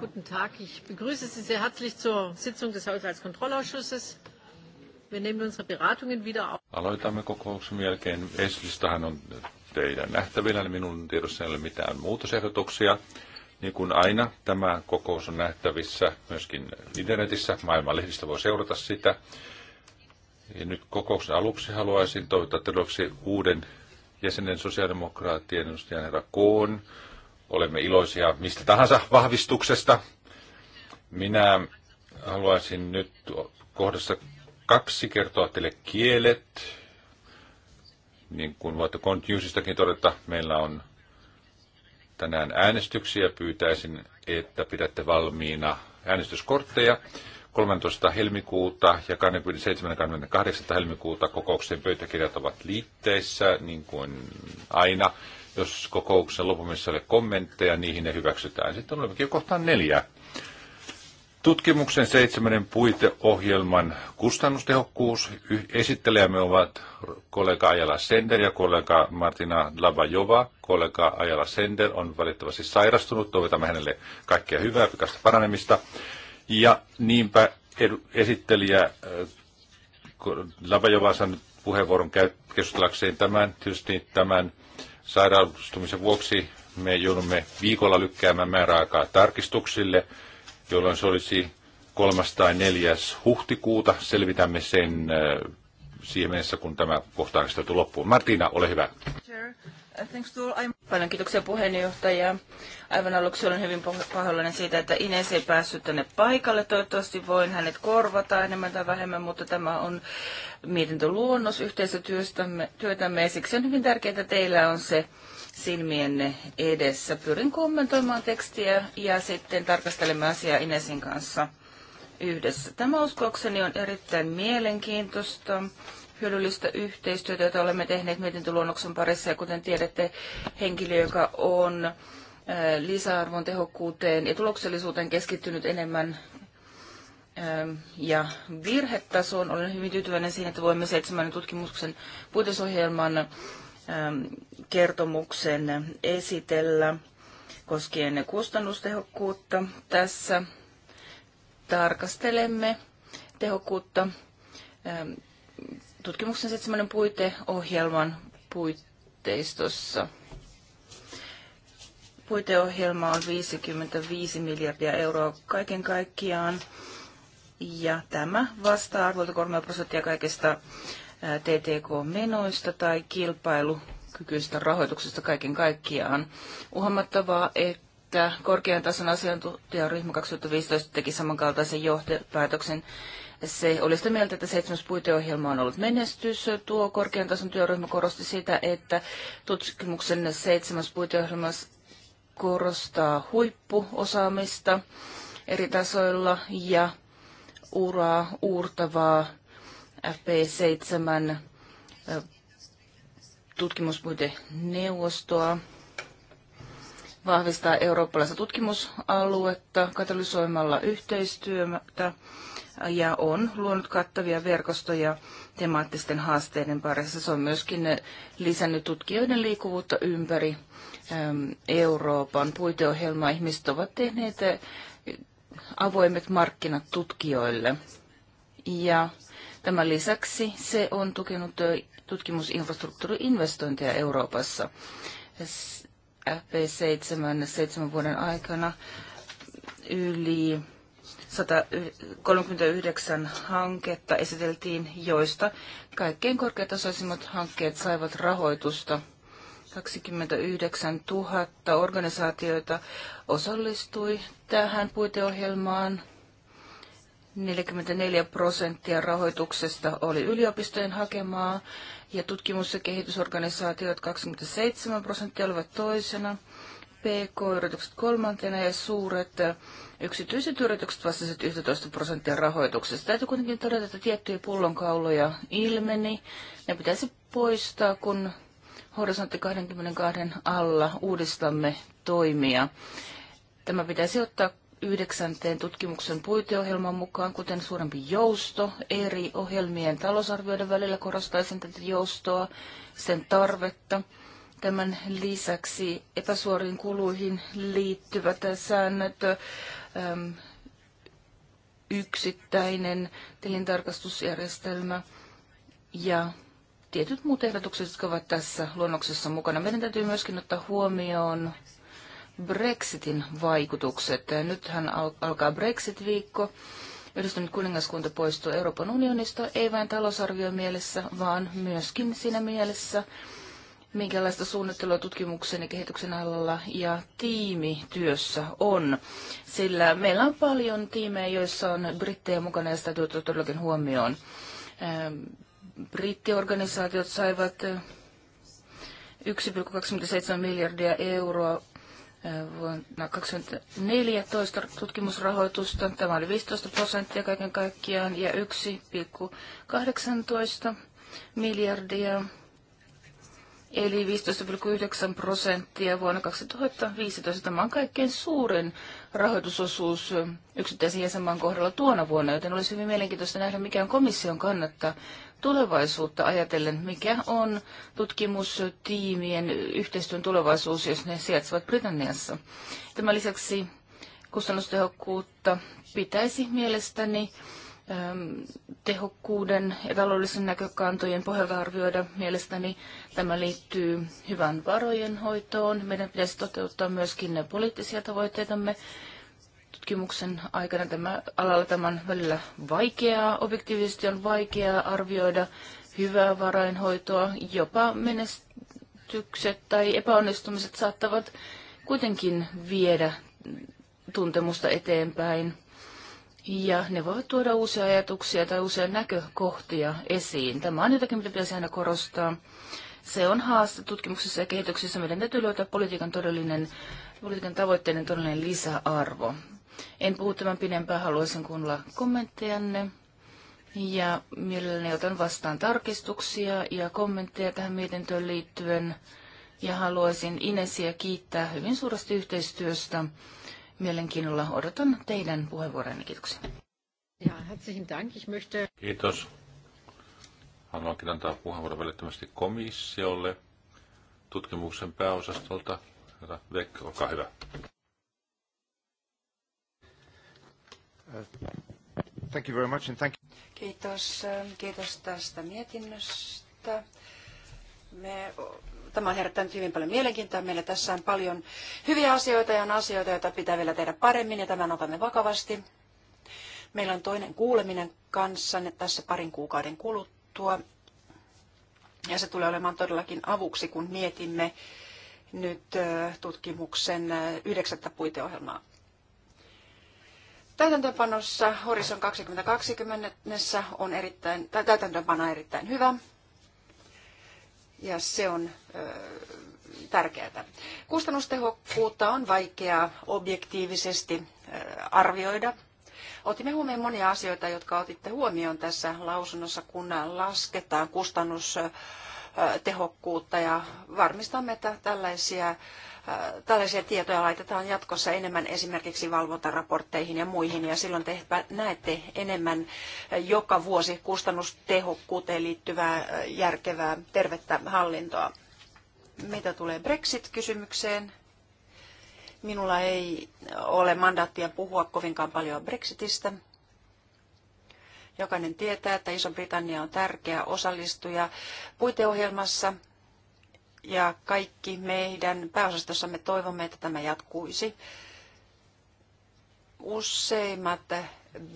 Guten Tag. Ich begrüße Sie sehr herzlich zur Sitzung des Haushaltskontrollausschusses. Wir nehmen unsere Beratungen wieder auf. Aloitamme kokouksen jälkeen. Eslistahan on teidän nähtävillä. Minun tiedossani ei ole mitään muutosehdotuksia. Niin kuin aina, tämä kokous on nähtävissä myöskin internetissä. Maailmanlehdistä voi seurata sitä. Ja nyt kokouksen aluksi haluaisin toivottaa tervetuloksi uuden jäsenen sosiaalidemokraattien edustajan herra Koon Olemme iloisia mistä tahansa vahvistuksesta. Minä haluaisin nyt kohdassa kaksi kertoa teille kielet. Niin kuin voitte Confusistakin todeta, meillä on tänään äänestyksiä. Pyytäisin, että pidätte valmiina äänestyskortteja. 13. helmikuuta ja 27. helmikuuta kokouksen pöytäkirjat ovat liitteissä, niin kuin aina. Jos kokouksen lopumissa ole kommentteja, niihin ne hyväksytään. Sitten on jo kohtaan neljä. Tutkimuksen seitsemännen puiteohjelman kustannustehokkuus. Esittelijämme ovat kollega Ajala Sender ja kollega Martina Labajova. Kollega Ajala Sender on valitettavasti sairastunut. Toivotamme hänelle kaikkea hyvää, pikaista paranemista. Ja niinpä esittelijä äh, Labajova saanut puheenvuoron keskustelakseen tämän, tietysti tämän sairaustumisen vuoksi me joudumme viikolla lykkäämään määräaikaa tarkistuksille, jolloin se olisi 3. tai 4. huhtikuuta. Selvitämme sen äh, siihen mennessä, kun tämä kohta on loppuun. Martina, ole hyvä. Paljon kiitoksia puheenjohtaja. Aivan aluksi olen hyvin pahoillani siitä, että Ines ei päässyt tänne paikalle. Toivottavasti voin hänet korvata enemmän tai vähemmän, mutta tämä on mietintöluonnos yhteisötyötämme työtämme, siksi on hyvin tärkeää, että teillä on se silmienne edessä. Pyrin kommentoimaan tekstiä ja sitten tarkastelemme asiaa Inesin kanssa yhdessä. Tämä uskoakseni on erittäin mielenkiintoista hyödyllistä yhteistyötä, jota olemme tehneet mietintöluonnoksen parissa. Ja kuten tiedätte, henkilö, joka on äh, lisäarvon tehokkuuteen ja tuloksellisuuteen keskittynyt enemmän ähm, ja virhetasoon. Olen hyvin tyytyväinen siihen, että voimme seitsemän tutkimuksen puitesohjelman ähm, kertomuksen esitellä koskien kustannustehokkuutta. Tässä tarkastelemme tehokkuutta ähm, tutkimuksen seitsemännen puiteohjelman puitteistossa. Puiteohjelma on 55 miljardia euroa kaiken kaikkiaan. Ja tämä vastaa arvolta 3 prosenttia kaikista TTK-menoista tai kilpailukykyistä rahoituksesta kaiken kaikkiaan. Uhamattavaa, että korkean tason asiantuntijaryhmä 2015 teki samankaltaisen johtopäätöksen se oli sitä mieltä, että seitsemäs puiteohjelma on ollut menestys. Tuo korkean tason työryhmä korosti sitä, että tutkimuksen seitsemäs puiteohjelma korostaa huippuosaamista eri tasoilla ja uraa uurtavaa FP7 tutkimuspuiteneuvostoa vahvistaa eurooppalaista tutkimusaluetta katalysoimalla yhteistyötä ja on luonut kattavia verkostoja temaattisten haasteiden parissa. Se on myöskin lisännyt tutkijoiden liikkuvuutta ympäri ähm, Euroopan puiteohjelma. Ihmiset ovat tehneet äh, avoimet markkinat tutkijoille. Ja tämän lisäksi se on tukenut äh, tutkimusinfrastruktuuriinvestointeja Euroopassa. FP7 seitsemän vuoden aikana yli 139 hanketta esiteltiin, joista kaikkein korkeatasoisimmat hankkeet saivat rahoitusta. 29 000 organisaatioita osallistui tähän puiteohjelmaan. 44 prosenttia rahoituksesta oli yliopistojen hakemaa ja tutkimus- ja kehitysorganisaatiot 27 prosenttia olivat toisena, PK-yritykset kolmantena ja suuret Yksityiset yritykset vastasivat 11 prosenttia rahoituksesta. Täytyy kuitenkin todeta, että tiettyjä pullonkauloja ilmeni. Ne pitäisi poistaa, kun horisontti 22 alla uudistamme toimia. Tämä pitäisi ottaa yhdeksänteen tutkimuksen puiteohjelman mukaan, kuten suurempi jousto eri ohjelmien talousarvioiden välillä korostaisin tätä joustoa, sen tarvetta. Tämän lisäksi epäsuoriin kuluihin liittyvät säännöt yksittäinen tilintarkastusjärjestelmä ja tietyt muut ehdotukset, jotka ovat tässä luonnoksessa mukana. Meidän täytyy myöskin ottaa huomioon Brexitin vaikutukset. Nythän alkaa Brexit-viikko. Yhdistynyt kuningaskunta poistuu Euroopan unionista, ei vain talousarvio mielessä, vaan myöskin siinä mielessä, minkälaista suunnittelua tutkimuksen ja kehityksen alalla ja tiimityössä on. Sillä meillä on paljon tiimejä, joissa on brittejä mukana ja sitä tuotu todellakin huomioon. Ähm, brittiorganisaatiot saivat 1,27 äh, miljardia euroa äh, vuonna 2014 tutkimusrahoitusta. Tämä oli 15 prosenttia kaiken kaikkiaan ja 1,18 miljardia eli 15,9 prosenttia vuonna 2015. Tämä on kaikkein suurin rahoitusosuus yksittäisen jäsenmaan kohdalla tuona vuonna, joten olisi hyvin mielenkiintoista nähdä, mikä on komission kannattaa tulevaisuutta ajatellen, mikä on tutkimustiimien yhteistyön tulevaisuus, jos ne sijaitsevat Britanniassa. Tämän lisäksi kustannustehokkuutta pitäisi mielestäni tehokkuuden ja taloudellisen näkökantojen pohjalta arvioida. Mielestäni tämä liittyy hyvään varojen hoitoon. Meidän pitäisi toteuttaa myöskin ne poliittisia tavoitteitamme. Tutkimuksen aikana tämä, alalla tämän välillä vaikeaa. Objektiivisesti on vaikeaa arvioida hyvää varainhoitoa. Jopa menestykset tai epäonnistumiset saattavat kuitenkin viedä tuntemusta eteenpäin ja ne voivat tuoda uusia ajatuksia tai uusia näkökohtia esiin. Tämä on jotakin, mitä pitäisi aina korostaa. Se on haaste tutkimuksessa ja kehityksessä. Meidän täytyy löytää politiikan, todellinen, politiikan tavoitteiden todellinen lisäarvo. En puhu tämän pidempään, haluaisin kuunnella kommenttejanne. Ja mielelläni otan vastaan tarkistuksia ja kommentteja tähän mietintöön liittyen. Ja haluaisin Inesiä kiittää hyvin suuresti yhteistyöstä mielenkiinnolla odotan teidän puheenvuoronne. Kiitoksia. Ja, herzlichen Dank. Ich möchte... Kiitos. Haluankin antaa puheenvuoron välittömästi komissiolle tutkimuksen pääosastolta. Herra Beck, olkaa hyvä. Thank you very much and thank you. Kiitos, kiitos tästä mietinnöstä. Me tämä on herättänyt hyvin paljon mielenkiintoa. Meillä tässä on paljon hyviä asioita ja on asioita, joita pitää vielä tehdä paremmin ja tämän otamme vakavasti. Meillä on toinen kuuleminen kanssa tässä parin kuukauden kuluttua. Ja se tulee olemaan todellakin avuksi, kun mietimme nyt tutkimuksen yhdeksättä puiteohjelmaa. Täytäntöönpanossa Horizon 2020 on erittäin, täytäntöönpano on erittäin hyvä ja se on tärkeää. Kustannustehokkuutta on vaikea objektiivisesti arvioida. Otimme huomioon monia asioita, jotka otitte huomioon tässä lausunnossa, kun lasketaan kustannustehokkuutta ja varmistamme, että tällaisia tällaisia tietoja laitetaan jatkossa enemmän esimerkiksi valvontaraportteihin ja muihin, ja silloin te näette enemmän joka vuosi kustannustehokkuuteen liittyvää järkevää tervettä hallintoa. Mitä tulee Brexit-kysymykseen? Minulla ei ole mandaattia puhua kovinkaan paljon Brexitistä. Jokainen tietää, että Iso-Britannia on tärkeä osallistuja puiteohjelmassa – ja kaikki meidän pääosastossamme toivomme, että tämä jatkuisi. Useimmat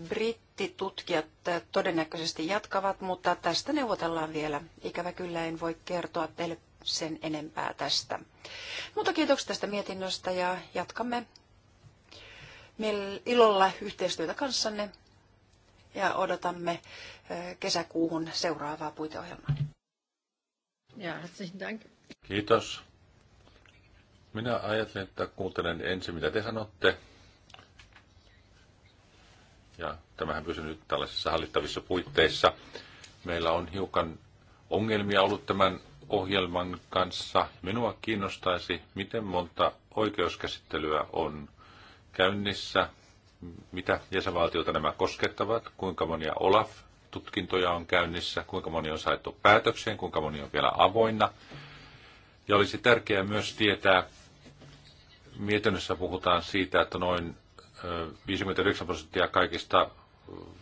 brittitutkijat todennäköisesti jatkavat, mutta tästä neuvotellaan vielä. Ikävä kyllä en voi kertoa teille sen enempää tästä. Mutta kiitoksia tästä mietinnöstä ja jatkamme ilolla yhteistyötä kanssanne ja odotamme eh, kesäkuuhun seuraavaa puiteohjelmaa. Ja, herzlichen Dank. Kiitos. Minä ajattelin, että kuuntelen ensin, mitä te sanotte. Ja tämähän pysyy nyt tällaisissa hallittavissa puitteissa. Meillä on hiukan ongelmia ollut tämän ohjelman kanssa. Minua kiinnostaisi, miten monta oikeuskäsittelyä on käynnissä, mitä jäsenvaltiota nämä koskettavat, kuinka monia OLAF-tutkintoja on käynnissä, kuinka moni on saettu päätökseen, kuinka moni on vielä avoinna. Ja olisi tärkeää myös tietää, mietinnössä puhutaan siitä, että noin 59 prosenttia kaikista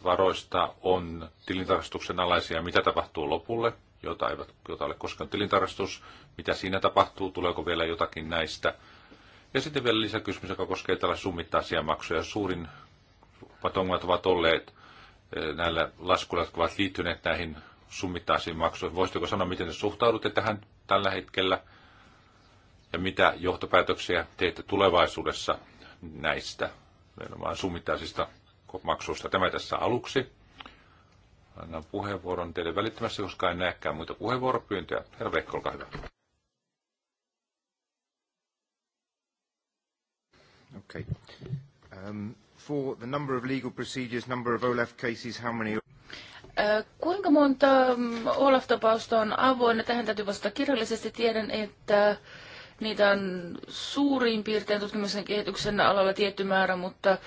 varoista on tilintarkastuksen alaisia. Mitä tapahtuu lopulle, jota, eivät, jota ole koskaan tilintarkastus? Mitä siinä tapahtuu? Tuleeko vielä jotakin näistä? Ja sitten vielä lisäkysymys, joka koskee tällä summittaisia maksuja. Suurin patongat ovat olleet näillä laskuilla, jotka ovat liittyneet näihin summittaisiin maksuihin. Voisitko sanoa, miten suhtaudutte tähän tällä hetkellä ja mitä johtopäätöksiä teette tulevaisuudessa näistä nimenomaan summittaisista maksuista? Tämä tässä aluksi. Annan puheenvuoron teille välittömästi, koska en näekään muita puheenvuoropyyntöjä. Herra Veikko, olkaa hyvä. Okay. Um, for the number of legal procedures, number of OLAF cases, how many... Kuinka monta mm, Olaf-tapausta on avoinna? Tähän täytyy vastata kirjallisesti. Tiedän, että niitä on suurin piirtein tutkimuksen kehityksen alalla tietty määrä, mutta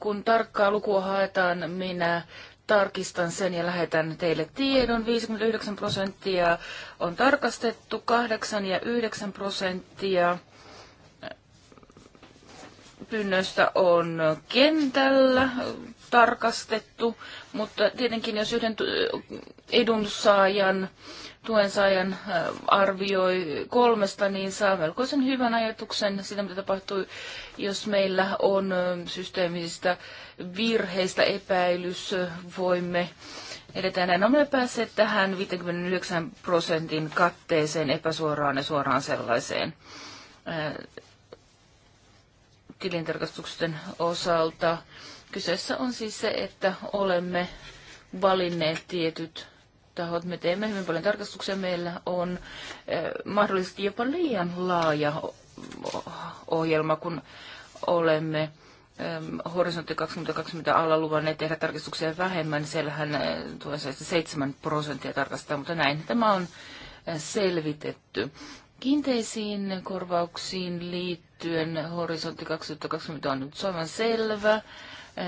kun tarkkaa lukua haetaan, minä tarkistan sen ja lähetän teille tiedon. 59 prosenttia on tarkastettu, 8 ja 9 prosenttia pyynnöistä on kentällä tarkastettu, mutta tietenkin jos yhden edunsaajan, tuensaajan arvioi kolmesta, niin saa melkoisen hyvän ajatuksen siitä, mitä tapahtui, jos meillä on systeemisistä virheistä epäilys, voimme edetä näin. Olemme päässeet tähän 59 prosentin katteeseen epäsuoraan ja suoraan sellaiseen tilintarkastuksen osalta. Kyseessä on siis se, että olemme valinneet tietyt tahot. Me teemme hyvin paljon tarkastuksia. Meillä on eh, mahdollisesti jopa liian laaja ohjelma, kun olemme Horisontti 2020 alla luvanneet tehdä tarkistuksia vähemmän, niin siellähän eh, tuossa 7 prosenttia tarkastaa, mutta näin tämä on eh, selvitetty. Kiinteisiin korvauksiin liittyen horisontti 2020 on nyt selvä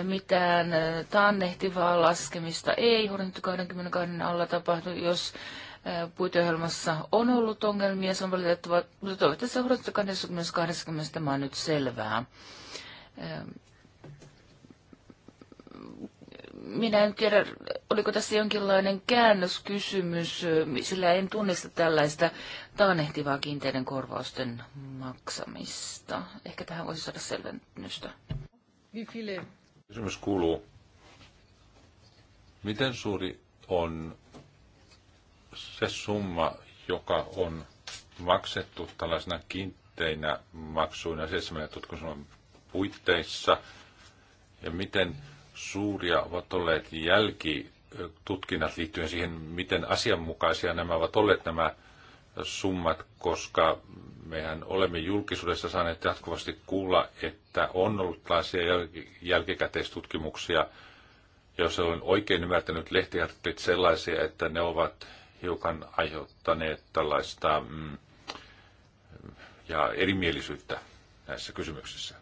mitään äh, taannehtivaa laskemista ei Hornetti 22 alla tapahdu, jos äh, puiteohjelmassa on ollut ongelmia, se on valitettava, mutta toivottavasti Hornetti 22, tämä on nyt selvää. Ähm, minä en tiedä, oliko tässä jonkinlainen käännöskysymys, äh, sillä en tunnista tällaista taanehtivaa kiinteiden korvausten maksamista. Ehkä tähän voisi saada selvennystä. Wie viele Kysymys kuuluu, miten suuri on se summa, joka on maksettu tällaisena kiinteinä maksuina seitsemän tutkimuksen puitteissa, ja miten suuria ovat olleet jälkitutkinnat liittyen siihen, miten asianmukaisia nämä ovat olleet nämä summat, koska mehän olemme julkisuudessa saaneet jatkuvasti kuulla, että on ollut tällaisia jälkikäteistutkimuksia, jos olen oikein ymmärtänyt lehtiartikkelit sellaisia, että ne ovat hiukan aiheuttaneet tällaista mm, ja erimielisyyttä näissä kysymyksissä.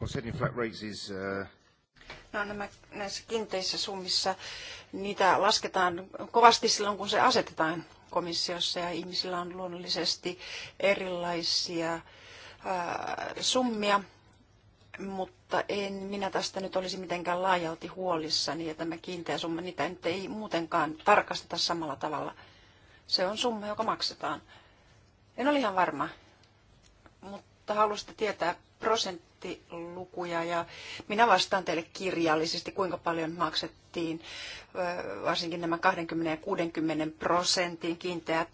Well, Setting flat rates is uh, No nämä, näissä kiinteissä summissa, niitä lasketaan kovasti silloin, kun se asetetaan komissiossa ja ihmisillä on luonnollisesti erilaisia ää, summia, mutta en minä tästä nyt olisi mitenkään laajalti huolissani ja tämä kiinteä summa, niitä nyt ei muutenkaan tarkasteta samalla tavalla. Se on summa, joka maksetaan. En ole ihan varma, mutta mutta haluaisitte tietää prosenttilukuja ja minä vastaan teille kirjallisesti, kuinka paljon maksettiin varsinkin nämä 20 ja 60 prosentin kiinteät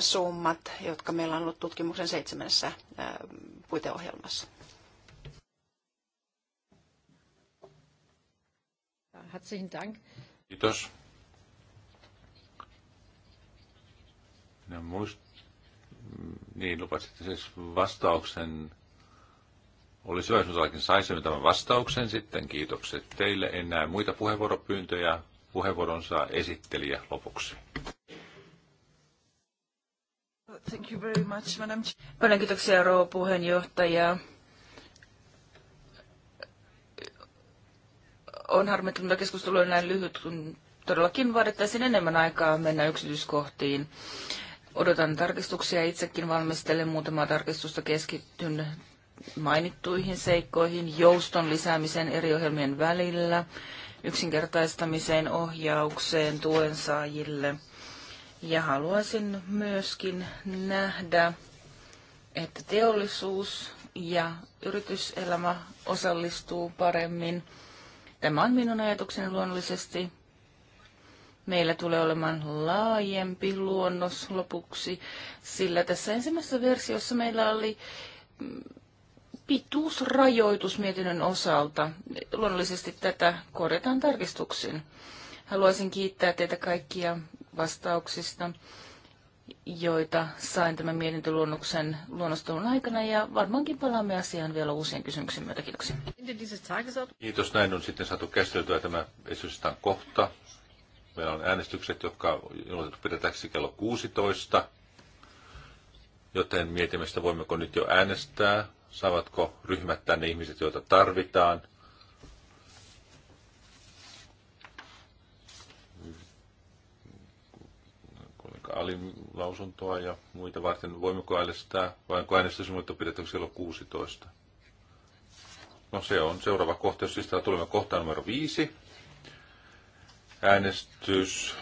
summat, jotka meillä on ollut tutkimuksen seitsemässä puiteohjelmassa. Herzlichen Dank. Kiitos. Minä muist, niin, lupasitte siis vastauksen. Olisi hyvä, jos saisimme tämän vastauksen sitten. Kiitokset teille. En näe muita puheenvuoropyyntöjä. Puheenvuoron saa esittelijä lopuksi. Thank you very much, madam. Paljon kiitoksia, rouva puheenjohtaja. On harmittunut, että keskustelu on näin lyhyt, kun todellakin vaadittaisiin enemmän aikaa mennä yksityiskohtiin. Odotan tarkistuksia. Itsekin valmistelen muutamaa tarkistusta keskityn mainittuihin seikkoihin, jouston lisäämiseen eri ohjelmien välillä, yksinkertaistamiseen, ohjaukseen, tuen saajille. Ja haluaisin myöskin nähdä, että teollisuus ja yrityselämä osallistuu paremmin. Tämä on minun ajatukseni luonnollisesti meillä tulee olemaan laajempi luonnos lopuksi, sillä tässä ensimmäisessä versiossa meillä oli pituusrajoitus mietinnön osalta. Luonnollisesti tätä korjataan tarkistuksin. Haluaisin kiittää teitä kaikkia vastauksista, joita sain tämän mietintöluonnoksen luonnostelun aikana ja varmaankin palaamme asiaan vielä uusien kysymyksiin myötä. Kiitoksia. Kiitos. Näin on sitten saatu käsiteltyä tämä esitystään kohta. Meillä on äänestykset, jotka ilmoitettu pidetäksi kello 16, joten mietimme sitä, voimmeko nyt jo äänestää, saavatko ryhmät tänne ihmiset, joita tarvitaan. alilausuntoa ja muita varten. Voimmeko äänestää, vai onko äänestysmuoto pidetty silloin 16? No se on seuraava kohta, jos siis tulemme kohtaan numero 5 äänestys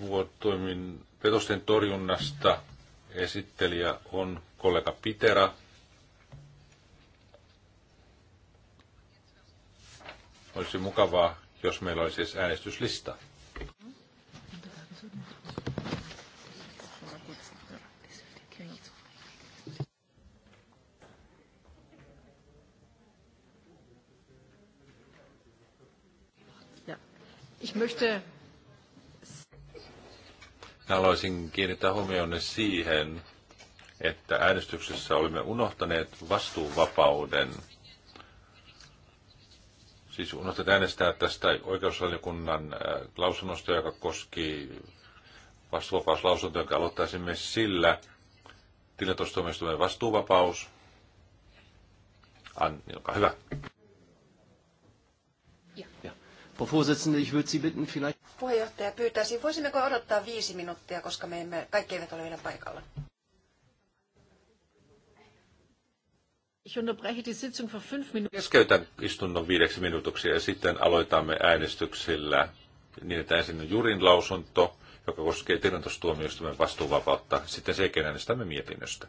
vuotoimin petosten torjunnasta. Esittelijä on kollega Pitera. Olisi mukavaa, jos meillä olisi siis äänestyslista. möchte... Haluaisin kiinnittää huomionne siihen, että äänestyksessä olimme unohtaneet vastuuvapauden. Siis unohtaneet äänestää tästä oikeusvaliokunnan äh, lausunnosta, joka koski vastuuvapauslausuntoa, jonka aloittaisimme sillä tilatustuomioistuimen vastuuvapaus. Anni, olkaa hyvä. Ja. Ja. Frau Vorsitzende, ich würde Sie bitten, vielleicht... Puheenjohtaja pyytäisin, voisimmeko odottaa viisi minuuttia, koska me emme, kaikki eivät ole vielä paikalla. Keskeytän istunnon viideksi minuutiksi ja sitten aloitamme äänestyksillä niin, että ensin on Jurin lausunto, joka koskee tilantostuomioistuimen vastuuvapautta. Sitten sen jälkeen äänestämme mietinnöstä.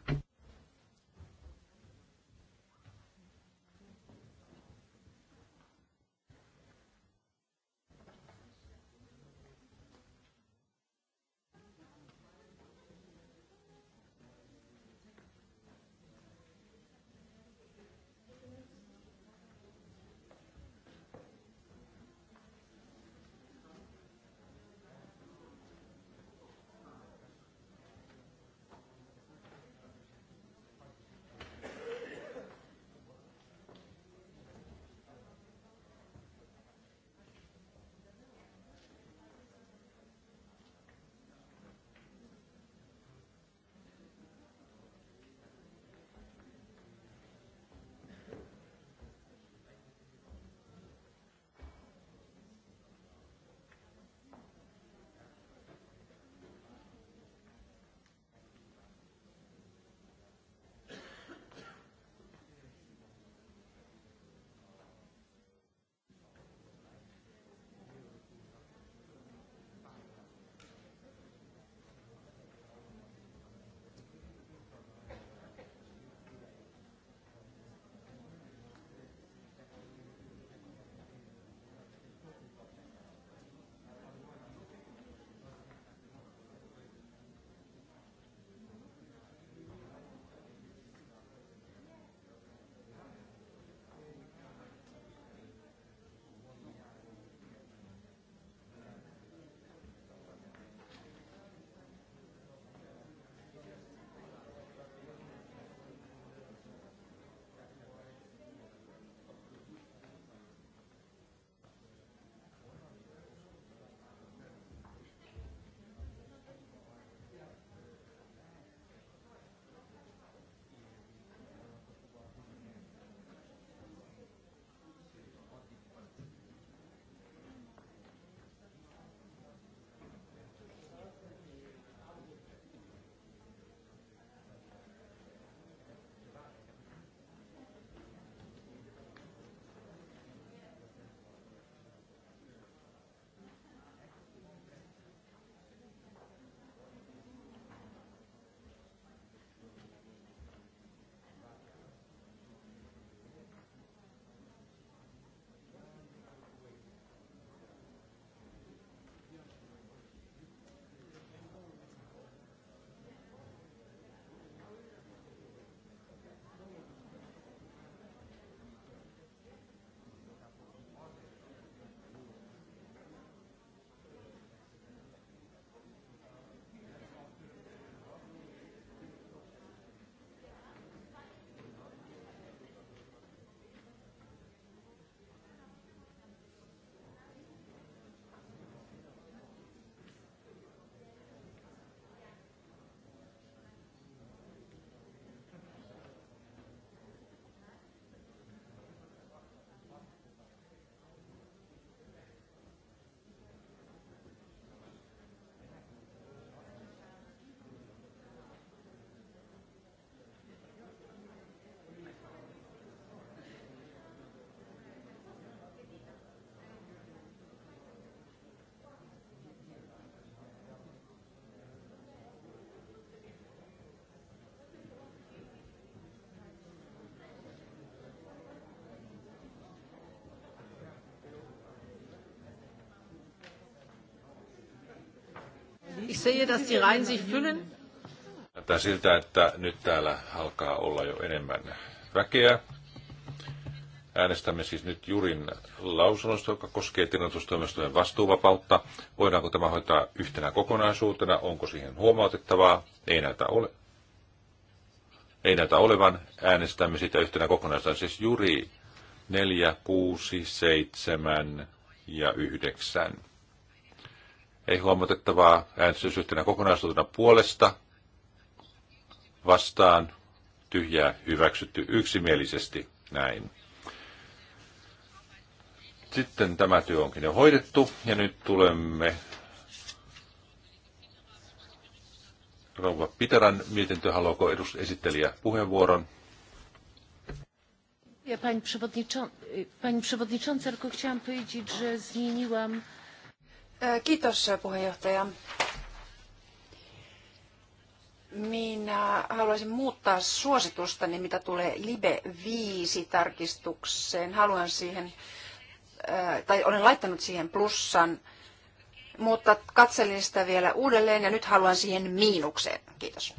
Ich sehe, dass die Reihen sich füllen. Näyttää siltä, että nyt täällä alkaa olla jo enemmän väkeä. Äänestämme siis nyt Jurin lausunnosta, joka koskee tilintustoimistojen vastuuvapautta. Voidaanko tämä hoitaa yhtenä kokonaisuutena? Onko siihen huomautettavaa? Ei näytä ole. Ei näytä olevan. Äänestämme sitä yhtenä kokonaisuutena. Siis Juri 4, 6, 7 ja 9. Ei huomautettavaa äänestysyhtenä kokonaisuutena puolesta vastaan tyhjää hyväksytty yksimielisesti näin. Sitten tämä työ onkin jo hoidettu ja nyt tulemme rouva Piteran mietintö. Haluaako edus- esittelijä puheenvuoron? Ja pani przewodniczący, pani przewodnicząca, tylko chciałam powiedzieć, że zmieniłam Kiitos puheenjohtaja. Minä haluaisin muuttaa suositustani, mitä tulee Libe 5 tarkistukseen. Haluan siihen, tai olen laittanut siihen plussan, mutta katselin sitä vielä uudelleen ja nyt haluan siihen miinukseen. Kiitos.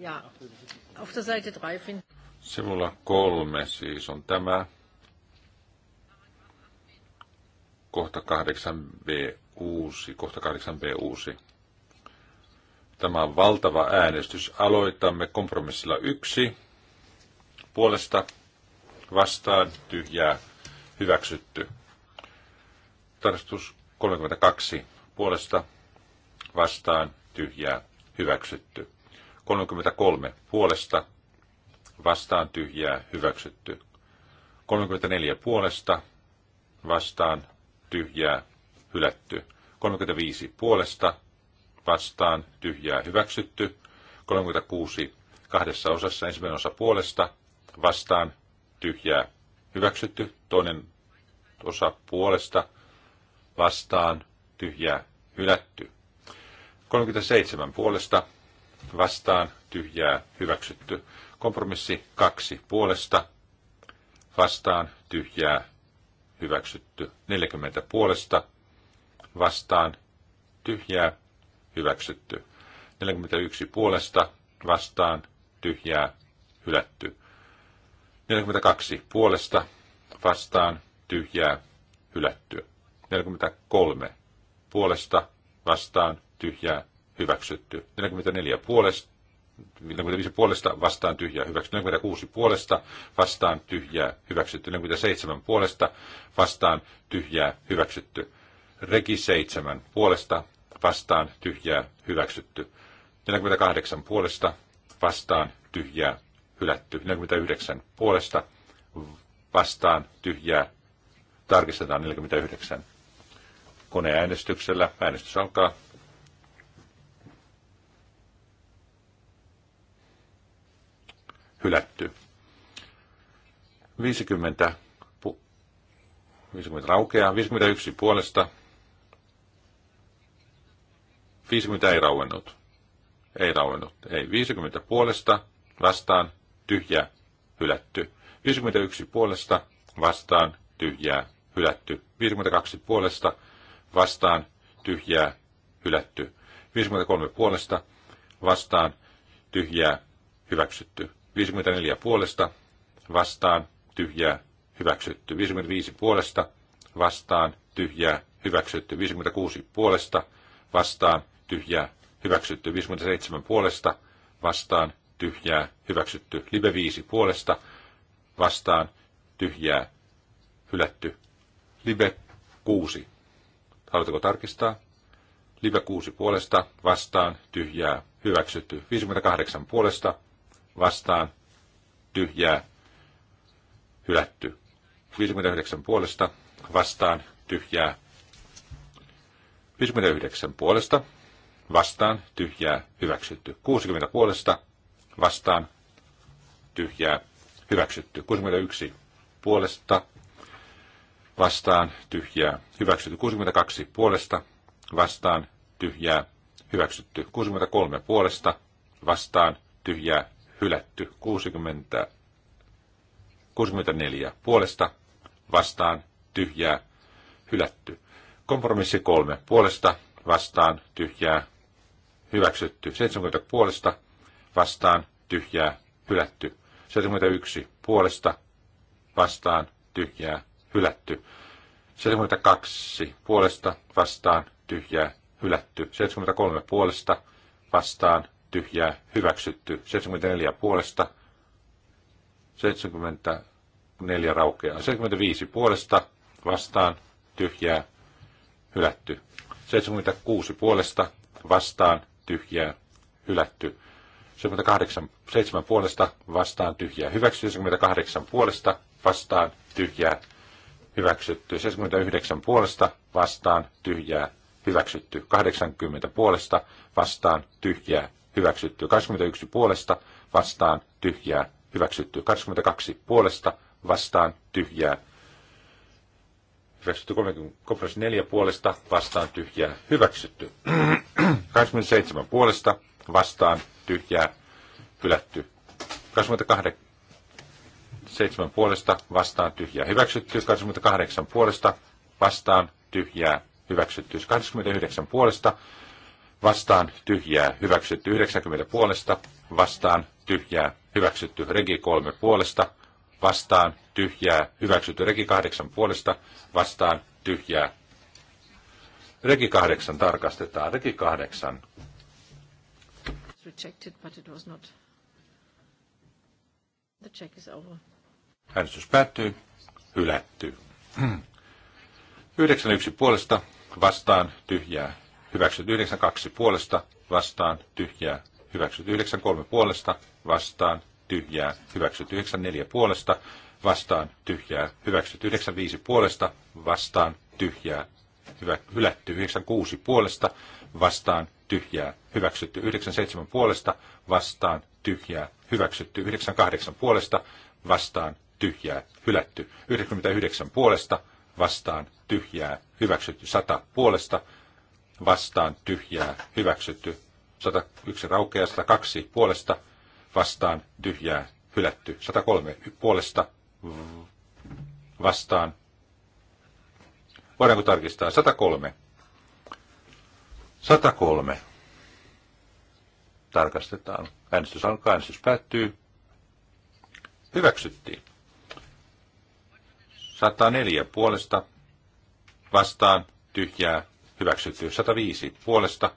Ja auf der Seite 3 Sivulla kolme siis on tämä. Kohta 8b uusi, kohta 8b uusi. Tämä on valtava äänestys. Aloitamme kompromissilla yksi. Puolesta vastaan tyhjää hyväksytty. Tarkastus 32. Puolesta vastaan tyhjää hyväksytty. 33 puolesta vastaan tyhjää hyväksytty. 34 puolesta vastaan tyhjää hylätty. 35 puolesta vastaan tyhjää hyväksytty. 36 kahdessa osassa ensimmäinen osa puolesta vastaan tyhjää hyväksytty. Toinen osa puolesta vastaan tyhjää hylätty. 37 puolesta vastaan tyhjää hyväksytty. Kompromissi kaksi puolesta vastaan tyhjää hyväksytty. 40 puolesta vastaan tyhjää hyväksytty. 41 puolesta vastaan tyhjää hylätty. 42 puolesta vastaan tyhjää hylätty. 43 puolesta vastaan tyhjää hyväksytty. 44 puolesta, 45 puolesta vastaan tyhjää hyväksytty. 46 puolesta vastaan tyhjää hyväksytty. 47 puolesta vastaan tyhjää hyväksytty. reki 7 puolesta vastaan tyhjää hyväksytty. 48 puolesta vastaan tyhjää hylätty. 49 puolesta vastaan tyhjää tarkistetaan 49 koneäänestyksellä. Äänestys alkaa. hylätty. 50, 50 raukeaa, 51 puolesta, 50 ei rauennut. Ei rauennut. Ei. 50 puolesta vastaan tyhjä hylätty. 51 puolesta vastaan tyhjää hylätty. 52 puolesta vastaan tyhjää hylätty. 53 puolesta vastaan tyhjää hyväksytty. 54 puolesta, vastaan, tyhjää, hyväksytty. 55 puolesta, vastaan, tyhjää, hyväksytty. 56 puolesta, vastaan, tyhjää, hyväksytty. 57 puolesta, vastaan, tyhjää, hyväksytty. Live 5 puolesta, vastaan, tyhjää, hylätty. Live 6. Haluatteko tarkistaa? Live 6 puolesta, vastaan, tyhjää, hyväksytty. 58 puolesta, vastaan tyhjää hylätty. 59 puolesta vastaan tyhjää. 59 puolesta vastaan tyhjää hyväksytty. 60 puolesta vastaan tyhjää hyväksytty. 61 puolesta vastaan tyhjää hyväksytty. 62 puolesta vastaan tyhjää hyväksytty. 63 puolesta vastaan tyhjää hylätty. 60, 64 puolesta vastaan tyhjää hylätty. Kompromissi 3 puolesta vastaan tyhjää hyväksytty. 70 puolesta vastaan tyhjää hylätty. 71 puolesta vastaan tyhjää hylätty. 72 puolesta vastaan tyhjää hylätty. 73 puolesta vastaan tyhjää hyväksytty. 74 puolesta 74 raukeaa. 75 puolesta vastaan tyhjää hylätty. 76 puolesta vastaan tyhjää hylätty. 78 7 puolesta vastaan tyhjää hyväksytty. 78 puolesta vastaan tyhjää hyväksytty. 79 puolesta vastaan tyhjää hyväksytty. 80 puolesta vastaan tyhjää hyväksytty. 21 puolesta vastaan tyhjää hyväksytty. 22 puolesta vastaan tyhjää hyväksytty. 34 puolesta vastaan tyhjää hyväksytty. 27 puolesta vastaan tyhjää hylätty. 28 7 puolesta vastaan tyhjää hyväksytty, 28 puolesta vastaan tyhjää hyväksytty, 29 puolesta vastaan tyhjää hyväksytty 90 puolesta, vastaan tyhjää hyväksytty regi 3 puolesta, vastaan tyhjää hyväksytty regi 8 puolesta, vastaan tyhjää. Regi 8 tarkastetaan, regi 8. Rejected, but it was not. The check is over. Äänestys päättyy, hylätty. 91 puolesta, vastaan tyhjää hyväksyt 92 puolesta, vastaan, tyhjää, hyväksyt 93 puolesta, vastaan, tyhjää, hyväksyt 94 puolesta, vastaan, tyhjää, hyväksyt 95 puolesta, vastaan, tyhjää, hyvä, hylätty 96 puolesta, vastaan, tyhjää, hyväksytty 97 puolesta, vastaan, tyhjää, hyväksytty 98 puolesta, vastaan, tyhjää, hylätty 99 puolesta, vastaan, tyhjää, hyväksytty 100 puolesta, vastaan tyhjää hyväksytty. 101 raukeaa, 102 puolesta vastaan tyhjää hylätty. 103 puolesta vastaan. Voidaanko tarkistaa? 103. 103. Tarkastetaan. Äänestys alkaa, äänestys päättyy. Hyväksyttiin. 104 puolesta vastaan tyhjää hyväksytty. 105 puolesta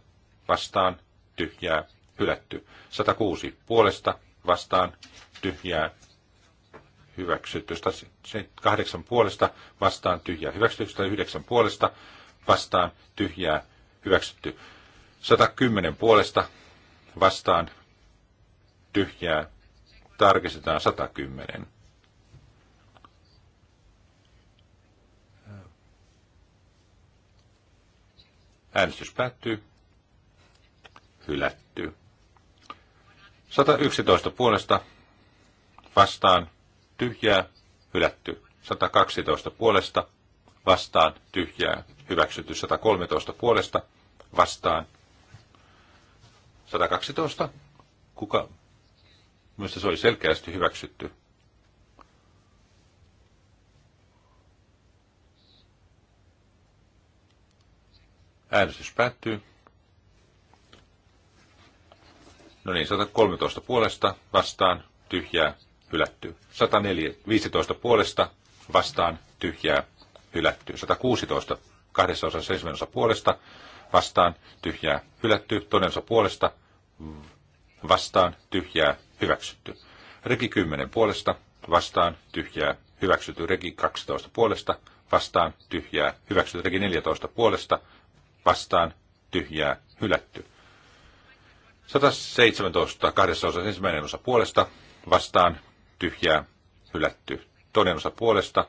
vastaan tyhjää hylätty. 106 puolesta vastaan tyhjää hyväksytty. 108 puolesta vastaan tyhjää hyväksytty. 109 puolesta vastaan tyhjää hyväksytty. 110 puolesta vastaan tyhjää tarkistetaan 110. Äänestys päättyy. Hylätty. 111 puolesta vastaan tyhjää, hylätty. 112 puolesta vastaan tyhjää, hyväksytty. 113 puolesta vastaan. 112. Kuka? Minusta se oli selkeästi hyväksytty. Äänestys päättyy. No niin, 113 puolesta vastaan tyhjää hylätty. 115 puolesta vastaan tyhjää hylätty. 116 kahdessa osassa seitsemän osa puolesta vastaan tyhjää hylätty. Toinen osa puolesta vastaan tyhjää hyväksytty. Regi 10 puolesta vastaan tyhjää hyväksytty. Regi 12 puolesta vastaan tyhjää hyväksytty. Regi 14 puolesta vastaan tyhjää hylätty. 117 kahdessa osassa ensimmäinen osa puolesta vastaan tyhjää hylätty. Toinen osa puolesta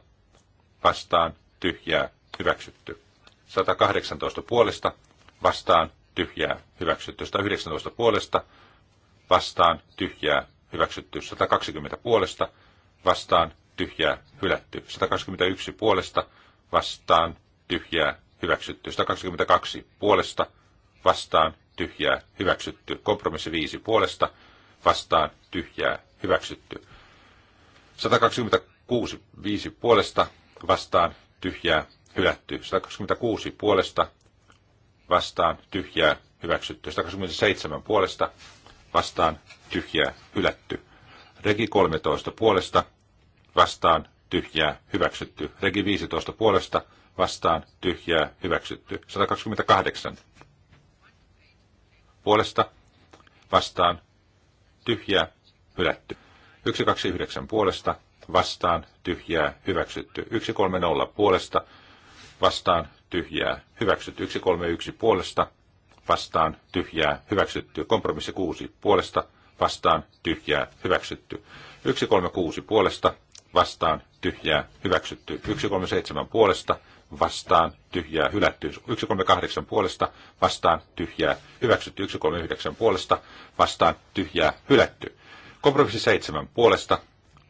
vastaan tyhjää hyväksytty. 118 puolesta vastaan tyhjää hyväksytty. 119 puolesta vastaan tyhjää hyväksytty. 120 puolesta vastaan tyhjää hylätty. 121 puolesta vastaan tyhjää hyväksytty. 122 puolesta vastaan tyhjää hyväksytty. Kompromissi 5 puolesta vastaan tyhjää hyväksytty. 126 5 puolesta vastaan tyhjää hylätty. 126 puolesta vastaan tyhjää hyväksytty. 127 puolesta vastaan tyhjää hylätty. Regi 13 puolesta vastaan tyhjää hyväksytty. Regi 15 puolesta vastaan, vastaan tyhjää hyväksytty. 128 puolesta vastaan tyhjää hylätty. 129 puolesta vastaan tyhjää hyväksytty. 130 puolesta vastaan tyhjää hyväksytty. 131 puolesta vastaan tyhjää hyväksytty. Kompromissi 6 puolesta vastaan tyhjää hyväksytty. 136 puolesta vastaan tyhjää hyväksytty. 137 puolesta vastaan, tyhjää, hylätty. 138 puolesta, vastaan, tyhjää, hyväksytty. 139 puolesta, vastaan, tyhjää, hylätty. Kompromissi 7 puolesta,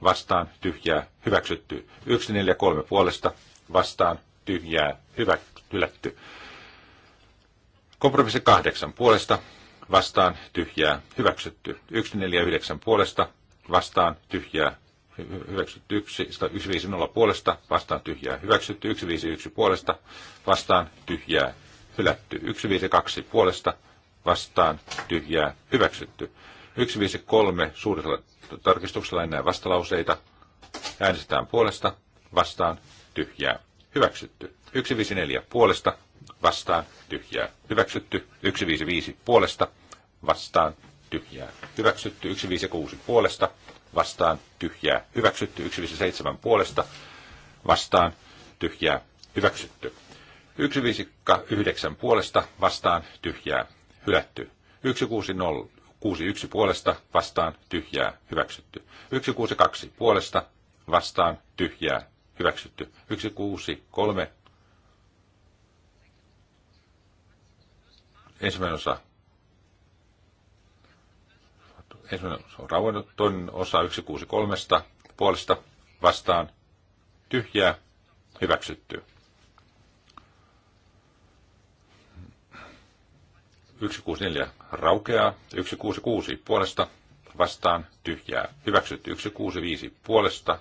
vastaan, tyhjää, hyväksytty. 143 puolesta, vastaan, tyhjää, hyvä, hylätty. Kompromissi 8 puolesta, vastaan, tyhjää, hyväksytty. 149 puolesta, vastaan, tyhjää, hyväksytty 150 puolesta, vastaan tyhjää, hyväksytty 151 puolesta, vastaan tyhjää, hylätty 152 puolesta, vastaan tyhjää, hyväksytty 153 suurella tarkistuksella enää vastalauseita, äänestetään puolesta, vastaan tyhjää, hyväksytty 154 puolesta, vastaan tyhjää, hyväksytty 155 puolesta, vastaan tyhjää, hyväksytty 156 puolesta, vastaan tyhjää hyväksytty. 157 puolesta vastaan tyhjää hyväksytty. 159 puolesta vastaan tyhjää hylätty. 1661 puolesta vastaan tyhjää hyväksytty. 162 puolesta vastaan tyhjää hyväksytty. 163 ensimmäinen osa ensimmäinen on rauennut, toinen osa 163 puolesta vastaan tyhjää hyväksytty. 164 raukeaa, 166 puolesta vastaan tyhjää hyväksytty, 165 puolesta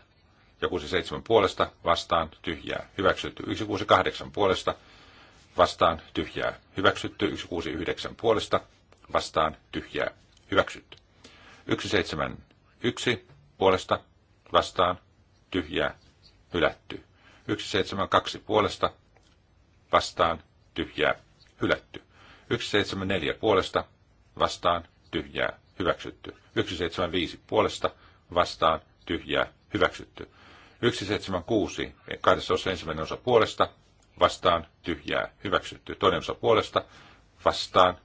ja 67 puolesta vastaan tyhjää hyväksytty, 168 puolesta vastaan tyhjää hyväksytty, 169 puolesta vastaan tyhjää hyväksytty. 171 puolesta vastaan tyhjää hylätty. 172 puolesta vastaan tyhjää hylätty. 174 puolesta vastaan tyhjää hyväksytty. 175 puolesta vastaan tyhjää hyväksytty. 176 kahdessa osa ensimmäinen osa puolesta vastaan tyhjää hyväksytty. Toinen osa puolesta vastaan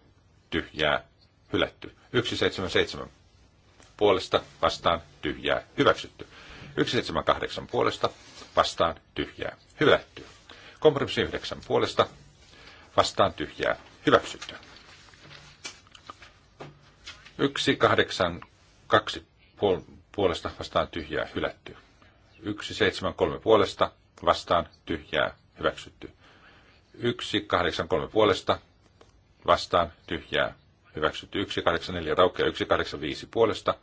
tyhjää hylätty. 177 puolesta vastaan tyhjää hyväksytty. 178 puolesta vastaan tyhjää hylätty. Kompromissi 9 puolesta vastaan tyhjää hyväksytty. 182 puolesta vastaan tyhjää hylätty. 173 puolesta vastaan tyhjää hyväksytty. 183 puolesta vastaan tyhjää hyväksytty 184 raukea 185 puolesta,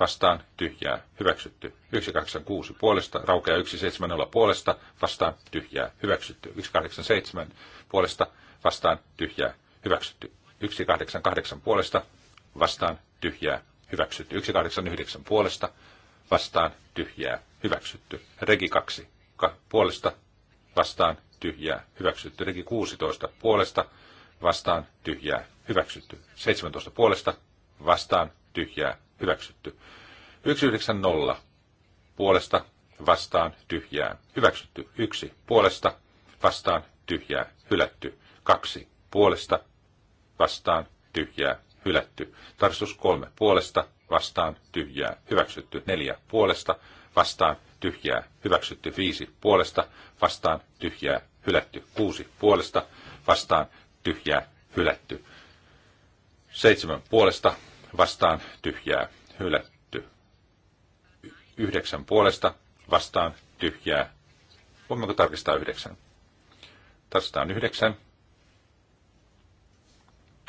vastaan tyhjää, hyväksytty 186 puolesta, raukea 170 puolesta, vastaan tyhjää, hyväksytty 187 puolesta, vastaan tyhjää, hyväksytty 188 puolesta, vastaan tyhjää, hyväksytty 189 puolesta, vastaan tyhjää, hyväksytty regi 2 puolesta, vastaan tyhjää, hyväksytty regi 16 puolesta, vastaan tyhjää, hyväksytty. 17 puolesta vastaan tyhjää hyväksytty. 190 puolesta vastaan tyhjää hyväksytty. 1 puolesta vastaan tyhjää hylätty. 2 puolesta vastaan tyhjää hylätty. Tarkistus 3 puolesta vastaan tyhjää hyväksytty. 4 puolesta vastaan tyhjää hyväksytty. 5 puolesta vastaan tyhjää hylätty. 6 puolesta vastaan tyhjää hylätty. Seitsemän puolesta vastaan tyhjää hylätty. Yhdeksän puolesta vastaan tyhjää. Voimmeko tarkistaa yhdeksän? Tarkistetaan yhdeksän.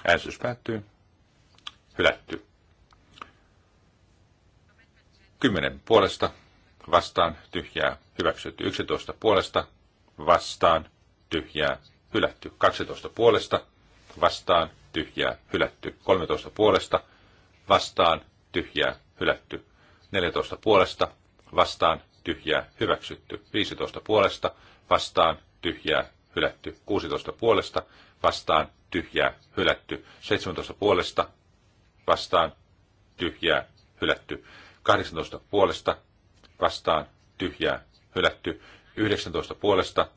Äänestys päättyy. Hylätty. Kymmenen puolesta vastaan tyhjää hyväksytty. Yksitoista puolesta vastaan tyhjää hylätty. Kaksitoista puolesta vastaan tyhjää, hylätty. 13 puolesta, vastaan, tyhjää, hylätty. 14 puolesta, vastaan, tyhjää, hyväksytty. 15 puolesta, vastaan, tyhjää, hylätty. 16 puolesta, vastaan, tyhjää, hylätty. 17 puolesta, vastaan, tyhjää, hylätty. 18 puolesta, vastaan, tyhjää, hylätty. 19 puolesta,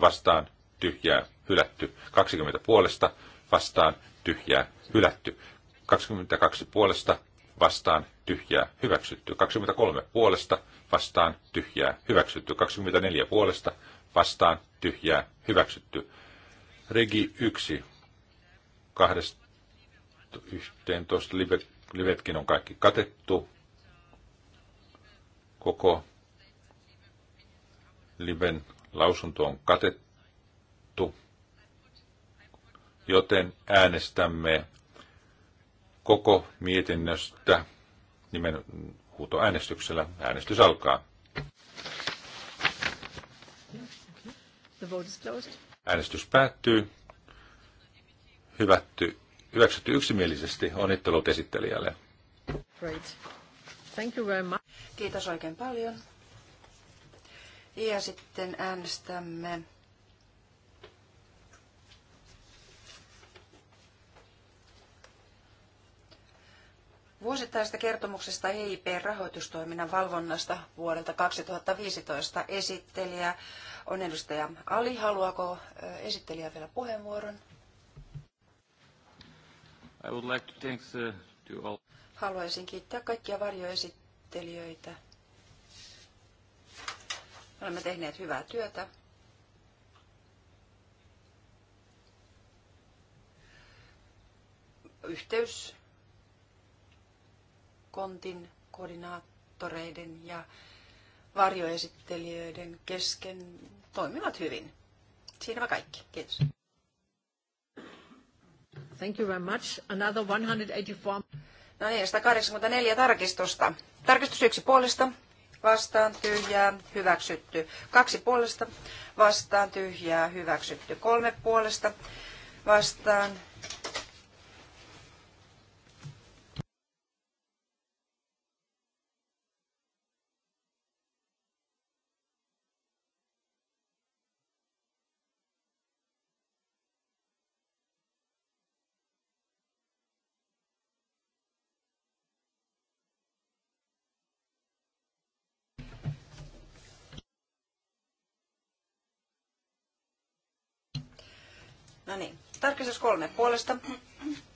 vastaan, tyhjää, hylätty. 20 puolesta, vastaan, tyhjää, hylätty. 22 puolesta vastaan tyhjää, hyväksytty. 23 puolesta vastaan tyhjää, hyväksytty. 24 puolesta vastaan tyhjää, hyväksytty. Regi 1, 11, livet, livetkin on kaikki katettu. Koko liven lausunto on katettu joten äänestämme koko mietinnöstä nimen huutoäänestyksellä. Äänestys alkaa. The vote is closed. Äänestys päättyy. Hyvätty, hyväksytty yksimielisesti. Onnittelut esittelijälle. Great. Thank you very much. Kiitos oikein paljon. Ja sitten äänestämme Vuosittaisesta kertomuksesta eip rahoitustoiminnan valvonnasta vuodelta 2015 esittelijä on edustaja Ali. Haluaako esittelijä vielä puheenvuoron? I would like to uh, to all. Haluaisin kiittää kaikkia varjoesittelijöitä. Olemme tehneet hyvää työtä. Yhteys kontin koordinaattoreiden ja varjoesittelijöiden kesken toimivat hyvin. Siinäpä kaikki. Kiitos. Thank you very much. Another 184. No niin, 184 tarkistusta. Tarkistus yksi puolesta, vastaan tyhjää, hyväksytty. Kaksi puolesta, vastaan tyhjää, hyväksytty. Kolme puolesta, vastaan No niin, tarkistus kolme puolesta.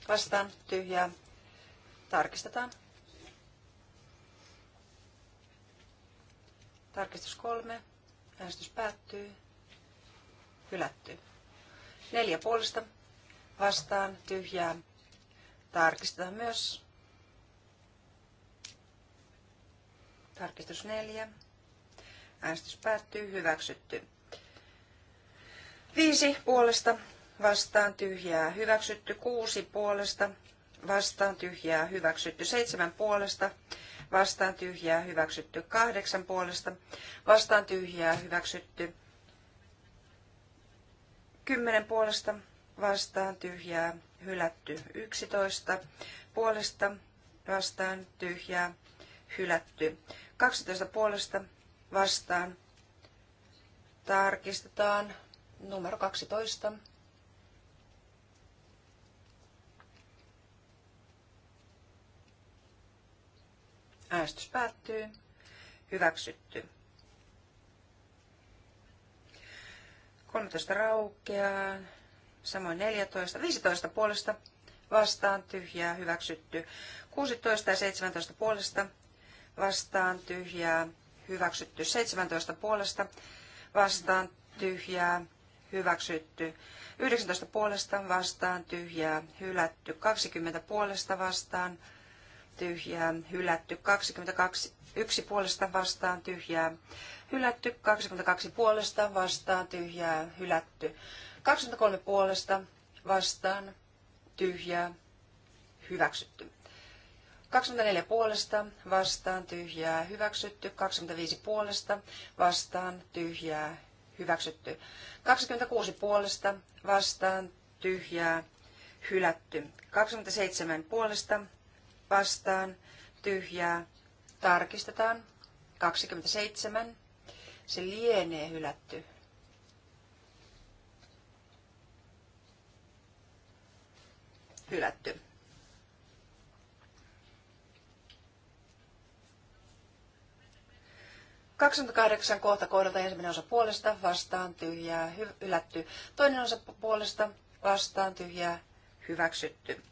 Vastaan tyhjää. Tarkistetaan. Tarkistus kolme. Äänestys päättyy. Hylätty. Neljä puolesta. Vastaan tyhjää. Tarkistetaan myös. Tarkistus neljä. Äänestys päättyy. Hyväksytty. Viisi puolesta vastaan tyhjää hyväksytty, kuusi puolesta vastaan tyhjää hyväksytty, seitsemän puolesta vastaan tyhjää hyväksytty, kahdeksan puolesta vastaan tyhjää hyväksytty, kymmenen puolesta vastaan tyhjää hylätty, yksitoista puolesta vastaan tyhjää hylätty, kaksitoista puolesta vastaan tarkistetaan numero 12. Äänestys päättyy. Hyväksytty. 13 raukeaa. Samoin 14. 15 puolesta vastaan tyhjää hyväksytty. 16 ja 17 puolesta vastaan tyhjää hyväksytty. 17 puolesta vastaan tyhjää hyväksytty. 19 puolesta vastaan tyhjää hylätty. 20 puolesta vastaan tyhjää tyhjää, hylätty 22, yksi puolesta vastaan tyhjää, hylätty 22 puolesta vastaan tyhjää, hylätty 23 puolesta vastaan tyhjää, hyväksytty. 24 puolesta, vastaan tyhjää, hyväksytty. 25 puolesta, vastaan tyhjää, hyväksytty. 26 puolesta, vastaan tyhjää, hylätty. 27 puolesta, vastaan, tyhjää, tarkistetaan, 27, se lienee hylätty. Hylätty. Kaksikymmentäkahdeksan kohta kohdalta ensimmäinen osa puolesta, vastaan tyhjää, hylätty. Toinen osa puolesta, vastaan tyhjää, hyväksytty.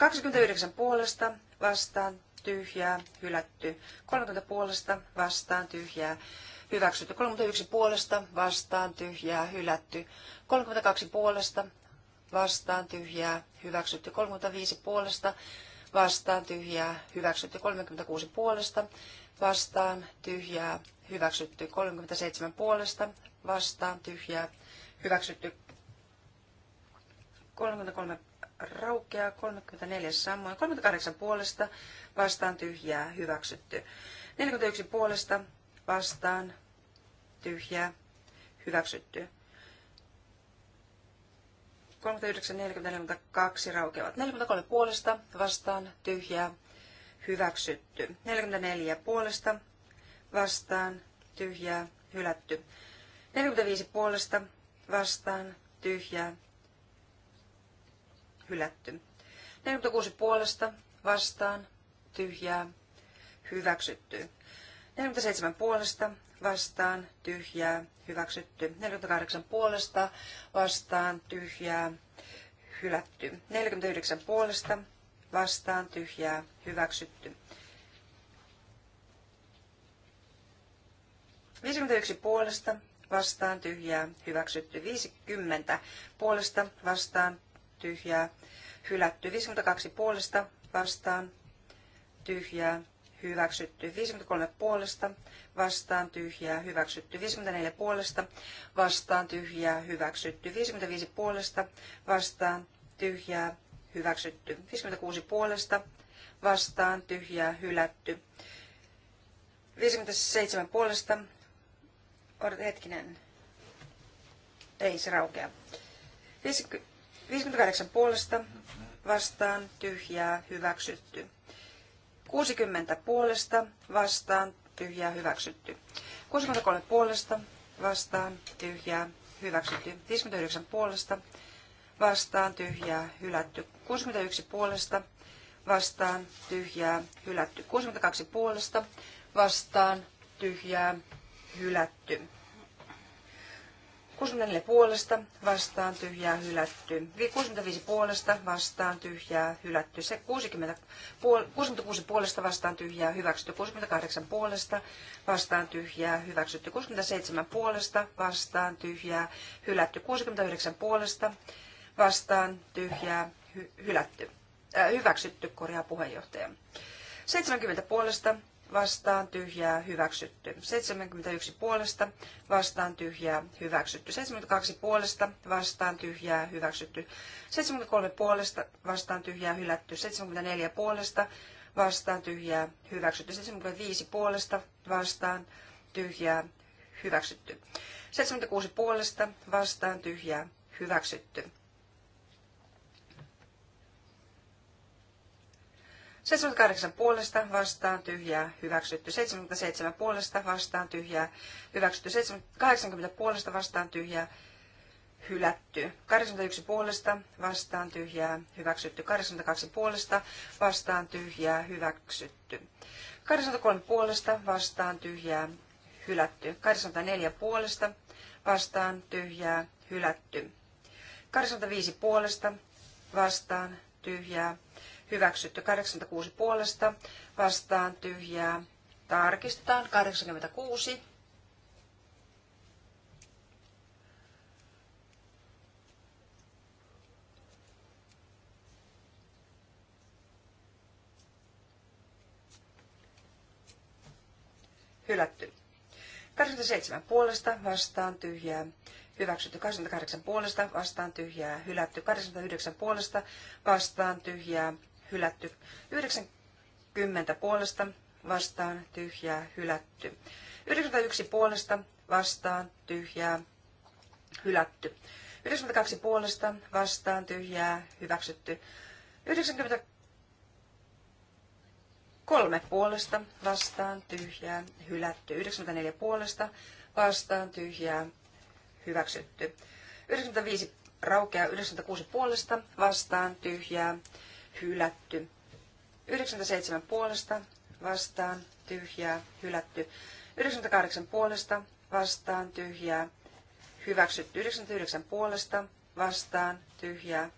29 puolesta vastaan tyhjää, hylätty. 30 puolesta vastaan tyhjää, hyväksytty. 31 puolesta vastaan tyhjää, hylätty. 32 puolesta vastaan tyhjää, hyväksytty. 35 puolesta vastaan tyhjää, hyväksytty. 36 puolesta vastaan tyhjää, hyväksytty. 37 puolesta vastaan tyhjää, hyväksytty. 33 raukeaa 34 samoin. 38 puolesta vastaan tyhjää hyväksytty. 41 puolesta vastaan tyhjää hyväksytty. 39, 40, 42 raukeavat. 43 puolesta vastaan tyhjää hyväksytty. 44 puolesta vastaan tyhjää hylätty. 45 puolesta vastaan tyhjää hylätty. 46 puolesta vastaan tyhjää hyväksytty. 47 puolesta vastaan tyhjää hyväksytty. 48 puolesta vastaan tyhjää hylätty. 49 puolesta vastaan tyhjää hyväksytty. 51 puolesta vastaan tyhjää hyväksytty. 50 puolesta vastaan tyhjää, hylätty. 52 puolesta vastaan, tyhjää, hyväksytty. 53 puolesta vastaan, tyhjää, hyväksytty. 54 puolesta vastaan, tyhjää, hyväksytty. 55 puolesta vastaan, tyhjää, hyväksytty. 56 puolesta vastaan, tyhjää, hylätty. 57 puolesta. Odot hetkinen. Ei se raukea. 50, 58 puolesta vastaan tyhjää hyväksytty. 60 puolesta vastaan tyhjää hyväksytty. 63 puolesta vastaan tyhjää hyväksytty. 59 puolesta vastaan tyhjää hylätty. 61 puolesta vastaan tyhjää hylätty. 62 puolesta vastaan tyhjää hylätty. 64 puolesta vastaan tyhjää hylätty. 65 puolesta vastaan tyhjää hylätty. Se 60, 66 puolesta vastaan tyhjää hyväksytty. 68 puolesta vastaan tyhjää hyväksytty. 67 puolesta vastaan tyhjää hylätty. 69 puolesta vastaan tyhjää hy, hylätty. Äh, hyväksytty korjaa puheenjohtaja. 70 puolesta vastaan tyhjää hyväksytty. 71 puolesta vastaan tyhjää hyväksytty. 72 puolesta vastaan tyhjää hyväksytty. 73 puolesta vastaan tyhjää hylätty. 74 puolesta vastaan tyhjää hyväksytty. 75 puolesta vastaan tyhjää hyväksytty. 76 puolesta vastaan tyhjää hyväksytty. 78 puolesta vastaan tyhjää, hyväksytty 77 puolesta vastaan tyhjää, hyväksytty 80 puolesta vastaan tyhjää, hylätty. 81 puolesta vastaan tyhjää, hyväksytty. 82 puolesta vastaan tyhjää, hyväksytty. 83 puolesta vastaan tyhjää, hylätty. 84 puolesta vastaan tyhjää, hylätty. 85 puolesta vastaan tyhjää, hyväksytty 86 puolesta, vastaan tyhjää, tarkistetaan 86. Hylätty. 87 puolesta vastaan tyhjää, hyväksytty 88 puolesta vastaan tyhjää, hylätty 89 puolesta vastaan tyhjää, hylätty. 90 puolesta vastaan tyhjää hylätty. 91 puolesta vastaan tyhjää hylätty. 92 puolesta vastaan tyhjää hyväksytty. 93 puolesta vastaan tyhjää hylätty. 94 puolesta vastaan tyhjää hyväksytty. 95 raukeaa 96 puolesta vastaan tyhjää hylätty. 97 puolesta vastaan tyhjää hylätty. 98 puolesta vastaan tyhjää hyväksytty. 99 puolesta vastaan tyhjää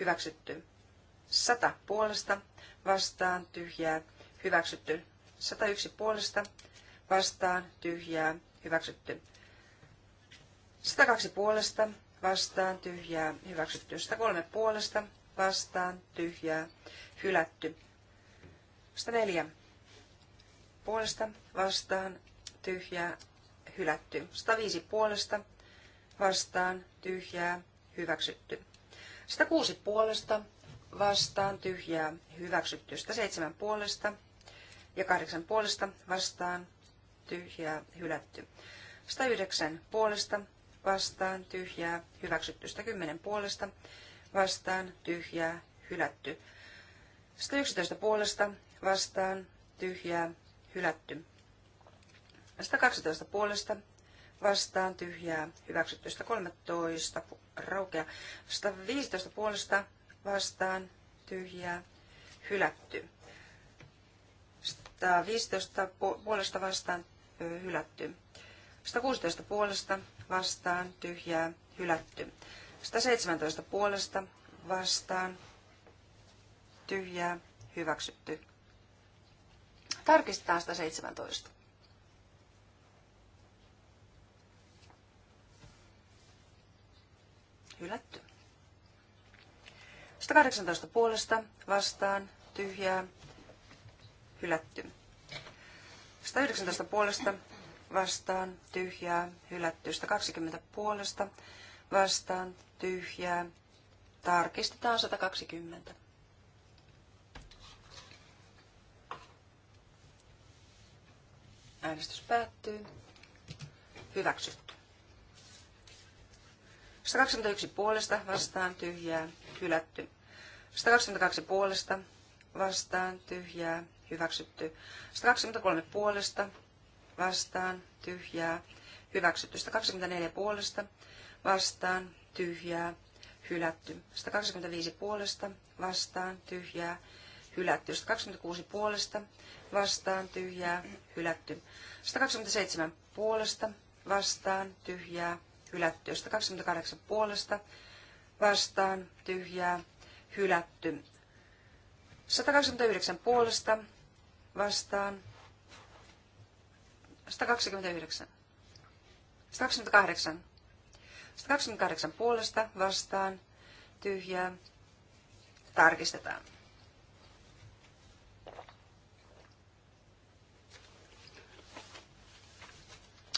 hyväksytty. 100 puolesta vastaan tyhjää hyväksytty. 101 puolesta vastaan tyhjää hyväksytty. 102 puolesta vastaan tyhjää hyväksytty. 103 puolesta vastaan, tyhjää, hylätty. 104 puolesta, vastaan, tyhjää, hylätty. 105 puolesta, vastaan, tyhjää, hyväksytty. 106 puolesta, vastaan, tyhjää, hyväksytty. 107 puolesta ja 8 puolesta, vastaan, tyhjää, hylätty. 109 puolesta, vastaan, tyhjää, hyväksytty. 110 puolesta, vastaan, tyhjää, hylätty. 111 puolesta vastaan, tyhjää, hylätty. 112 puolesta vastaan, tyhjää, hyväksytty. 113 raukea. 115 puolesta vastaan, tyhjää, hylätty. 115 puolesta vastaan, hylätty. 116 puolesta vastaan, tyhjää, hylätty. 117 puolesta vastaan. Tyhjää. Hyväksytty. Tarkistetaan 117. Hylätty. 118 puolesta vastaan. Tyhjää. Hylätty. 119 puolesta vastaan. Tyhjää. Hylätty. 120 puolesta vastaan tyhjää. Tarkistetaan 120. Äänestys päättyy. Hyväksytty. 121 puolesta vastaan tyhjää. Hylätty. 122 puolesta vastaan tyhjää. Hyväksytty. 123 puolesta vastaan tyhjää. Hyväksytty. 124 puolesta vastaan, tyhjää, hylätty. 125 puolesta, vastaan, tyhjää, hylätty. 126 puolesta, vastaan, tyhjää, hylätty. 127 puolesta, vastaan, tyhjää, hylätty. 128 puolesta, vastaan, tyhjää, hylätty. 129 puolesta, vastaan, 129, 128 128 puolesta vastaan tyhjää. Tarkistetaan.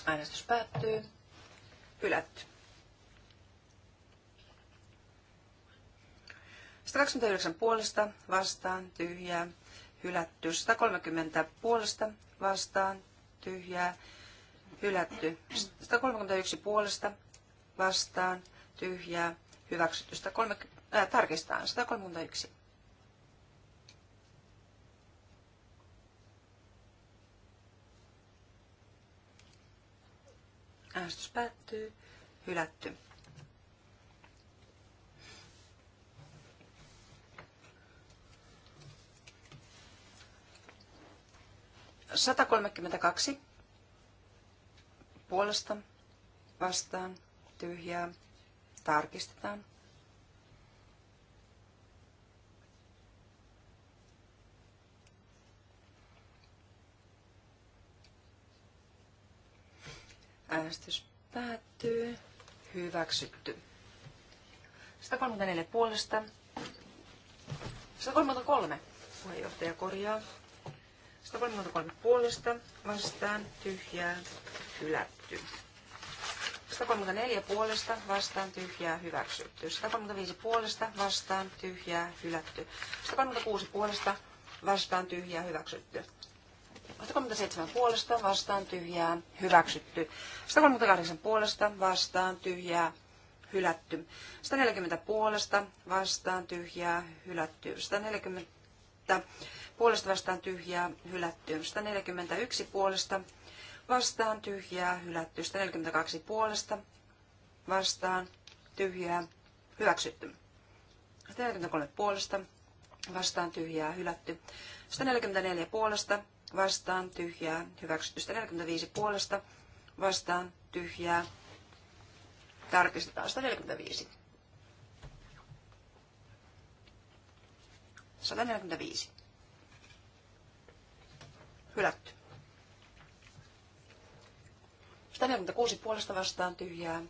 Äänestys päättyy. Hylätty. 129 puolesta vastaan tyhjää. Hylätty. 130 puolesta vastaan tyhjää. Hylätty. 131 puolesta vastaan, tyhjää, hyväksytystä. Kolme, äh, tarkistaan 131. Äänestys päättyy. Hylätty. kaksi puolesta vastaan tyhjää. Tarkistetaan. Äänestys päättyy. Hyväksytty. 134 puolesta. 133 puheenjohtaja korjaa. 133 puolesta vastaan tyhjää hylätty. 134 puolesta vastaan tyhjää hyväksytty. 135 puolesta vastaan tyhjää hylätty. 136 puolesta vastaan tyhjää hyväksytty. 137 puolesta vastaan tyhjää hyväksytty. 138 puolesta vastaan tyhjää hylätty. 140 puolesta vastaan tyhjää hylätty. 140 puolesta vastaan tyhjää hylätty. 141 puolesta vastaan tyhjää hylätty. 42 puolesta vastaan tyhjää hyväksytty. 43 puolesta vastaan tyhjää hylätty. 144 puolesta vastaan tyhjää hyväksytty. 145 puolesta vastaan tyhjää. Tarkistetaan 145. 145. Hylätty. 146 puolesta vastaan tyhjää.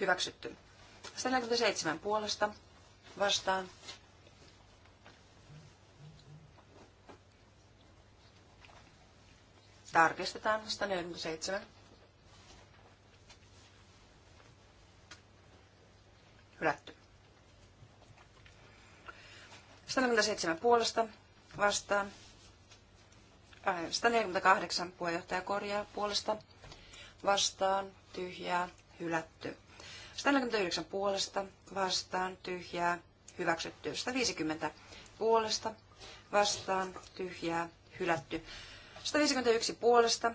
Hyväksytty. 147 puolesta vastaan. Tarkistetaan 147. Hylätty. 147 puolesta vastaan. 148 puheenjohtaja korjaa puolesta vastaan, tyhjää, hylätty. 149 puolesta, vastaan, tyhjää, hyväksytty. 150 puolesta, vastaan, tyhjää, hylätty. 151 puolesta,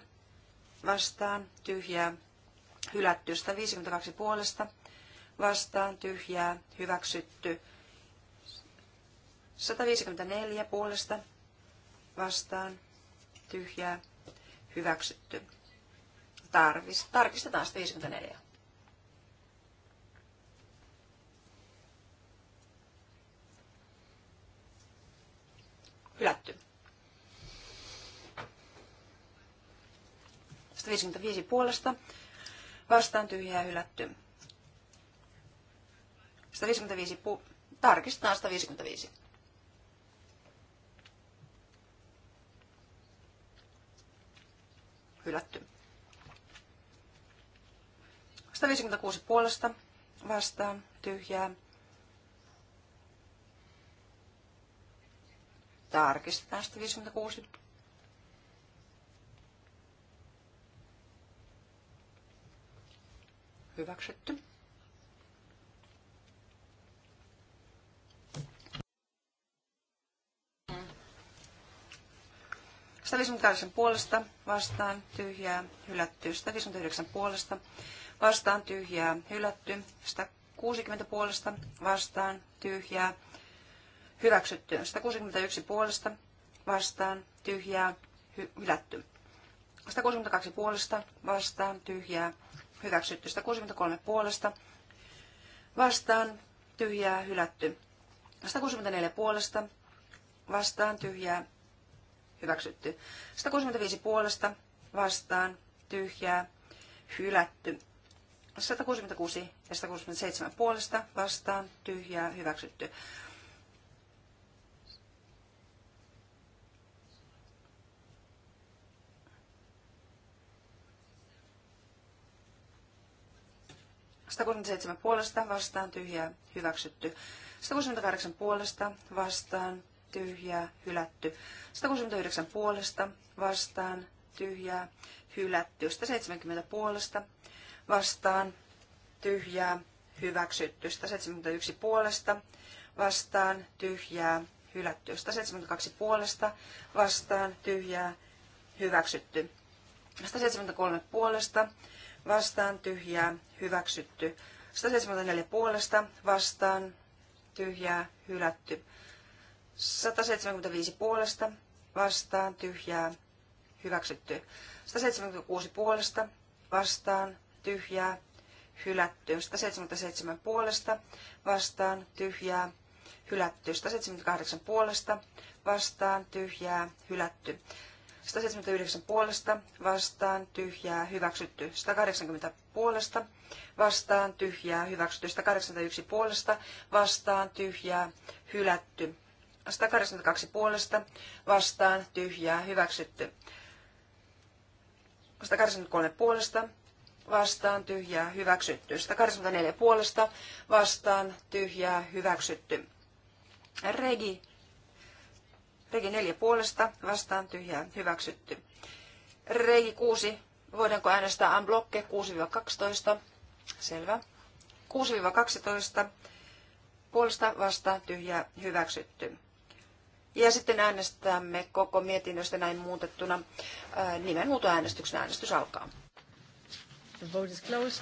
vastaan, tyhjää, hylätty. 152 puolesta, vastaan, tyhjää, hyväksytty. 154 puolesta, vastaan, tyhjää, hyväksytty tarvis, tarkistetaan 54. Hylätty. 155 puolesta. Vastaan tyhjää hylätty. 155 pu- tarkistetaan 155. Hylätty. 156 puolesta vastaan tyhjää. Tarkistetaan 156. Hyväksytty. Sitä puolesta vastaan tyhjää, hylätty. Sitä puolesta vastaan tyhjää hylätty, 160 puolesta vastaan tyhjää hyväksytty, 161 puolesta vastaan tyhjää hy- hylätty, 162 puolesta vastaan tyhjää hyväksytty, 163 puolesta vastaan tyhjää hylätty, 164 puolesta vastaan tyhjää hyväksytty, 165 puolesta vastaan tyhjää hylätty. 166 ja 167 puolesta vastaan tyhjää hyväksytty. seitsemän puolesta vastaan tyhjää hyväksytty. 168 puolesta vastaan tyhjää hylätty. 169 puolesta vastaan tyhjää hylätty. 170 puolesta vastaan tyhjää hyväksytty. 171 puolesta vastaan tyhjää hylätty. 172 puolesta vastaan tyhjää hyväksytty. 173 puolesta vastaan tyhjää hyväksytty. 174 puolesta vastaan tyhjää hylätty. 175 puolesta vastaan tyhjää hyväksytty. 176 puolesta vastaan tyhjää, hylätty. 177 puolesta vastaan, tyhjää, hylätty. 178 puolesta vastaan, tyhjää, hylätty. 179 puolesta vastaan, tyhjää, hyväksytty. 180 puolesta vastaan, tyhjää, hyväksytty. 181 puolesta vastaan, tyhjää, hylätty. 182 puolesta vastaan, tyhjää, hyväksytty. 183 puolesta vastaan tyhjää hyväksytty. 184 puolesta vastaan tyhjää hyväksytty. Regi, regi 4 puolesta vastaan tyhjää hyväksytty. Regi 6, voidaanko äänestää unblokke 6-12? Selvä. 6-12 puolesta vastaan tyhjää hyväksytty. Ja sitten äänestämme koko mietinnöstä näin muutettuna. Nimenhuutoäänestyksen äänestys alkaa. The vote is closed.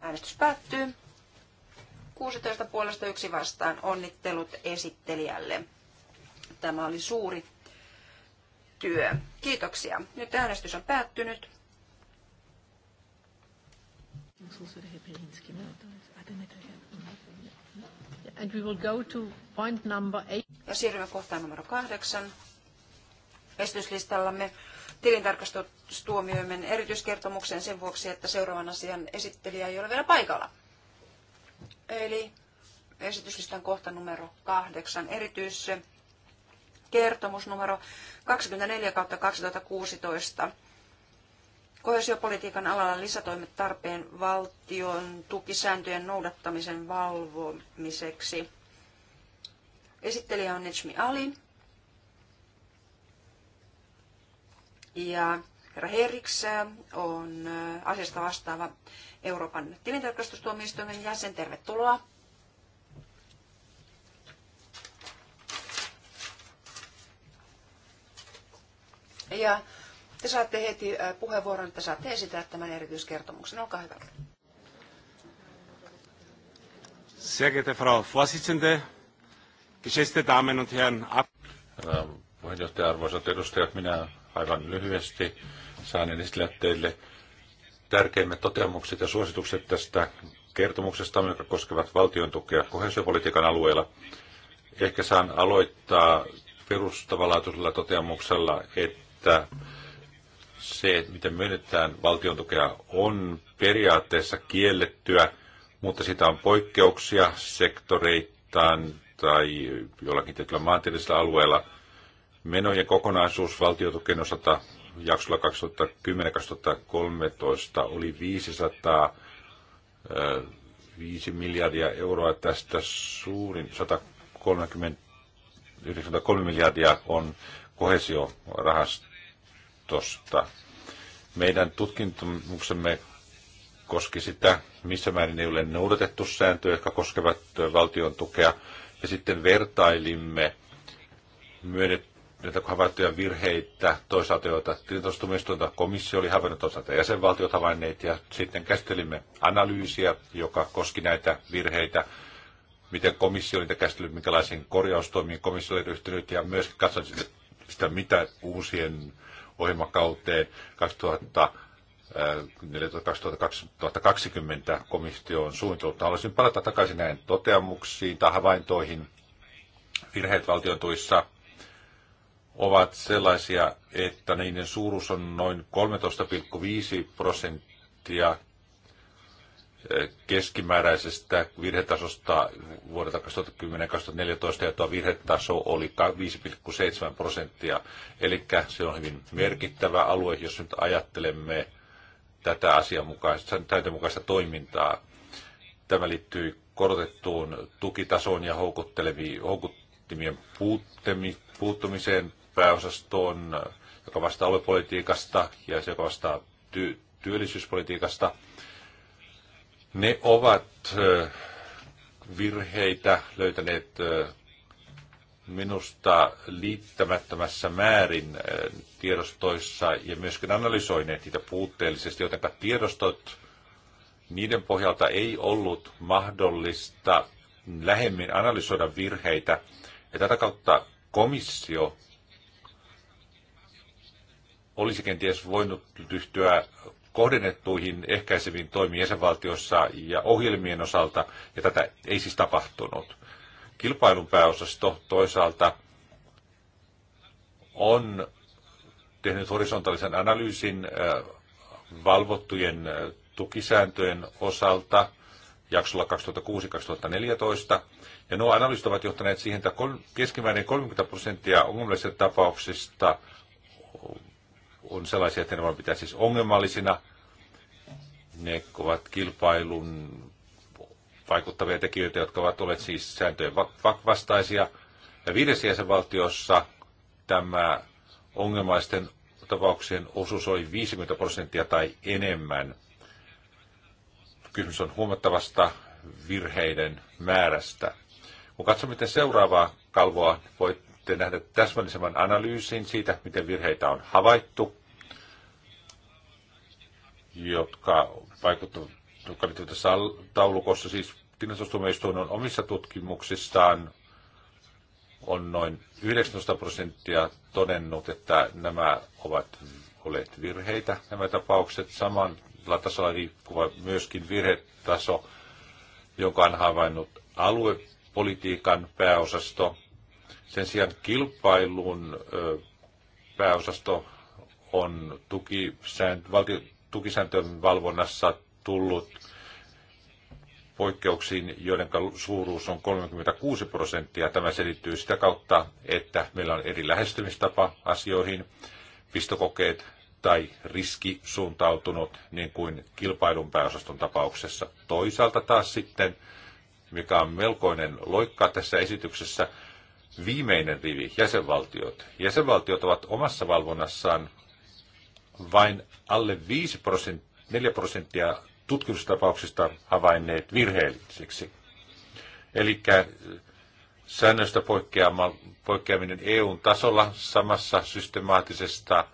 Äänestys päättyy. 16 puolesta yksi vastaan. Onnittelut esittelijälle. Tämä oli suuri työ. Kiitoksia. Nyt äänestys on päättynyt. And we will go to point number eight. Ja siirrymme kohtaan numero kahdeksan. Esityslistallamme tilintarkastustuomioimen erityiskertomuksen sen vuoksi, että seuraavan asian esittelijä ei ole vielä paikalla. Eli esityslistan kohta numero kahdeksan, erityiskertomus numero 24 2016. Kohesiopolitiikan alalla lisätoimet tarpeen valtion tukisääntöjen noudattamisen valvomiseksi. Esittelijä on Nechmi Ali. Ja herra äh, on äh, asiasta vastaava Euroopan tilintarkastustuomioistuimen jäsen. Tervetuloa. Ja te saatte heti äh, puheenvuoron, että saatte esittää tämän erityiskertomuksen. Olkaa hyvä. Sehr geehrte Frau Vorsitzende, geschätzte Damen und Herren. Herra puheenjohtaja, arvoisat edustajat, minä aivan lyhyesti. Saan esitellä teille tärkeimmät toteamukset ja suositukset tästä kertomuksesta, jotka koskevat valtion tukea kohesiopolitiikan alueella. Ehkä saan aloittaa perustavanlaatuisella toteamuksella, että se, miten myönnetään valtion tukea, on periaatteessa kiellettyä, mutta sitä on poikkeuksia sektoreittain tai jollakin tietyllä maantieteellisellä alueella – Menojen kokonaisuus valtiotukien osalta jaksolla 2010-2013 oli 505 eh, miljardia euroa. Tästä suurin 193 miljardia on kohesiorahastosta. Meidän tutkimuksemme koski sitä, missä määrin ei ole noudatettu sääntöjä, jotka koskevat valtion tukea. Ja sitten vertailimme myönnetty näitä havaittuja virheitä, toisaalta joita tilintarkastustuomioistuinta komissio oli havainnut, toisaalta jäsenvaltiot havainneet, ja sitten käsittelimme analyysiä, joka koski näitä virheitä, miten komissio oli käsitellyt, minkälaisiin korjaustoimiin komissio oli ryhtynyt, ja myös katsoin sitä, sitä mitä uusien ohjelmakauteen 2000 2020 äh, komissio on suunnitellut. Haluaisin palata takaisin näihin toteamuksiin tai havaintoihin. Virheet valtion tuissa ovat sellaisia, että niiden suuruus on noin 13,5 prosenttia eh, keskimääräisestä virhetasosta vuodelta 2010-2014, ja tuo virhetaso oli 5,7 prosenttia. Eli se on hyvin merkittävä alue, jos nyt ajattelemme tätä asianmukaista, täytemukaista toimintaa. Tämä liittyy korotettuun tukitasoon ja houkuttimien puuttumiseen pääosastoon, joka vastaa aluepolitiikasta ja joka vastaa ty- työllisyyspolitiikasta. Ne ovat virheitä löytäneet minusta liittämättömässä määrin tiedostoissa ja myöskin analysoineet niitä puutteellisesti, joten tiedostot, niiden pohjalta ei ollut mahdollista lähemmin analysoida virheitä. Ja tätä kautta komissio olisi kenties voinut ryhtyä kohdennettuihin ehkäiseviin toimiin jäsenvaltiossa ja ohjelmien osalta, ja tätä ei siis tapahtunut. Kilpailun pääosasto toisaalta on tehnyt horisontaalisen analyysin äh, valvottujen äh, tukisääntöjen osalta jaksolla 2006-2014. Ja nuo analyysit ovat johtaneet siihen, että keskimäärin 30 prosenttia ongelmallisista tapauksista – on sellaisia, että ne voidaan pitää siis ongelmallisina. Ne ovat kilpailun vaikuttavia tekijöitä, jotka ovat olleet siis sääntöjen vastaisia. Ja viides jäsenvaltiossa tämä ongelmaisten tapauksien osuus oli 50 prosenttia tai enemmän. Kysymys on huomattavasta virheiden määrästä. Kun katsomme miten seuraavaa kalvoa, voi sitten nähdä täsmällisemmän analyysin siitä, miten virheitä on havaittu, jotka vaikuttavat, jotka liittyvät tässä taulukossa. Siis tilastustuomioistuin on omissa tutkimuksissaan on noin 19 prosenttia todennut, että nämä ovat olleet virheitä, nämä tapaukset. Samalla tasolla riippuva myöskin virhetaso, jonka on havainnut aluepolitiikan pääosasto sen sijaan kilpailun pääosasto on tukisääntö, valtio, valvonnassa tullut poikkeuksiin, joiden suuruus on 36 prosenttia. Tämä selittyy sitä kautta, että meillä on eri lähestymistapa asioihin, pistokokeet tai riski suuntautunut, niin kuin kilpailun pääosaston tapauksessa. Toisaalta taas sitten, mikä on melkoinen loikka tässä esityksessä, viimeinen rivi, jäsenvaltiot. Jäsenvaltiot ovat omassa valvonnassaan vain alle 5 prosenttia, 4 prosenttia tutkimustapauksista havainneet virheellisiksi. Eli äh, säännöstä poikkeaminen EUn tasolla samassa systemaattisesta äh,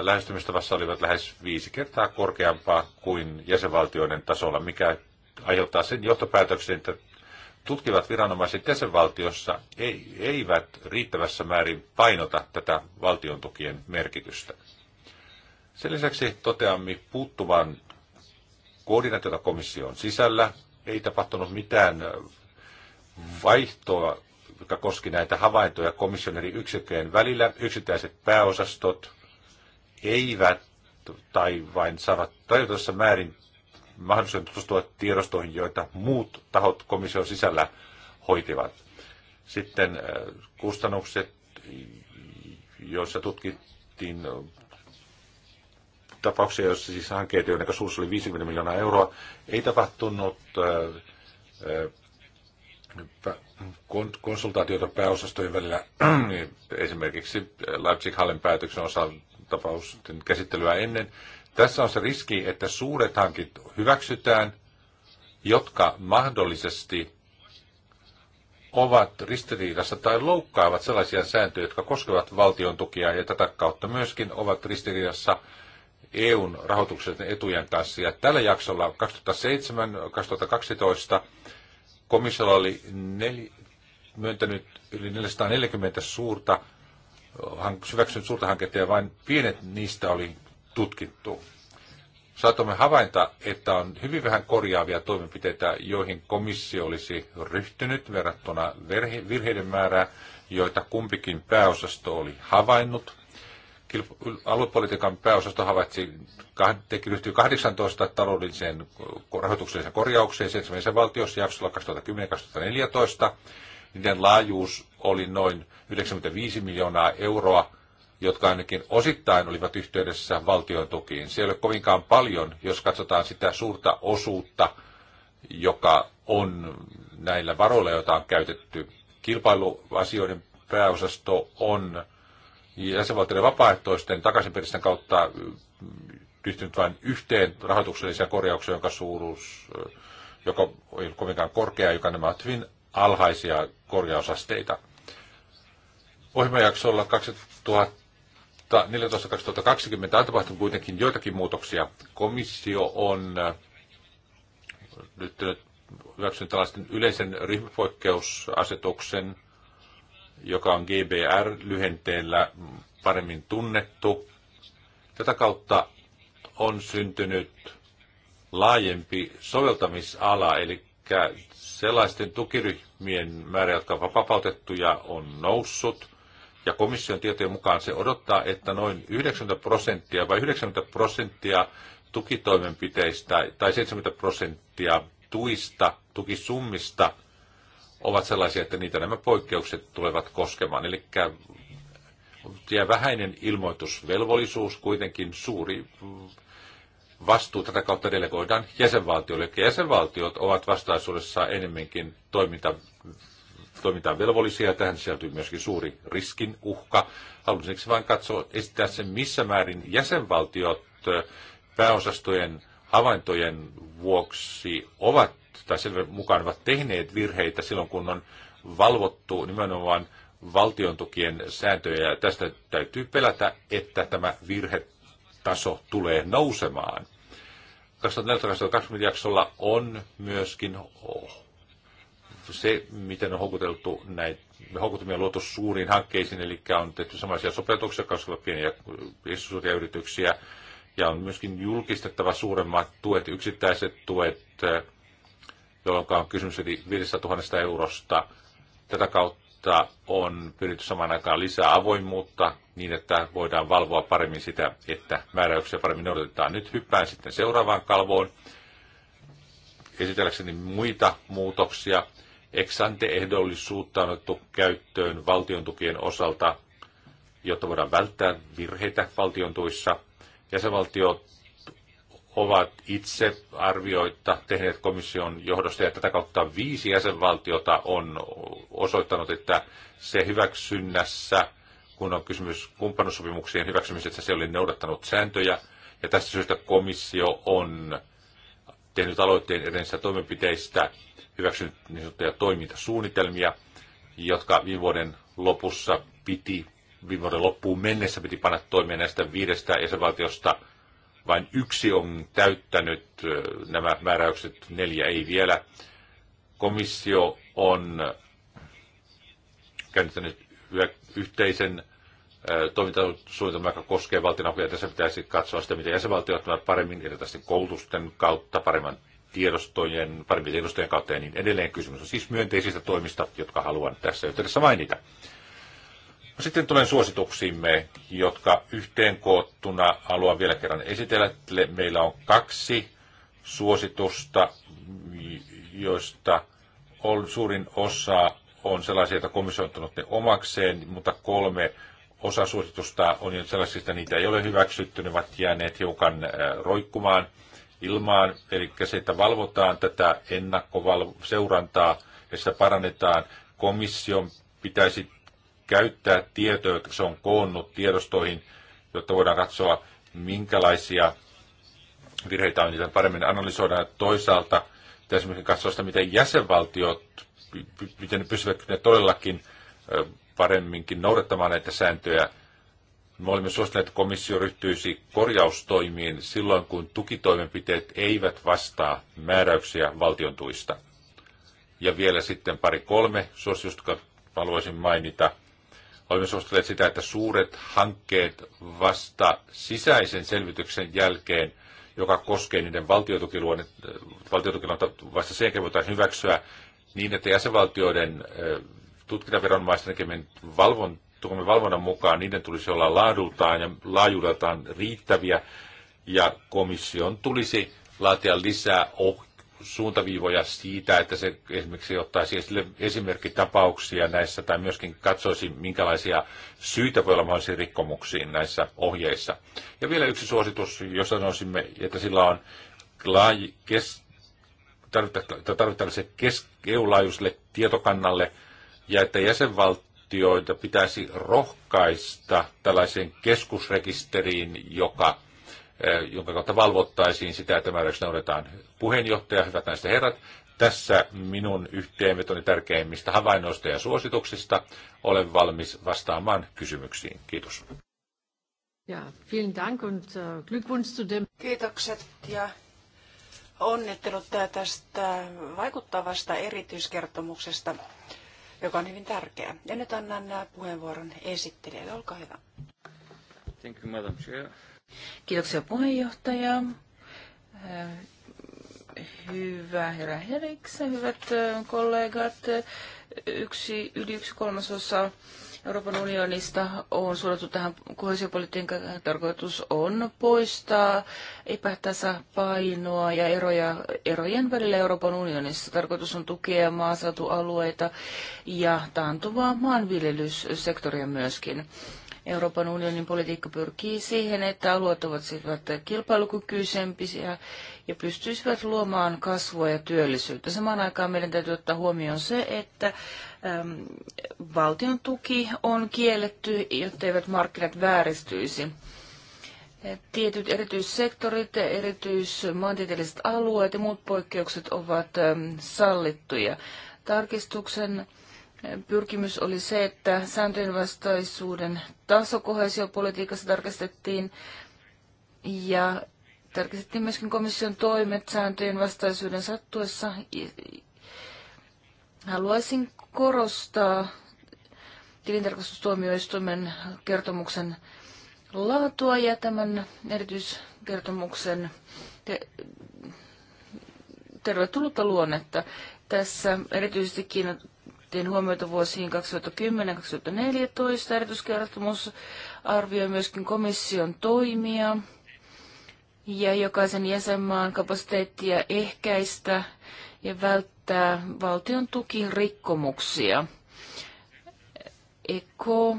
lähestymistavassa olivat lähes viisi kertaa korkeampaa kuin jäsenvaltioiden tasolla, mikä aiheuttaa sen johtopäätöksen, että tutkivat viranomaiset jäsenvaltiossa ei, eivät riittävässä määrin painota tätä valtion tukien merkitystä. Sen lisäksi toteamme puuttuvan koordinaatiota komission sisällä. Ei tapahtunut mitään vaihtoa, joka koski näitä havaintoja komission eri yksikköjen välillä. Yksittäiset pääosastot eivät tai vain saavat rajoitussa määrin mahdollisuuden tutustua tiedostoihin, joita muut tahot komission sisällä hoitivat. Sitten äh, kustannukset, joissa tutkittiin äh, tapauksia, joissa siis hankkeet, joiden suuruus oli 50 miljoonaa euroa, ei tapahtunut äh, konsultaatiota pääosastojen välillä. Esimerkiksi Leipzig-Hallen päätöksen osalta tapausten käsittelyä ennen tässä on se riski, että suuret hankit hyväksytään, jotka mahdollisesti ovat ristiriidassa tai loukkaavat sellaisia sääntöjä, jotka koskevat valtion tukia ja tätä kautta myöskin ovat ristiriidassa EUn rahoituksen etujen kanssa. Ja tällä jaksolla 2007-2012 komissiolla oli nel, myöntänyt yli 440 suurta, syväksynyt suurta hanketta ja vain pienet niistä oli tutkittu. Saatamme havainta, että on hyvin vähän korjaavia toimenpiteitä, joihin komissio olisi ryhtynyt verrattuna virheiden määrää, joita kumpikin pääosasto oli havainnut. Aluepolitiikan pääosasto havaitsi, teki 18 taloudelliseen rahoitukselliseen korjaukseen 7 valtiossa jaksolla 2010-2014. Niiden laajuus oli noin 95 miljoonaa euroa jotka ainakin osittain olivat yhteydessä valtion tukiin. Siellä ei ole kovinkaan paljon, jos katsotaan sitä suurta osuutta, joka on näillä varoilla, joita on käytetty. Kilpailuasioiden pääosasto on jäsenvaltioiden vapaaehtoisten takaisinperistön kautta mm, yhtynyt vain yhteen rahoituksellisia korjauksia, jonka suuruus, joka ei ole kovinkaan korkea, joka nämä ovat hyvin alhaisia korjausasteita. Ohjelmajaksolla 2000 2014-2020 on tapahtunut kuitenkin joitakin muutoksia. Komissio on äh, nyt äh, hyväksynyt tällaisen yleisen ryhmäpoikkeusasetuksen, joka on GBR-lyhenteellä paremmin tunnettu. Tätä kautta on syntynyt laajempi soveltamisala, eli sellaisten tukiryhmien määrä, jotka ovat vapautettuja, on noussut – ja komission tietojen mukaan se odottaa, että noin 90 prosenttia vai 90 prosenttia tukitoimenpiteistä tai 70 prosenttia tuista, tukisummista ovat sellaisia, että niitä nämä poikkeukset tulevat koskemaan. Eli jää vähäinen ilmoitusvelvollisuus, kuitenkin suuri vastuu tätä kautta delegoidaan jäsenvaltioille. Eli jäsenvaltiot ovat vastaisuudessa enemmänkin toiminta toimintaan velvollisia. Tähän sisältyy myöskin suuri riskin uhka. Haluaisinko vain katsoa, esittää sen missä määrin jäsenvaltiot pääosastojen havaintojen vuoksi ovat tai sen mukaan ovat tehneet virheitä silloin, kun on valvottu nimenomaan tukien sääntöjä. Ja tästä täytyy pelätä, että tämä virhetaso tulee nousemaan. 2014-2020 jaksolla on myöskin se, miten on houkuteltu näitä, houkutumia on luotu suuriin hankkeisiin, eli on tehty samaisia sopeutuksia, koska pieniä ja yrityksiä, ja on myöskin julkistettava suuremmat tuet, yksittäiset tuet, jolloin on kysymys yli 500 000 eurosta. Tätä kautta on pyritty samaan aikaan lisää avoimuutta niin, että voidaan valvoa paremmin sitä, että määräyksiä paremmin noudatetaan. Nyt hyppään sitten seuraavaan kalvoon esitelläkseni muita muutoksia. Ex-ante-ehdollisuutta on otettu käyttöön valtion tukien osalta, jotta voidaan välttää virheitä valtion tuissa. Jäsenvaltiot ovat itse arvioita tehneet komission johdosta ja tätä kautta viisi jäsenvaltiota on osoittanut, että se hyväksynnässä, kun on kysymys kumppanussopimuksien hyväksymisestä, se oli noudattanut sääntöjä ja tästä syystä komissio on tehnyt aloitteen edensä toimenpiteistä, hyväksynyt niin sanottuja toimintasuunnitelmia, jotka viime vuoden lopussa piti, viime vuoden loppuun mennessä piti panna toimeen näistä viidestä jäsenvaltiosta. Vain yksi on täyttänyt nämä määräykset, neljä ei vielä. Komissio on käynnistänyt yhteisen toimintasuunnitelma, joka koskee valtion apuja. Tässä pitäisi katsoa sitä, miten jäsenvaltiot ovat paremmin erilaisten koulutusten kautta, paremman tiedostojen, paremmin tiedostojen kautta ja niin edelleen. Kysymys on siis myönteisistä toimista, jotka haluan tässä yhteydessä mainita. No sitten tulen suosituksiimme, jotka yhteenkoottuna haluan vielä kerran esitellä. Meillä on kaksi suositusta, joista on suurin osa on sellaisia, joita komissio on ottanut ne omakseen, mutta kolme osa suositusta on jo sellaisista, että niitä ei ole hyväksytty, ne ovat jääneet hiukan äh, roikkumaan ilmaan, eli se, että valvotaan tätä ennakkoseurantaa ja sitä parannetaan. Komission pitäisi käyttää tietoja, jotka se on koonnut tiedostoihin, jotta voidaan katsoa, minkälaisia virheitä on, niitä paremmin analysoidaan. Toisaalta pitäisi myöskin katsoa sitä, miten jäsenvaltiot, miten ne pysyvät ne todellakin paremminkin noudattamaan näitä sääntöjä. Me olimme suositelleet, että komissio ryhtyisi korjaustoimiin silloin, kun tukitoimenpiteet eivät vastaa määräyksiä valtion tuista. Ja vielä sitten pari kolme suositusta, jotka haluaisin mainita. Olemme suositelleet sitä, että suuret hankkeet vasta sisäisen selvityksen jälkeen, joka koskee niiden valtiotukiluonnetta, vasta sen jälkeen voitaisiin hyväksyä niin, että jäsenvaltioiden tutkintaviranmaistenkin valvon, valvonnan mukaan niiden tulisi olla laadultaan ja laajuudeltaan riittäviä, ja komission tulisi laatia lisää oh- suuntaviivoja siitä, että se esimerkiksi ottaisi esille esimerkkitapauksia näissä tai myöskin katsoisi, minkälaisia syitä voi olla mahdollisiin rikkomuksiin näissä ohjeissa. Ja vielä yksi suositus, jos sanoisimme, että sillä on laaji, kes, tarvittaisiin kes, EU-laajuiselle tietokannalle – ja että jäsenvaltioita pitäisi rohkaista tällaiseen keskusrekisteriin, joka, eh, jonka kautta valvottaisiin sitä, että määräyksiä noudatetaan. Puheenjohtaja, hyvät naiset herrat, tässä minun yhteenvetoni tärkeimmistä havainnoista ja suosituksista. Olen valmis vastaamaan kysymyksiin. Kiitos. Ja, vielen Dank und äh, Glückwunsch zu dem. Kiitokset ja onnittelut tästä vaikuttavasta erityiskertomuksesta joka on hyvin tärkeä. Ja nyt annan äh, puheenvuoron esittelijälle. Olkaa hyvä. Thank you, Madam Chair. Kiitoksia puheenjohtaja. Äh, hyvä herra Herikse, hyvät äh, kollegat. Yksi, yli yksi kolmasosa Euroopan unionista on suunnattu tähän kohesiopolitiikan tarkoitus on poistaa epätasapainoa ja eroja erojen välillä Euroopan unionissa. Tarkoitus on tukea maaseutualueita ja taantuvaa maanviljelyssektoria myöskin. Euroopan unionin politiikka pyrkii siihen, että alueet ovat kilpailukykyisempiä ja pystyisivät luomaan kasvua ja työllisyyttä. Samaan aikaan meidän täytyy ottaa huomioon se, että äm, valtion tuki on kielletty, jotteivät markkinat vääristyisi. Tietyt erityissektorit, erityismaantieteelliset alueet ja muut poikkeukset ovat sallittuja. Tarkistuksen pyrkimys oli se, että sääntöjen vastaisuuden taso kohesiopolitiikassa tarkistettiin ja tarkistettiin myöskin komission toimet sääntöjen vastaisuuden sattuessa. Haluaisin korostaa tilintarkastustuomioistuimen kertomuksen laatua ja tämän erityiskertomuksen te- tervetullutta luonnetta. Tässä erityisesti kiinnitin huomiota vuosiin 2010-2014. Erityiskertomus arvioi myöskin komission toimia ja jokaisen jäsenmaan kapasiteettia ehkäistä ja välttää välttää valtion rikkomuksia. Eko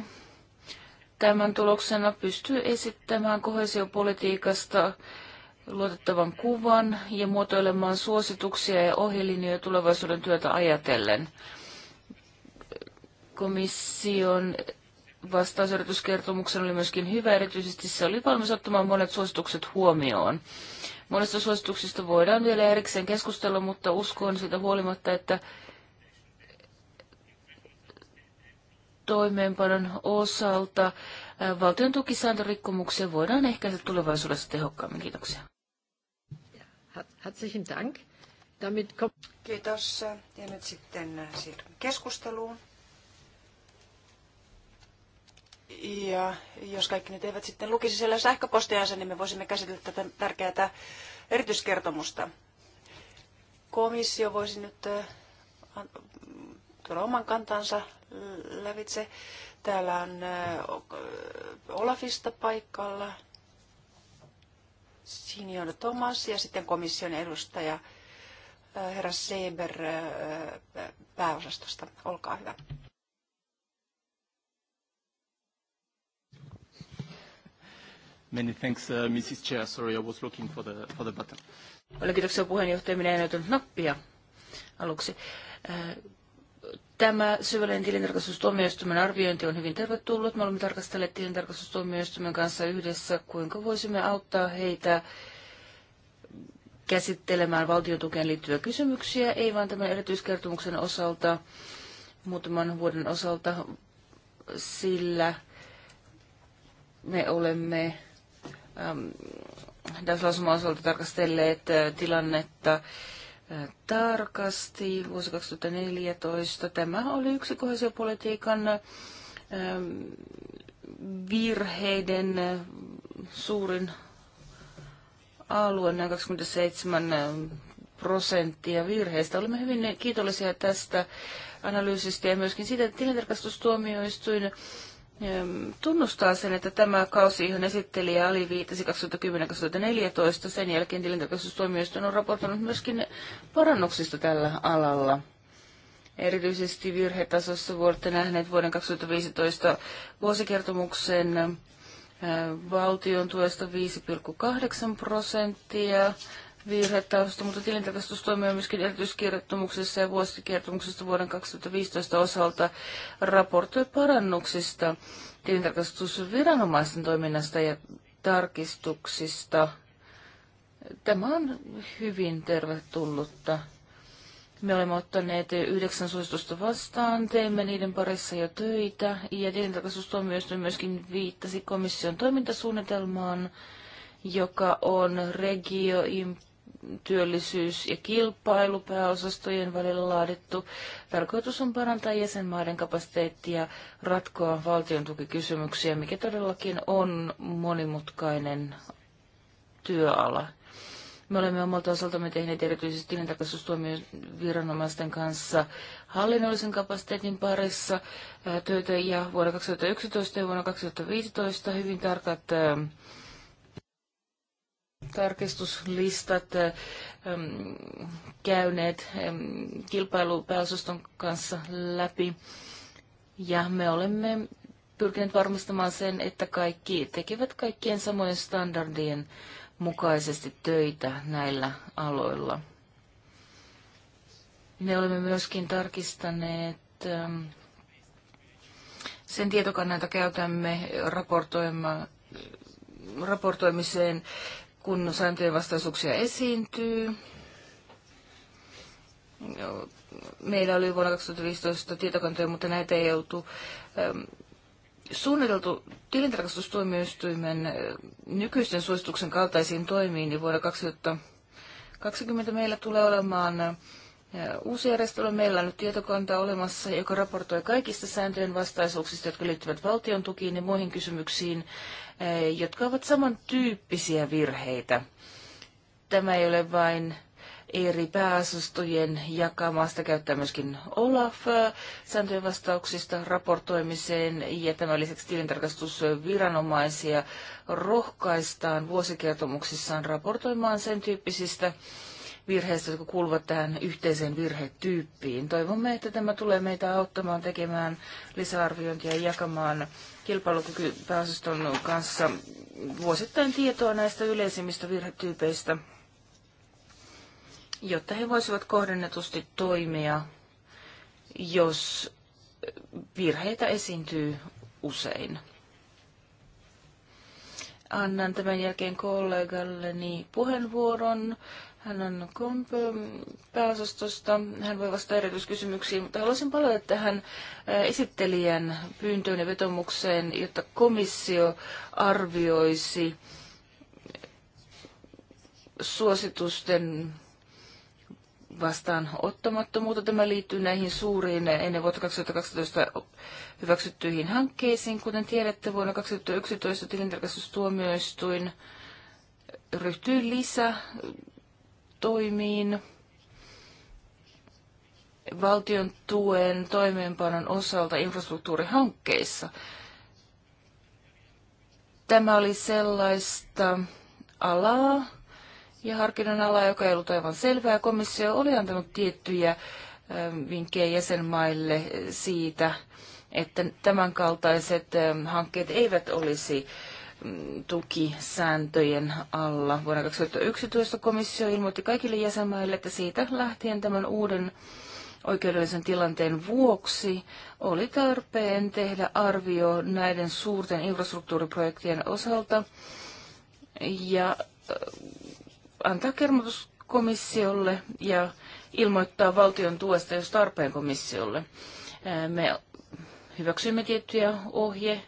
tämän tuloksena pystyy esittämään kohesiopolitiikasta luotettavan kuvan ja muotoilemaan suosituksia ja ohjelinjoja tulevaisuuden työtä ajatellen. Komission vastauserityiskertomuksen oli myöskin hyvä, erityisesti se oli valmis ottamaan monet suositukset huomioon. Monista suosituksista voidaan vielä erikseen keskustella, mutta uskon siitä huolimatta, että toimeenpanon osalta valtion tukisääntörikkomuksia voidaan ehkäistä tulevaisuudessa tehokkaammin. Kiitoksia. Herzlichen Dank. Kiitos. Ja nyt sitten siirrymme keskusteluun. Ja jos kaikki nyt eivät sitten lukisi siellä sähköpostiansa, niin me voisimme käsitellä tätä tärkeää erityiskertomusta. Komissio voisi nyt tuoda oman kantansa lävitse. Täällä on Olafista paikalla Signor Thomas ja sitten komission edustaja herra Seber pääosastosta. Olkaa hyvä. Many thanks, uh, Mrs. Chair. Sorry, I was looking for the, for the button. Paljon kiitoksia puheenjohtaja. Minä en näytänyt nappia aluksi. Äh, tämä syvällinen tilintarkastustuomioistuimen arviointi on hyvin tervetullut. Me olemme tarkastelleet tilintarkastustuomioistuimen kanssa yhdessä, kuinka voisimme auttaa heitä käsittelemään valtiotukeen liittyviä kysymyksiä, ei vain tämän erityiskertomuksen osalta, muutaman vuoden osalta, sillä me olemme Ähm, Daslausuman osalta tarkastelleet äh, tilannetta äh, tarkasti vuosi 2014. Tämä oli yksi kohesiopolitiikan äh, virheiden suurin alue, nämä 27 prosenttia virheistä. Olemme hyvin kiitollisia tästä analyysistä ja myöskin siitä, että tilintarkastustuomioistuin tunnustaa sen, että tämä kausi, johon esittelijä oli viitasi 2010-2014, sen jälkeen tilintarkastustoimijoista on raportoinut myöskin parannuksista tällä alalla. Erityisesti virhetasossa vuotta nähneet vuoden 2015 vuosikertomuksen valtion tuesta 5,8 prosenttia, virhetausta, mutta tilintarkastus toimii myöskin erityiskertomuksessa ja vuosikertomuksesta vuoden 2015 osalta raportoi parannuksista tilintarkastusviranomaisten toiminnasta ja tarkistuksista. Tämä on hyvin tervetullutta. Me olemme ottaneet yhdeksän suositusta vastaan, teimme niiden parissa jo töitä ja tilintarkastustuomioistuin myöskin viittasi komission toimintasuunnitelmaan, joka on Regio työllisyys- ja kilpailupääosastojen välillä laadittu. Tarkoitus on parantaa jäsenmaiden kapasiteettia ratkoa valtion tukikysymyksiä, mikä todellakin on monimutkainen työala. Me olemme omalta osaltamme tehneet erityisesti viranomaisten kanssa hallinnollisen kapasiteetin parissa työtä ja vuonna 2011 ja vuonna 2015 hyvin tarkat tarkistuslistat äm, äh, ähm, käyneet äm, kilpailupääosaston kanssa läpi. Ja me olemme pyrkineet varmistamaan sen, että kaikki tekevät kaikkien samojen standardien mukaisesti töitä näillä aloilla. Me olemme myöskin tarkistaneet äm, sen tietokannan, jota käytämme raportoimaan raportoimiseen kun sääntöjen vastaisuuksia esiintyy. Meillä oli vuonna 2015 tietokantoja, mutta näitä ei joutu ähm, suunniteltu tilintarkastustuomioistuimen äh, nykyisten suosituksen kaltaisiin toimiin, niin vuonna 2020 meillä tulee olemaan äh, Uusi järjestelmä meillä on nyt tietokanta olemassa, joka raportoi kaikista sääntöjen vastaisuuksista, jotka liittyvät valtion tukiin ja muihin kysymyksiin, jotka ovat samantyyppisiä virheitä. Tämä ei ole vain eri pääosastojen jakamasta käyttää myöskin Olaf sääntöjen vastauksista raportoimiseen ja tämän lisäksi tilintarkastusviranomaisia rohkaistaan vuosikertomuksissaan raportoimaan sen tyyppisistä virheistä, jotka kuuluvat tähän yhteiseen virhetyyppiin. Toivomme, että tämä tulee meitä auttamaan tekemään lisäarviointia ja jakamaan kilpailukykypääosaston kanssa vuosittain tietoa näistä yleisimmistä virhetyypeistä, jotta he voisivat kohdennetusti toimia, jos virheitä esiintyy usein. Annan tämän jälkeen kollegalleni puheenvuoron hän on kompo pääosastosta. Hän voi vastata erityiskysymyksiin, mutta haluaisin palata tähän eh, esittelijän pyyntöön ja vetomukseen, jotta komissio arvioisi eh, suositusten vastaan ottamattomuutta. Tämä liittyy näihin suuriin eh, ennen vuotta 2012 hyväksyttyihin hankkeisiin. Kuten tiedätte, vuonna 2011 tilintarkastustuomioistuin ryhtyi lisää toimiin valtion tuen toimeenpanon osalta infrastruktuurihankkeissa. Tämä oli sellaista alaa ja harkinnan alaa, joka ei ollut aivan selvää. Komissio oli antanut tiettyjä ähm, vinkkejä jäsenmaille siitä, että tämänkaltaiset ähm, hankkeet eivät olisi tukisääntöjen alla. Vuonna 2011 komissio ilmoitti kaikille jäsenmaille, että siitä lähtien tämän uuden oikeudellisen tilanteen vuoksi oli tarpeen tehdä arvio näiden suurten infrastruktuuriprojektien osalta ja äh, antaa kermotus komissiolle ja ilmoittaa valtion tuesta, jos tarpeen komissiolle. Äh, me hyväksymme tiettyjä ohje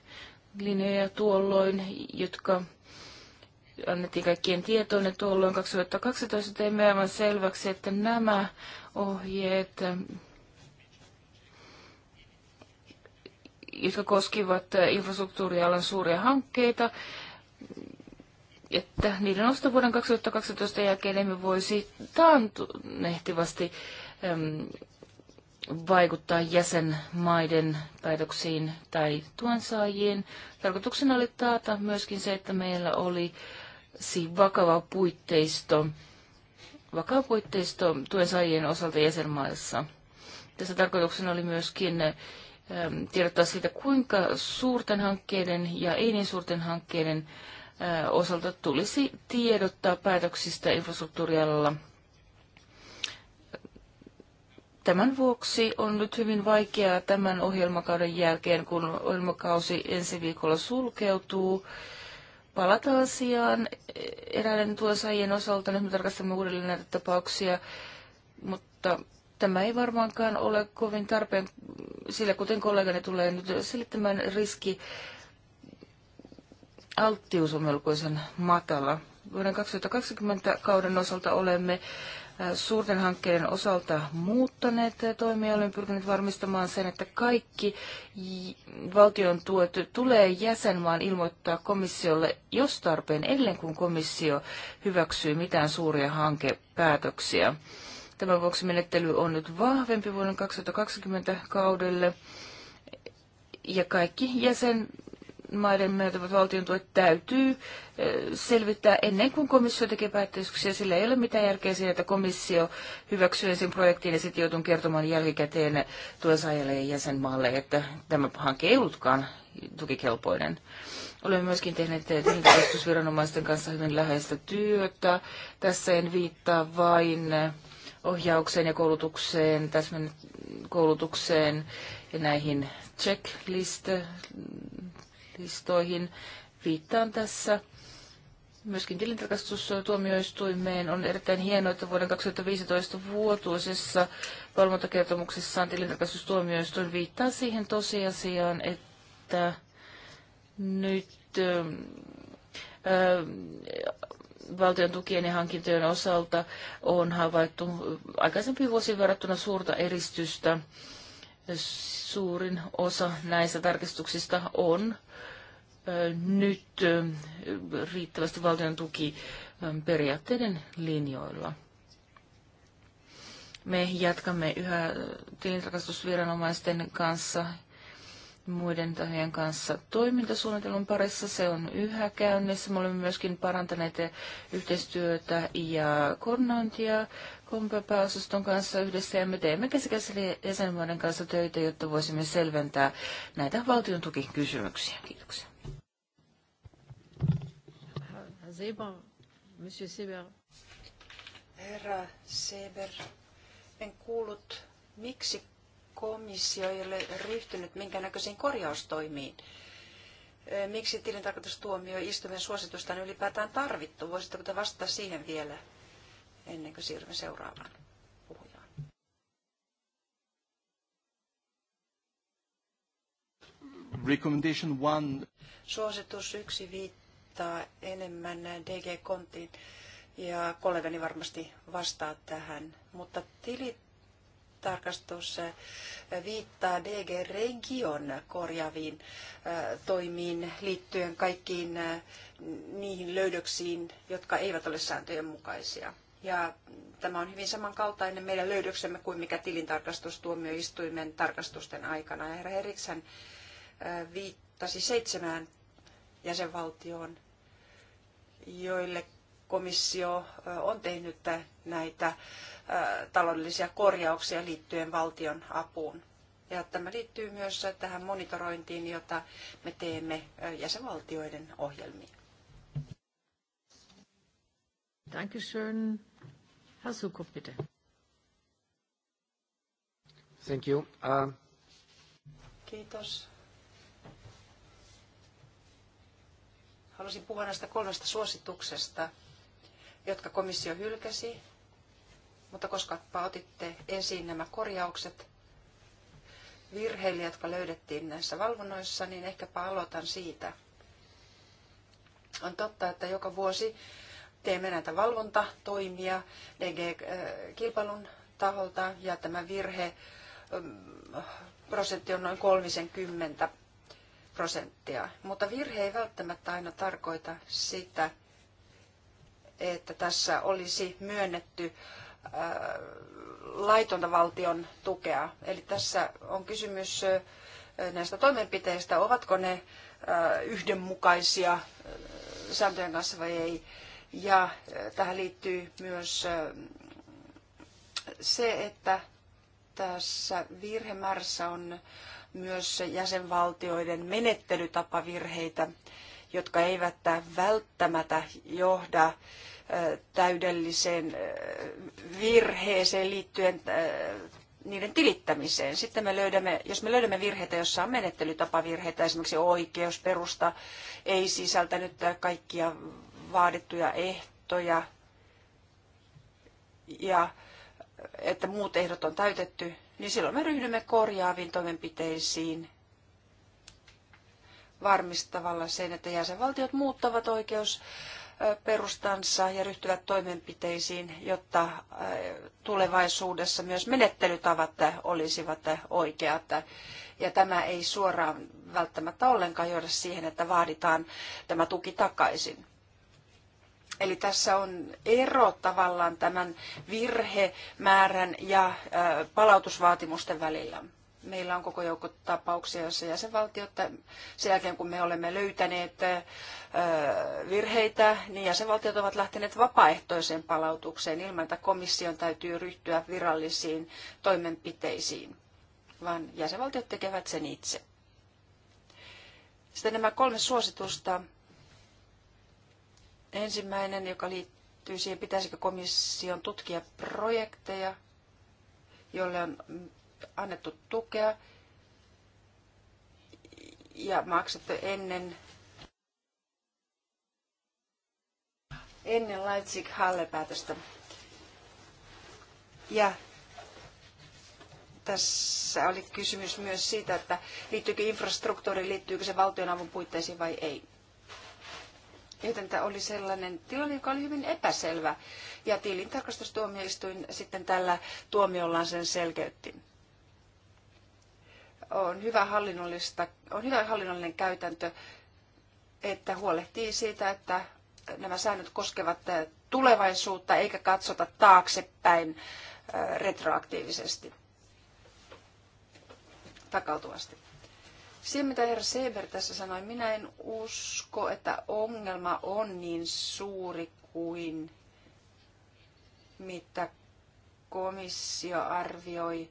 linjoja tuolloin, jotka annettiin kaikkien tietoon, ja tuolloin 2012 teimme aivan selväksi, että nämä ohjeet, jotka koskivat infrastruktuurialan suuria hankkeita, että niiden ostovuoden vuoden 2012 jälkeen emme voisi taantunehtivasti äm, vaikuttaa jäsenmaiden päätöksiin tai tuensaajiin. Tarkoituksena oli taata myöskin se, että meillä oli vakava puitteisto, vakava puitteisto tuensaajien osalta jäsenmaissa. Tässä tarkoituksena oli myöskin ähm, tiedottaa siitä, kuinka suurten hankkeiden ja ei niin suurten hankkeiden äh, osalta tulisi tiedottaa päätöksistä infrastruktuurialalla – Tämän vuoksi on nyt hyvin vaikeaa tämän ohjelmakauden jälkeen, kun ohjelmakausi ensi viikolla sulkeutuu, palata asiaan eräiden tuensaajien osalta. Nyt me tarkastamme uudelleen näitä tapauksia, mutta tämä ei varmaankaan ole kovin tarpeen, sillä kuten kollegani tulee nyt selittämään, riski alttius on melkoisen matala. Vuoden 2020 kauden osalta olemme suurten hankkeiden osalta muuttaneet toimia. Olen pyrkinyt varmistamaan sen, että kaikki valtion tuet tulee jäsenmaan ilmoittaa komissiolle, jos tarpeen, ennen kuin komissio hyväksyy mitään suuria hankepäätöksiä. Tämän vuoksi menettely on nyt vahvempi vuoden 2020 kaudelle ja kaikki jäsen maiden myötävät valtion tuet täytyy eh, selvittää ennen kuin komissio tekee päätöksiä. Sillä ei ole mitään järkeä siinä, että komissio hyväksyy ensin projektiin ja sitten joutuu kertomaan jälkikäteen tuensaajalle ja jäsenmaalle, että tämä hanke ei ollutkaan tukikelpoinen. Olemme myöskin tehneet tilintarkastusviranomaisten kanssa hyvin läheistä työtä. Tässä en viittaa vain ohjaukseen ja koulutukseen, täsmän koulutukseen ja näihin checklist listoihin. Viittaan tässä myöskin tilintarkastustuomioistuimeen. On erittäin hienoa, että vuoden 2015 vuotuisessa valvontakertomuksessaan tilintarkastustuomioistuin viittaa siihen tosiasiaan, että nyt ö, ähm, ö, äh, valtion tukien ja hankintojen osalta on havaittu aikaisempiin vuosiin verrattuna suurta eristystä. Suurin osa näistä tarkistuksista on nyt riittävästi valtion tuki periaatteiden linjoilla. Me jatkamme yhä tilintarkastusviranomaisten kanssa muiden tahojen kanssa toimintasuunnitelun parissa. Se on yhä käynnissä. Me olemme myöskin parantaneet yhteistyötä ja koordinointia kompapääosaston kanssa yhdessä ja me teemme käsikässä jäsenmaiden kanssa töitä, jotta voisimme selventää näitä valtion tukikysymyksiä. Kiitoksia. Seber, Monsieur Seber. Herra Seber, en kuullut, miksi komissio ei ole ryhtynyt minkäännäköisiin korjaustoimiin. Miksi tilintarkastustuomioistuimen suositusta on ylipäätään tarvittu? Voisitteko te vastata siihen vielä ennen kuin siirrymme seuraavaan? Recommendation one. Suositus yksi ottaa enemmän DG-kontiin ja kollegani varmasti vastaa tähän. Mutta tilitarkastus viittaa DG-region korjaaviin toimiin liittyen kaikkiin niihin löydöksiin, jotka eivät ole sääntöjen mukaisia. Ja tämä on hyvin samankaltainen meidän löydöksemme kuin mikä tilintarkastus tuomioistuimen tarkastusten aikana. Ja herra Eriksen viittasi seitsemään jäsenvaltioon, joille komissio on tehnyt näitä taloudellisia korjauksia liittyen valtion apuun. Ja tämä liittyy myös tähän monitorointiin, jota me teemme jäsenvaltioiden ohjelmiin. Herr bitte. Thank you. Uh... Kiitos. Halusin puhua näistä kolmesta suosituksesta, jotka komissio hylkäsi, mutta koska otitte esiin nämä korjaukset, virheille, jotka löydettiin näissä valvonnoissa, niin ehkäpä aloitan siitä. On totta, että joka vuosi teemme näitä valvontatoimia DG-kilpailun äh, taholta ja tämä virhe mm, prosentti on noin 30 prosenttia. Mutta virhe ei välttämättä aina tarkoita sitä, että tässä olisi myönnetty äh, laitonta valtion tukea. Eli tässä on kysymys äh, näistä toimenpiteistä, ovatko ne äh, yhdenmukaisia sääntöjen kanssa vai ei. Ja tähän liittyy myös se, että tässä virhemäärässä on myös jäsenvaltioiden menettelytapavirheitä, jotka eivät välttämättä johda täydelliseen virheeseen liittyen niiden tilittämiseen. Sitten me löydämme, jos me löydämme virheitä, jossa on menettelytapavirheitä, esimerkiksi oikeusperusta ei sisältänyt kaikkia vaadittuja ehtoja ja että muut ehdot on täytetty, niin silloin me ryhdymme korjaaviin toimenpiteisiin varmistavalla sen, että jäsenvaltiot muuttavat oikeus perustansa ja ryhtyvät toimenpiteisiin, jotta äh, tulevaisuudessa myös menettelytavat olisivat oikeat. Ja tämä ei suoraan välttämättä ollenkaan johda siihen, että vaaditaan tämä tuki takaisin. Eli tässä on ero tavallaan tämän virhemäärän ja palautusvaatimusten välillä. Meillä on koko joukko tapauksia, joissa jäsenvaltiot, sen jälkeen kun me olemme löytäneet virheitä, niin jäsenvaltiot ovat lähteneet vapaaehtoiseen palautukseen ilman, että komission täytyy ryhtyä virallisiin toimenpiteisiin, vaan jäsenvaltiot tekevät sen itse. Sitten nämä kolme suositusta Ensimmäinen, joka liittyy siihen, pitäisikö komission tutkia projekteja, joille on annettu tukea ja maksettu ennen ennen leipzig päätöstä. Ja tässä oli kysymys myös siitä, että liittyykö infrastruktuuri, liittyykö se valtionavun puitteisiin vai ei joten tämä oli sellainen tilanne, joka oli hyvin epäselvä. Ja tilintarkastustuomioistuin sitten tällä tuomiollaan sen selkeytti. On hyvä, hallinnollista, on hyvä hallinnollinen käytäntö, että huolehtii siitä, että nämä säännöt koskevat tulevaisuutta eikä katsota taaksepäin retroaktiivisesti takautuvasti. Siihen, mitä herra Seber tässä sanoi, minä en usko, että ongelma on niin suuri kuin mitä komissio arvioi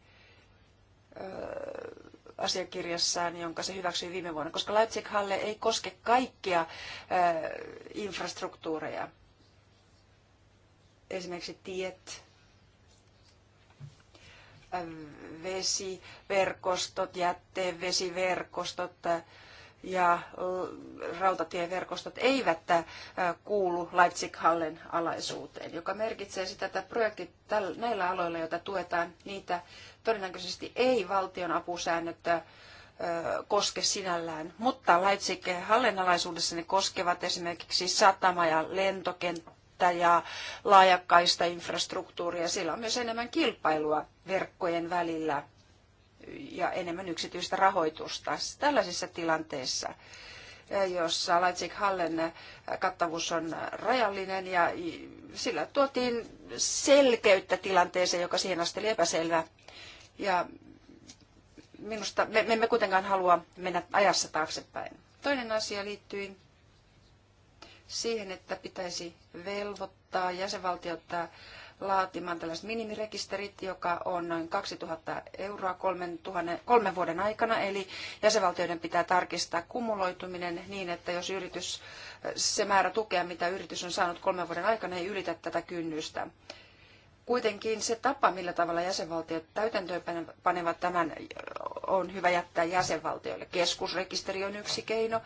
asiakirjassaan, jonka se hyväksyi viime vuonna, koska Leipzig-halle ei koske kaikkia infrastruktuureja. Esimerkiksi tiet, vesiverkostot, jätevesiverkostot ja rautatieverkostot eivät kuulu Leipzig-Hallen alaisuuteen, joka merkitsee sitä, että projektit näillä aloilla, joita tuetaan, niitä todennäköisesti ei valtion apusäännöt koske sinällään, mutta Leipzig hallen alaisuudessa ne koskevat esimerkiksi satama- ja lentokenttä liikennettä ja laajakkaista infrastruktuuria. Sillä on myös enemmän kilpailua verkkojen välillä ja enemmän yksityistä rahoitusta tällaisissa tilanteissa jossa Leipzig-Hallen kattavuus on rajallinen ja sillä tuotiin selkeyttä tilanteeseen, joka siihen asti oli epäselvä. Ja minusta me, me emme kuitenkaan halua mennä ajassa taaksepäin. Toinen asia liittyi siihen, että pitäisi velvoittaa jäsenvaltioita äh, laatimaan tällaiset minimirekisterit, joka on noin 2000 euroa kolmen, tuhannen, kolmen vuoden aikana. Eli jäsenvaltioiden pitää tarkistaa kumuloituminen niin, että jos yritys, äh, se määrä tukea, mitä yritys on saanut kolmen vuoden aikana, ei ylitä tätä kynnystä. Kuitenkin se tapa, millä tavalla jäsenvaltiot täytäntöönpanevat panevat tämän, on hyvä jättää jäsenvaltioille. Keskusrekisteri on yksi keino.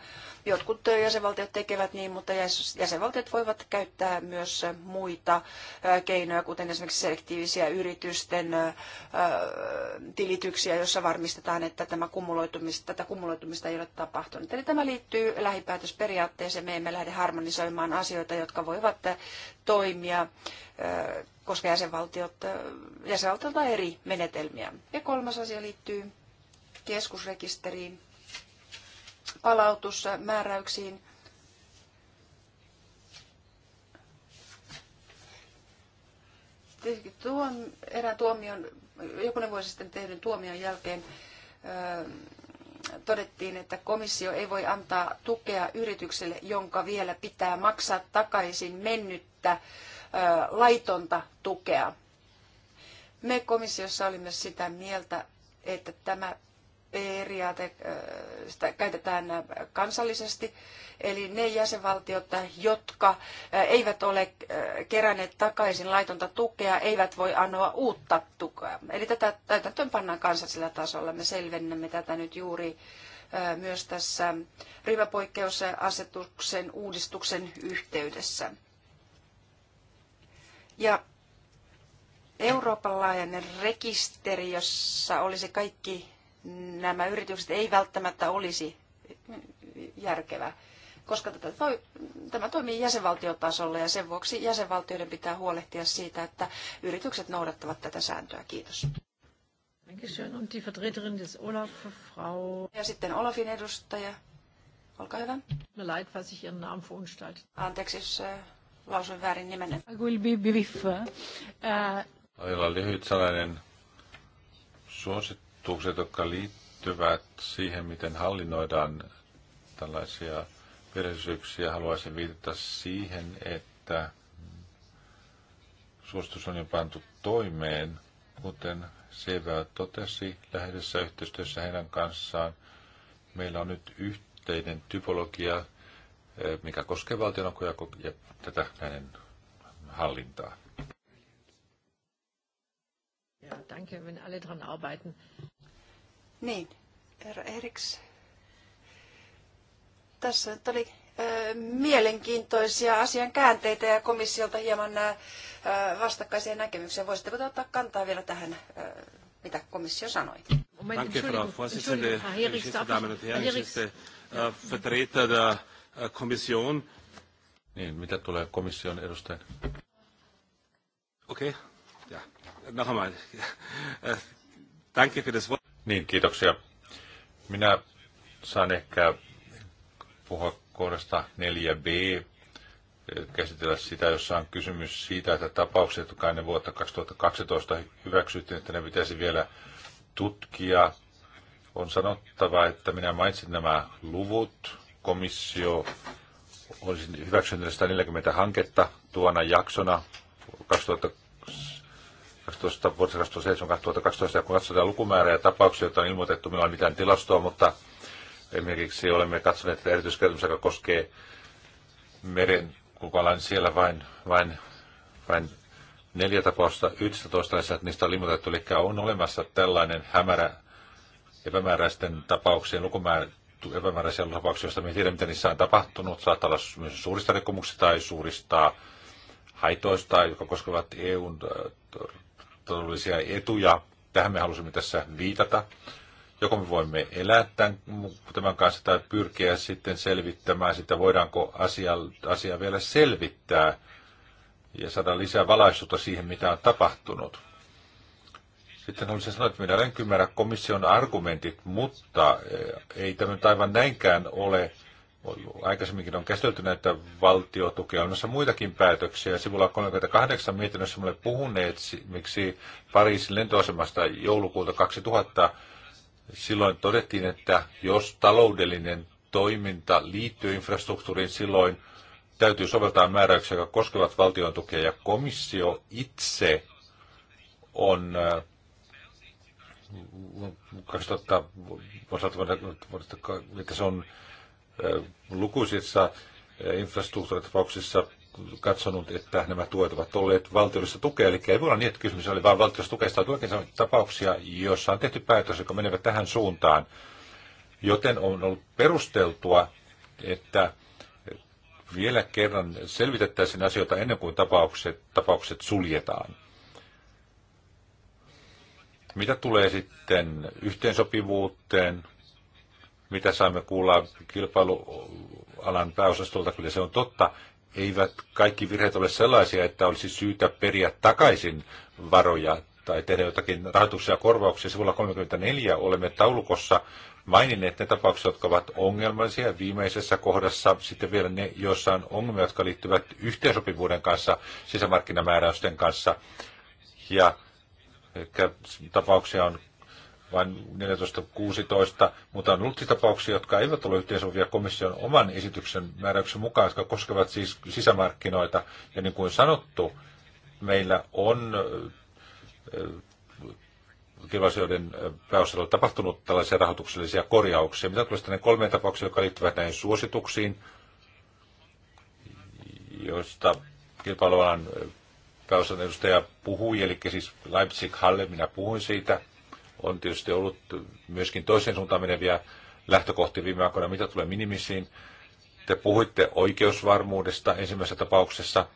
Jotkut jäsenvaltiot tekevät niin, mutta jäsenvaltiot voivat käyttää myös muita keinoja, kuten esimerkiksi selektiivisiä yritysten tilityksiä, jossa varmistetaan, että tämä kumuloitumista, tätä kumuloitumista ei ole tapahtunut. Eli tämä liittyy lähipäätösperiaatteeseen. Me emme lähde harmonisoimaan asioita, jotka voivat toimia, koska jäsenvaltiot, jäsenvaltiot on eri menetelmiä. Ja kolmas asia liittyy keskusrekisteriin, palautusmääräyksiin. Tuon, erään tuomion, jokunen vuosi sitten tehdyn tuomion jälkeen todettiin, että komissio ei voi antaa tukea yritykselle, jonka vielä pitää maksaa takaisin mennyttä laitonta tukea. Me komissiossa olimme sitä mieltä, että tämä periaate, sitä käytetään kansallisesti, eli ne jäsenvaltiot, jotka eivät ole keränneet takaisin laitonta tukea, eivät voi anoa uutta tukea. Eli tätä täytäntöön pannaan kansallisella tasolla. Me selvennämme tätä nyt juuri myös tässä ryhmäpoikkeusasetuksen uudistuksen yhteydessä. Ja Euroopan laajainen rekisteri, jossa olisi kaikki nämä yritykset ei välttämättä olisi järkevää, koska tämä toimii jäsenvaltiotasolla ja sen vuoksi jäsenvaltioiden pitää huolehtia siitä, että yritykset noudattavat tätä sääntöä. Kiitos. Ja sitten Olafin edustaja. Olkaa hyvä. Mir leid, was ich Ihren Namen verunstaltet. Anteeksi, jos äh, lausuin väärin nimenne. I will be brief. Äh... lyhyt sellainen suosit ehdotukset, jotka liittyvät siihen, miten hallinnoidaan tällaisia perheisyyksiä, haluaisin viitata siihen, että suositus on jo pantu toimeen, kuten Sevä totesi lähdessä yhteistyössä heidän kanssaan. Meillä on nyt yhteinen typologia, mikä koskee valtionakoja ja tätä näiden hallintaa. Ja, danke, wenn alle dran arbeiten. Niin, herra Eriks. Tässä nyt oli ö, mielenkiintoisia asian käänteitä ja komissiolta hieman nämä vastakkaisia näkemyksiä. Voisitteko ottaa kantaa vielä tähän, ö, mitä komissio sanoi? Danke, Frau Vorsitzende, geschätzte Damen und Herren, geschätzte äh, Vertreter der äh, Kommission. Niin, mitä tulee komission edustajan? Okei, okay. ja, noch einmal. Äh, danke für das Wort. Niin, kiitoksia. Minä saan ehkä puhua kohdasta 4b, käsitellä sitä, jossa on kysymys siitä, että tapaukset, jotka ennen vuotta 2012 hyväksyttiin, että ne pitäisi vielä tutkia. On sanottava, että minä mainitsin nämä luvut. Komissio olisi hyväksynyt 140 hanketta tuona jaksona 2012 2012 vuodesta 2007-2012, ja kun katsotaan lukumäärää ja tapauksia, joita on ilmoitettu, meillä ei ole mitään tilastoa, mutta esimerkiksi olemme katsoneet, että erityiskertomus, joka koskee meren kukalla, niin siellä vain, vain, vain neljä tapausta 11 että niistä on ilmoitettu, eli on olemassa tällainen hämärä epämääräisten tapauksien lukumäärä, epämääräisiä tapauksia, joista me ei tiedä, mitä niissä on tapahtunut. Saattaa olla myös suurista rikkomuksista tai suurista haitoista, jotka koskevat EUn taloudellisia etuja. Tähän me halusimme tässä viitata. Joko me voimme elää tämän, tämän kanssa tai pyrkiä sitten selvittämään sitä, voidaanko asia, asia vielä selvittää ja saada lisää valaistusta siihen, mitä on tapahtunut. Sitten olisi sanoa, että minä en kymmärrä komission argumentit, mutta eh, ei tämä nyt aivan näinkään ole aikaisemminkin on käsitelty näitä valtiotukia. On myös muitakin päätöksiä. Sivulla 38 mietinnössä me puhuneet, miksi Pariisin lentoasemasta joulukuuta 2000 silloin todettiin, että jos taloudellinen toiminta liittyy infrastruktuuriin, silloin täytyy soveltaa määräyksiä, jotka koskevat valtion tukea. Ja komissio itse on 2000, että se on lukuisissa infrastruktuuritapauksissa katsonut, että nämä tuet ovat olleet valtiollista tukea. Eli ei voi olla niin, että kysymys oli vain valtiollista tukea. On tuokin tapauksia, joissa on tehty päätös, joka menevät tähän suuntaan. Joten on ollut perusteltua, että vielä kerran selvitettäisiin asioita ennen kuin tapaukset, tapaukset suljetaan. Mitä tulee sitten yhteensopivuuteen, mitä saamme kuulla kilpailualan pääosastolta, kyllä se on totta. Eivät kaikki virheet ole sellaisia, että olisi syytä periä takaisin varoja tai tehdä jotakin rahoituksia ja korvauksia. Sivulla 34 olemme taulukossa maininneet ne tapaukset, jotka ovat ongelmallisia viimeisessä kohdassa, sitten vielä ne, joissa on ongelmia, jotka liittyvät yhteensopivuuden kanssa, sisämarkkinamääräysten kanssa. Ja tapauksia on vain 14.16, mutta on ollut tapauksia, jotka eivät ole yhteensovia komission oman esityksen määräyksen mukaan, jotka koskevat siis sisämarkkinoita. Ja niin kuin sanottu, meillä on äh, kilpailuasioiden äh, pääosalla tapahtunut tällaisia rahoituksellisia korjauksia. Mitä tulee sitten kolmeen tapaukseen, jotka liittyvät näihin suosituksiin, joista kilpailualan äh, pääosan edustaja puhui, eli siis Leipzig Halle, minä puhuin siitä – on tietysti ollut myöskin toiseen suuntaan meneviä lähtökohtia viime aikoina, mitä tulee minimisiin. Te puhuitte oikeusvarmuudesta ensimmäisessä tapauksessa.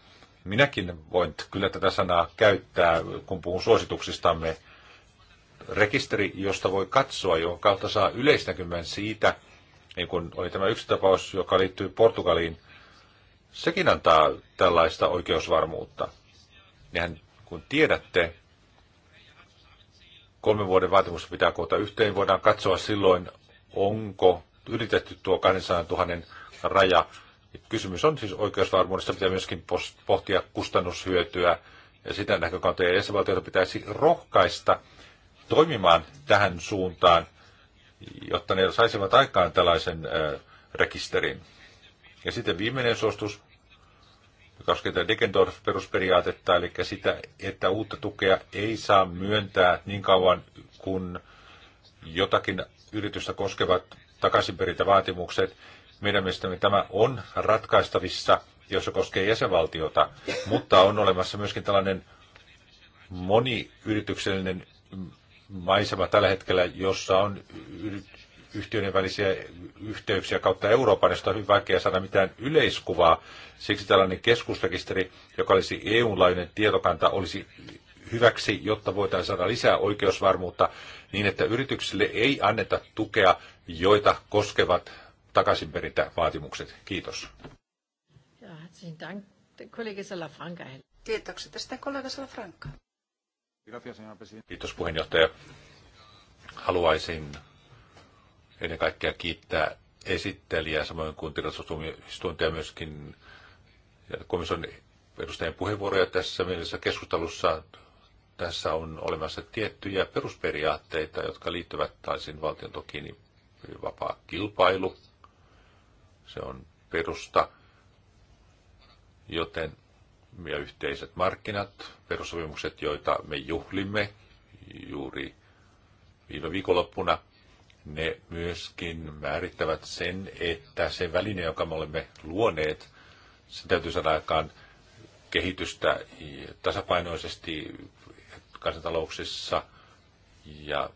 Minäkin voin kyllä tätä sanaa käyttää, kun puhun suosituksistamme. Rekisteri, josta voi katsoa, jonka kautta saa yleisnäkymän siitä, niin kuin oli tämä yksi tapaus, joka liittyy Portugaliin, sekin antaa tällaista oikeusvarmuutta. Nehän, kun tiedätte, kolmen vuoden vaatimus pitää koota yhteen, voidaan katsoa silloin, onko ylitetty tuo 200 000 raja. Kysymys on siis oikeusvarmuudesta, pitää myöskin pohtia kustannushyötyä ja sitä näkökantoja. Jäsenvaltioita pitäisi rohkaista toimimaan tähän suuntaan, jotta ne saisivat aikaan tällaisen rekisterin. Ja sitten viimeinen suostus, koskee tätä Degendorf-perusperiaatetta, eli sitä, että uutta tukea ei saa myöntää niin kauan, kuin jotakin yritystä koskevat takaisinperintävaatimukset. Meidän mielestämme tämä on ratkaistavissa, jos se koskee jäsenvaltiota, mutta on olemassa myöskin tällainen moniyrityksellinen maisema tällä hetkellä, jossa on yhtiöiden välisiä yhteyksiä kautta Euroopan, josta on hyvin vaikea saada mitään yleiskuvaa. Siksi tällainen keskusrekisteri, joka olisi EU-lainen tietokanta, olisi hyväksi, jotta voitaisiin saada lisää oikeusvarmuutta niin, että yrityksille ei anneta tukea, joita koskevat takaisinperintävaatimukset. Kiitos. Kiitokset tästä kollega Salafranca. Kiitos puheenjohtaja. Haluaisin ennen kaikkea kiittää esittelijää, samoin kuin tilastustuomioistuinta myöskin komission edustajien puheenvuoroja tässä mielessä keskustelussa. Tässä on olemassa tiettyjä perusperiaatteita, jotka liittyvät taisin valtion toki niin vapaa kilpailu. Se on perusta, joten ja yhteiset markkinat, perussopimukset, joita me juhlimme juuri viime viikonloppuna – ne myöskin määrittävät sen, että se väline, joka me olemme luoneet, se täytyy saada aikaan kehitystä tasapainoisesti kansantalouksissa ja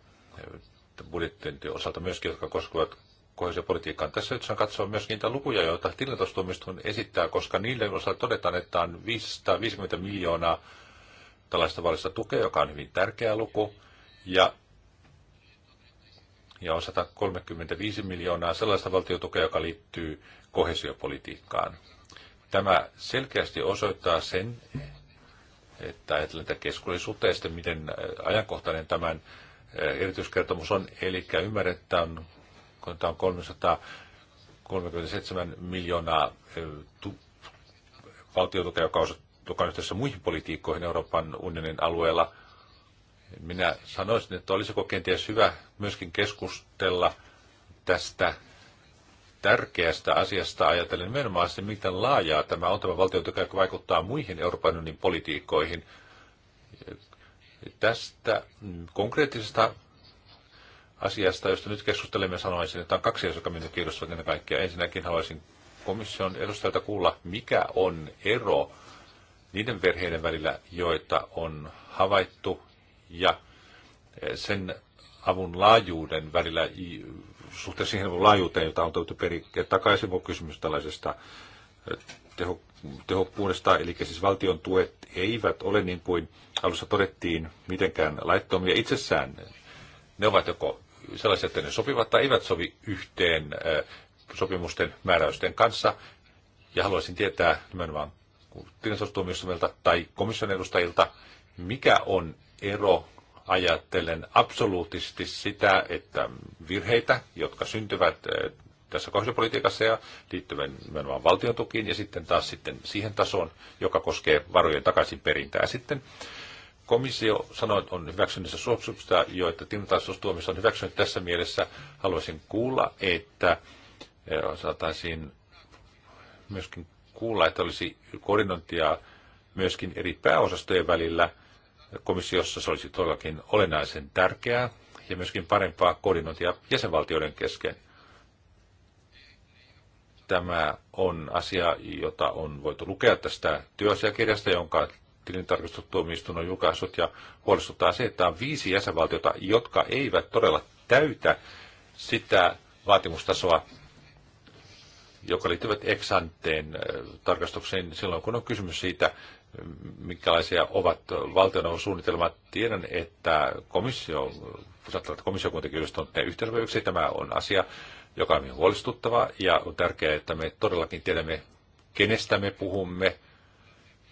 äh, budjettien osalta myöskin, jotka koskevat kohesiopolitiikkaan. Tässä nyt saa katsoa myöskin niitä lukuja, joita tilintaustuomioistuin esittää, koska niille osalta todetaan, että on 550 miljoonaa tällaista tavallista tukea, joka on hyvin tärkeä luku. Ja ja on 135 miljoonaa sellaista valtiotukea, joka liittyy kohesiopolitiikkaan. Tämä selkeästi osoittaa sen, että ajatellaan tätä keskusteluisuutta ja sitten miten äh, ajankohtainen tämän äh, erityiskertomus on. Eli ymmärrän, että tämä on, kun tämä on 337 miljoonaa äh, tu- valtiotukea, joka on, joka on yhteydessä muihin politiikkoihin Euroopan unionin alueella – minä sanoisin, että olisiko kenties hyvä myöskin keskustella tästä tärkeästä asiasta ajatellen nimenomaan se, miten laajaa tämä on tämä valtio, joka vaikuttaa muihin Euroopan unionin politiikoihin Tästä konkreettisesta asiasta, josta nyt keskustelemme, sanoisin, että on kaksi asiaa, jotka minua kiinnostavat ennen kaikkea. Ensinnäkin haluaisin komission edustajalta kuulla, mikä on ero niiden perheiden välillä, joita on havaittu ja eh, sen avun laajuuden välillä suhteessa siihen avun laajuuteen, jota on tultu perikkeen takaisin, on kysymys tällaisesta eh, teho, tehokkuudesta, eli siis valtion tuet eivät ole niin kuin alussa todettiin mitenkään laittomia itsessään. Ne ovat joko sellaisia, että ne sopivat tai eivät sovi yhteen eh, sopimusten määräysten kanssa. Ja haluaisin tietää nimenomaan tilinsostuomioistuimelta tai komission edustajilta, mikä on ero ajattelen absoluuttisesti sitä, että virheitä, jotka syntyvät tässä kohdepolitiikassa ja liittyvän nimenomaan valtion tukiin ja sitten taas sitten siihen tasoon, joka koskee varojen takaisin perintää. Sitten komissio sanoi, että on hyväksynnässä suosituksista, joita tilintarkastustuomissa on hyväksynyt tässä mielessä. Haluaisin kuulla, että saataisiin myöskin kuulla, että olisi koordinointia myöskin eri pääosastojen välillä – komissiossa. Se olisi todellakin olennaisen tärkeää ja myöskin parempaa koordinointia jäsenvaltioiden kesken. Tämä on asia, jota on voitu lukea tästä työasiakirjasta, jonka tilintarkastustuomioistuin on julkaissut, ja huolestuttaa se, että on viisi jäsenvaltiota, jotka eivät todella täytä sitä vaatimustasoa, joka liittyvät eksanteen äh, tarkastukseen silloin, kun on kysymys siitä, minkälaisia ovat valtioneuvon suunnitelmat. Tiedän, että komissio, saattaa, että komissio kuitenkin just ne yhteisymmärryksiä. Tämä on asia, joka on niin huolestuttava ja on tärkeää, että me todellakin tiedämme, kenestä me puhumme,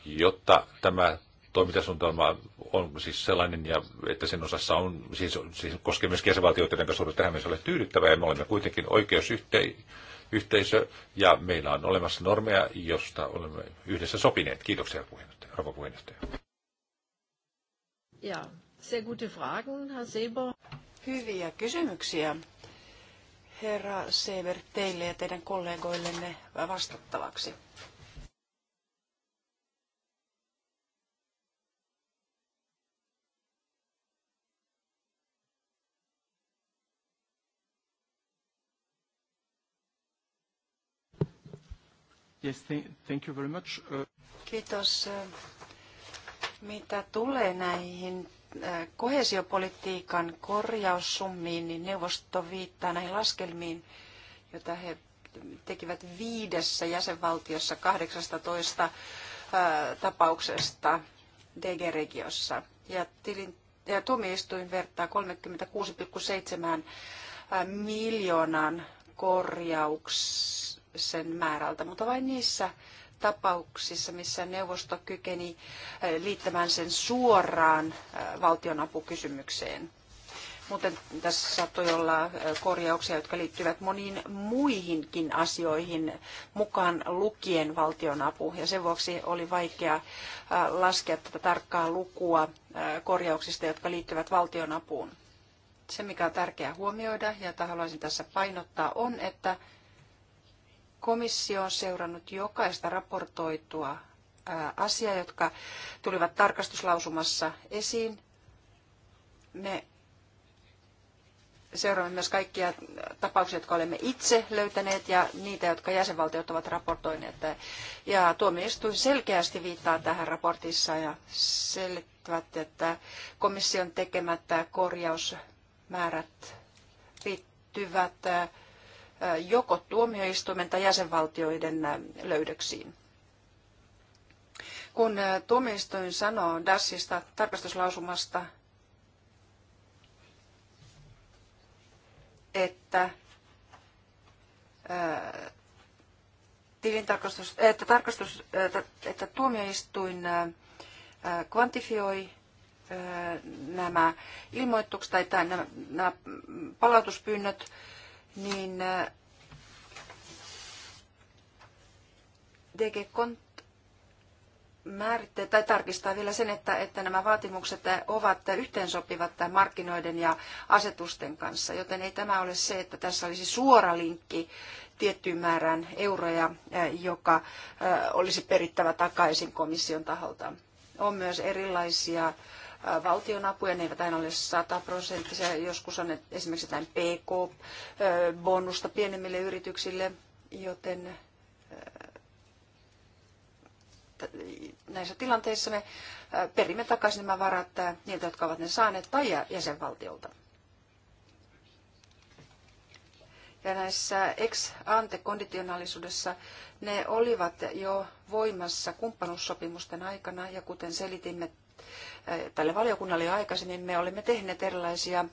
jotta tämä toimintasuunnitelma on siis sellainen, ja että sen osassa on, siis, siis koskee myös jäsenvaltioita, joiden suhde tähän mennessä ole tyydyttävä, ja me olemme kuitenkin oikeusyhteisö, yhteisö, ja meillä on olemassa normeja, josta olemme yhdessä sopineet. Kiitoksia, puheenjohtaja, arvo puheenjohtaja. Ja, sehr gute Fragen, Herr Seber. Hyviä kysymyksiä, herra Seber, teille ja teidän kollegoillenne vastattavaksi. Yes, thank you very much. Uh, Kiitos. Mitä tulee näihin äh, kohesiopolitiikan korjaussummiin, niin neuvosto viittaa näihin laskelmiin, joita he tekivät viidessä jäsenvaltiossa 18 äh, tapauksesta DG-regiossa. Ja, tilin, ja tuomioistuin vertaa 36,7 äh, miljoonan korjauks, sen määrältä, mutta vain niissä tapauksissa, missä neuvosto kykeni eh, liittämään sen suoraan eh, valtionapukysymykseen. Muuten tässä saattoi olla eh, korjauksia, jotka liittyvät moniin muihinkin asioihin mukaan lukien valtionapu. Ja sen vuoksi oli vaikea laskea tätä tarkkaa lukua korjauksista, jotka liittyvät valtionapuun. Se, mikä on tärkeää huomioida ja jota haluaisin tässä painottaa, on, että Komissio on seurannut jokaista raportoitua asiaa, jotka tulivat tarkastuslausumassa esiin. Me seuraamme myös kaikkia tapauksia, jotka olemme itse löytäneet ja niitä, jotka jäsenvaltiot ovat raportoineet. Ja tuomioistuin selkeästi viittaa tähän raportissa ja selittävät, että komission tekemät korjausmäärät liittyvät joko tuomioistuimen tai jäsenvaltioiden löydöksiin. Kun tuomioistuin sanoo DASista tarkastuslausumasta, että tilintarkastus, että, tarkastus, että, että tuomioistuin kvantifioi nämä ilmoitukset tai nämä, nämä palautuspyynnöt niin äh, DG Kont määrittää tai tarkistaa vielä sen, että, että nämä vaatimukset äh, ovat yhteensopivat äh, markkinoiden ja asetusten kanssa, joten ei tämä ole se, että tässä olisi suora linkki tiettyyn määrään euroja, joka olisi perittävä takaisin komission taholta. On myös erilaisia valtionapuja, ne eivät aina ole sataprosenttisia, joskus on esimerkiksi jotain PK-bonusta pienemmille yrityksille, joten äh, näissä tilanteissa me äh, perimme takaisin nämä varat äh, niiltä, jotka ovat ne saaneet, tai jäsenvaltiolta. Ja näissä ex-ante-konditionaalisuudessa ne olivat jo voimassa kumppanuussopimusten aikana, ja kuten selitimme tälle valiokunnalle jo aikaisemmin, niin me olemme tehneet erilaisia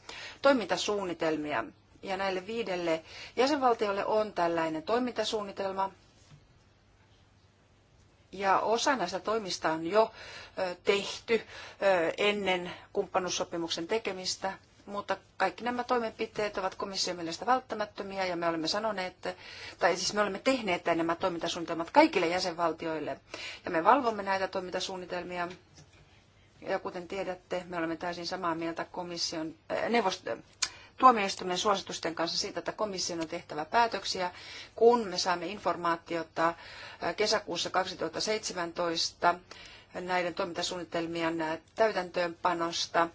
toimintasuunnitelmia. Ja näille viidelle jäsenvaltiolle on tällainen toimintasuunnitelma. Ja osa näistä toimista on jo tehty ennen kumppanuussopimuksen tekemistä, mutta kaikki nämä toimenpiteet ovat komission mielestä välttämättömiä ja me olemme sanoneet, tai siis me olemme tehneet nämä toimintasuunnitelmat kaikille jäsenvaltioille ja me valvomme näitä toimintasuunnitelmia ja kuten tiedätte, me olemme täysin samaa mieltä komission, äh, neuvoston, äh, tuomioistuimen suositusten kanssa siitä, että komission on tehtävä päätöksiä, kun me saamme informaatiota äh, kesäkuussa 2017 näiden toimintasuunnitelmien äh, täytäntöönpanosta,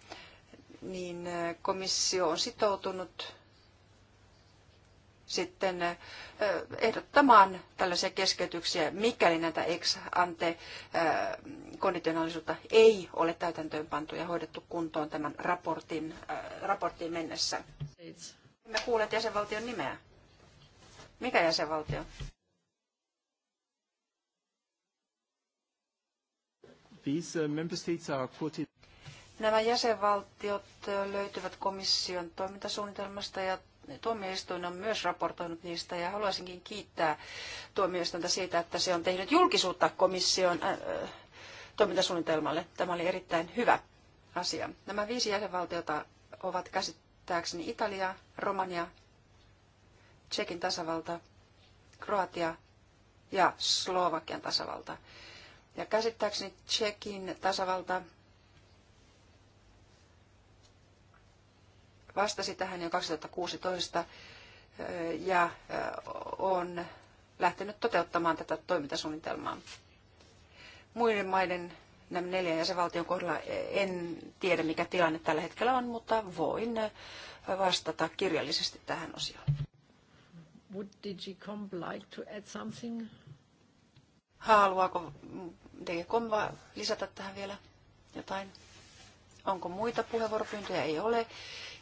niin komissio on sitoutunut sitten ehdottamaan tällaisia keskeytyksiä, mikäli näitä ex ante konditionaalisuutta ei ole täytäntöön pantu ja hoidettu kuntoon tämän raportin, raporttiin mennessä. Me kuulet jäsenvaltion nimeä. Mikä jäsenvaltio? These uh, member states are quoted Nämä jäsenvaltiot löytyvät komission toimintasuunnitelmasta ja Tuomioistuin on myös raportoinut niistä ja haluaisinkin kiittää tuomioistuinta siitä, että se on tehnyt julkisuutta komission äh, äh, toimintasuunnitelmalle. Tämä oli erittäin hyvä asia. Nämä viisi jäsenvaltiota ovat käsittääkseni Italia, Romania, Tsekin tasavalta, Kroatia ja Slovakian tasavalta. Ja käsittääkseni Tsekin tasavalta vastasi tähän jo 2016 ja on lähtenyt toteuttamaan tätä toimintasuunnitelmaa. Muiden maiden nämä neljän jäsenvaltion kohdalla e, en tiedä, mikä tilanne tällä hetkellä on, mutta voin vastata kirjallisesti tähän osioon. Would DigiCom like to add something? Haluaako DigiCom lisätä tähän vielä jotain? Onko muita puheenvuoropyyntöjä? Ei ole.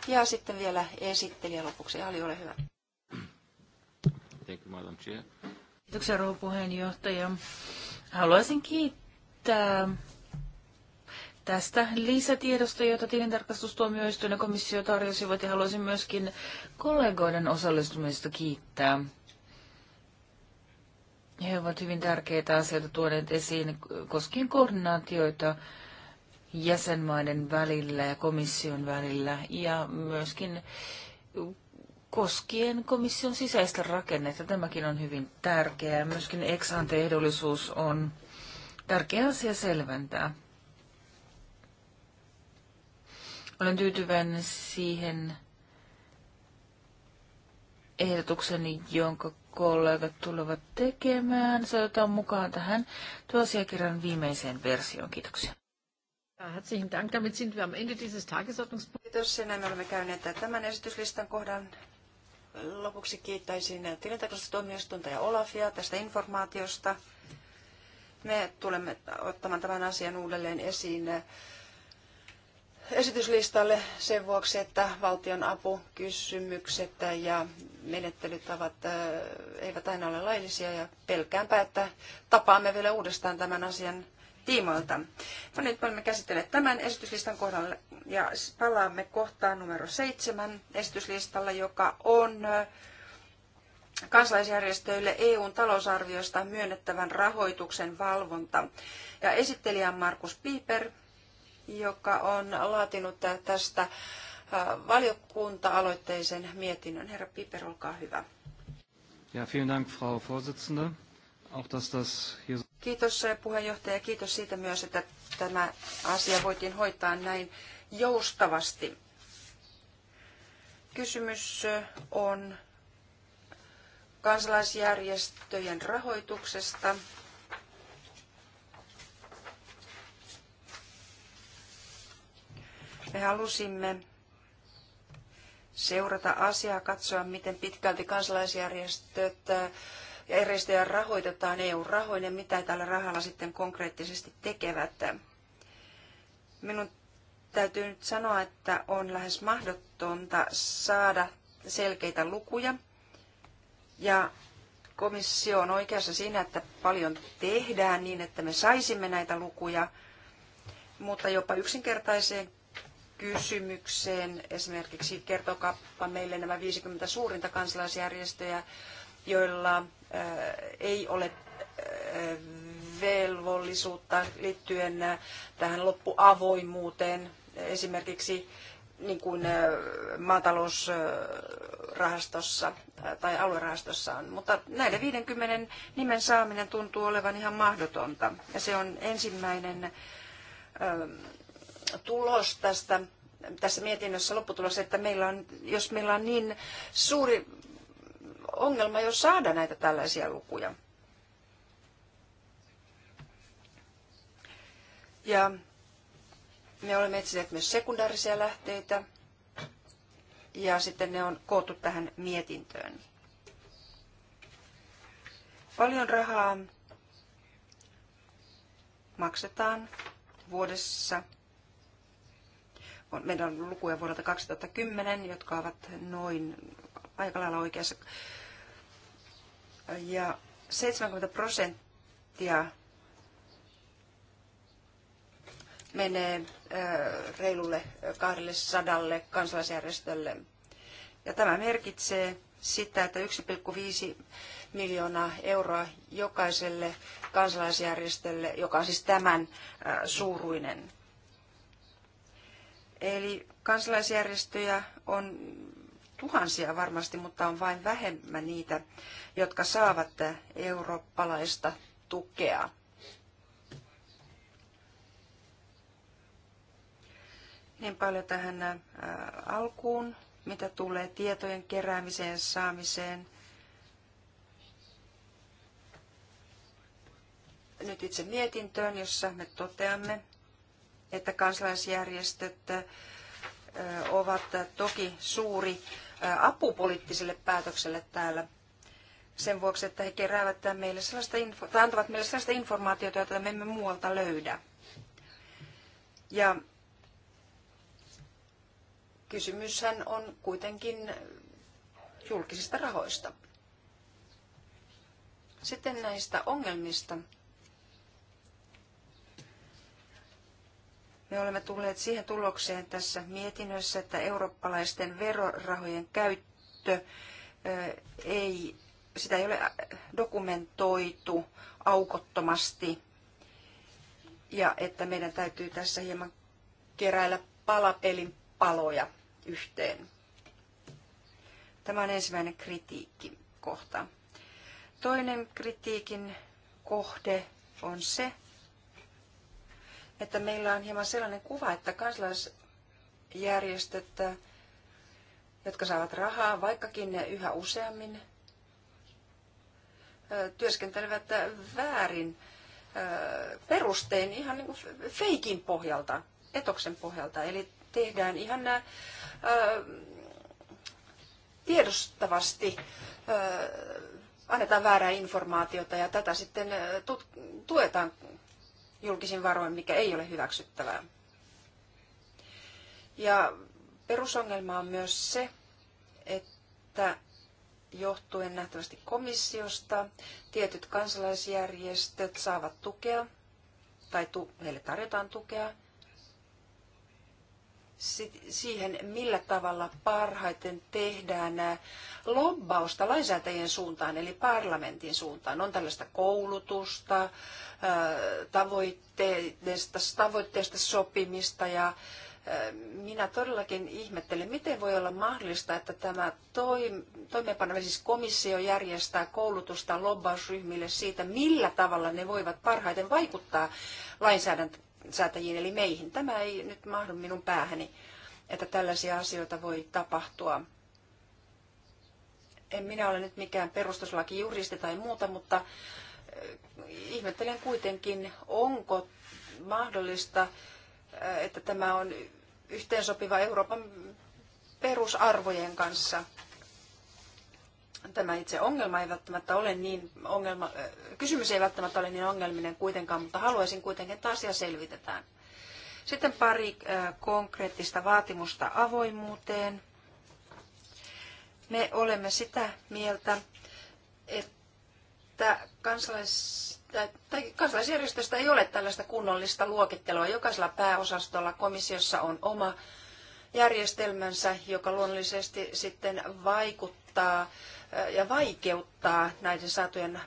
Ja sitten vielä esittelijä lopuksi. Ali, ole hyvä. Kiitoksia, rouva puheenjohtaja. Haluaisin kiittää tästä lisätiedosta, jota tilintarkastustuomioistuin ja komissio tarjosivat, ja haluaisin myöskin kollegoiden osallistumisesta kiittää. He ovat hyvin tärkeitä asioita tuoneet esiin koskien koordinaatioita jäsenmaiden välillä ja komission välillä ja myöskin koskien komission sisäistä rakennetta. Tämäkin on hyvin tärkeää. Myöskin ex ehdollisuus on tärkeä asia selventää. Olen tyytyväinen siihen ehdotuksen, jonka kollegat tulevat tekemään. Se otetaan mukaan tähän tuosiakirjan viimeiseen versioon. Kiitoksia. Herzlichen Dank. Damit sind wir am Ende dieses Tagesordnungspunktes. Kiitos. näin me olemme käyneet tämän esityslistan kohdan. Lopuksi kiittäisin tilintarkastustuomioistuinta ja Olafia tästä informaatiosta. Me tulemme ottamaan tämän asian uudelleen esiin esityslistalle sen vuoksi, että valtion apukysymykset ja menettelytavat äh, eivät aina ole laillisia ja pelkäänpä, että tapaamme vielä uudestaan tämän asian tiimoilta. No nyt olemme käsitelleet tämän esityslistan kohdalla ja palaamme kohtaan numero seitsemän esityslistalla, joka on kansalaisjärjestöille EUn talousarviosta myönnettävän rahoituksen valvonta. Ja esittelijä on Markus Piper, joka on laatinut tästä valiokunta-aloitteisen mietinnön. Herra Piper, olkaa hyvä. Ja, vielen Dank, Frau Vorsitzende. Kiitos eh, puheenjohtaja, kiitos siitä myös, että tämä asia voitiin hoitaa näin joustavasti. Kysymys eh, on kansalaisjärjestöjen rahoituksesta. Me halusimme seurata asiaa, katsoa miten pitkälti kansalaisjärjestöt eh, ja järjestöjä rahoitetaan EU-rahoin ja mitä tällä rahalla sitten konkreettisesti tekevät. Minun täytyy nyt sanoa, että on lähes mahdotonta saada selkeitä lukuja. Ja komissio on oikeassa siinä, että paljon tehdään niin, että me saisimme näitä lukuja, mutta jopa yksinkertaiseen kysymykseen, esimerkiksi kertokaappa meille nämä 50 suurinta kansalaisjärjestöjä, joilla ei ole velvollisuutta liittyen tähän loppuavoimuuteen. Esimerkiksi niin kuin maatalousrahastossa tai aluerahastossa on. Mutta näiden 50 nimen saaminen tuntuu olevan ihan mahdotonta. Ja se on ensimmäinen tulos tästä tässä mietinnössä lopputulos, että meillä on, jos meillä on niin suuri ongelma jo saada näitä tällaisia lukuja. Ja me olemme etsineet myös sekundaarisia lähteitä ja sitten ne on koottu tähän mietintöön. Paljon rahaa maksetaan vuodessa. Meidän on lukuja vuodelta 2010, jotka ovat noin aika lailla oikeassa ja 70 prosenttia menee reilulle 200 kansalaisjärjestölle. Ja tämä merkitsee sitä, että 1,5 miljoonaa euroa jokaiselle kansalaisjärjestölle, joka on siis tämän suuruinen. Eli kansalaisjärjestöjä on tuhansia varmasti, mutta on vain vähemmän niitä, jotka saavat eurooppalaista tukea. Niin paljon tähän alkuun, mitä tulee tietojen keräämiseen, saamiseen. Nyt itse mietintöön, jossa me toteamme, että kansalaisjärjestöt ovat toki suuri apupoliittiselle päätökselle täällä sen vuoksi, että he keräävät meille sellaista info- tai antavat meille sellaista informaatiota, jota me emme muualta löydä. Ja kysymyshän on kuitenkin julkisista rahoista. Sitten näistä ongelmista, Me olemme tulleet siihen tulokseen tässä mietinnössä, että eurooppalaisten verorahojen käyttö ei, sitä ei ole dokumentoitu aukottomasti ja että meidän täytyy tässä hieman keräillä palapelin paloja yhteen. Tämä on ensimmäinen kritiikki kohta. Toinen kritiikin kohde on se, että meillä on hieman sellainen kuva, että kansalaisjärjestöt, jotka saavat rahaa, vaikkakin ne yhä useammin, työskentelevät väärin perustein ihan niin kuin feikin pohjalta, etoksen pohjalta. Eli tehdään ihan nämä, tiedostavasti annetaan väärää informaatiota ja tätä sitten tuetaan julkisin varoin, mikä ei ole hyväksyttävää. Ja perusongelma on myös se, että johtuen nähtävästi komissiosta tietyt kansalaisjärjestöt saavat tukea tai tu- heille tarjotaan tukea siihen, millä tavalla parhaiten tehdään äh, lobbausta lainsäätäjien suuntaan, eli parlamentin suuntaan. On tällaista koulutusta, äh, tavoitteesta, tavoitteesta sopimista ja äh, minä todellakin ihmettelen, miten voi olla mahdollista, että tämä toimeenpano, siis komissio järjestää koulutusta lobbausryhmille siitä, millä tavalla ne voivat parhaiten vaikuttaa lainsäädäntöön säätäjiin eli meihin. Tämä ei nyt mahdu minun päähäni, että tällaisia asioita voi tapahtua. En minä ole nyt mikään perustuslakijuristi tai muuta, mutta ihmettelen kuitenkin, onko mahdollista, että tämä on yhteensopiva Euroopan perusarvojen kanssa tämä itse ongelma ei välttämättä ole niin ongelma, kysymys ei välttämättä ole niin ongelminen kuitenkaan, mutta haluaisin kuitenkin, että asia selvitetään. Sitten pari konkreettista vaatimusta avoimuuteen. Me olemme sitä mieltä, että kansalais, tai kansalaisjärjestöstä ei ole tällaista kunnollista luokittelua. Jokaisella pääosastolla komissiossa on oma järjestelmänsä, joka luonnollisesti sitten vaikuttaa ja vaikeuttaa näiden saatujen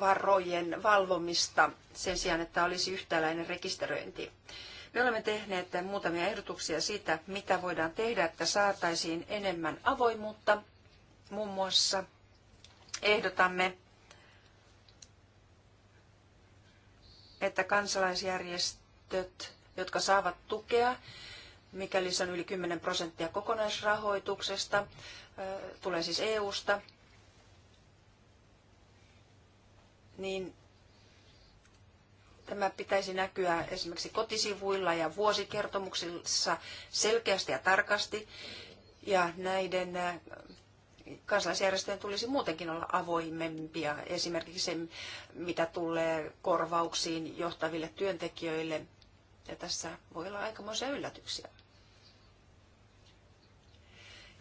varojen valvomista sen sijaan, että olisi yhtäläinen rekisteröinti. Me olemme tehneet muutamia ehdotuksia siitä, mitä voidaan tehdä, että saataisiin enemmän avoimuutta. Muun muassa ehdotamme, että kansalaisjärjestöt, jotka saavat tukea, mikäli se on yli 10 prosenttia kokonaisrahoituksesta, tulee siis EUsta, niin tämä pitäisi näkyä esimerkiksi kotisivuilla ja vuosikertomuksissa selkeästi ja tarkasti. Ja näiden kansalaisjärjestöjen tulisi muutenkin olla avoimempia, esimerkiksi se, mitä tulee korvauksiin johtaville työntekijöille. Ja tässä voi olla aikamoisia yllätyksiä.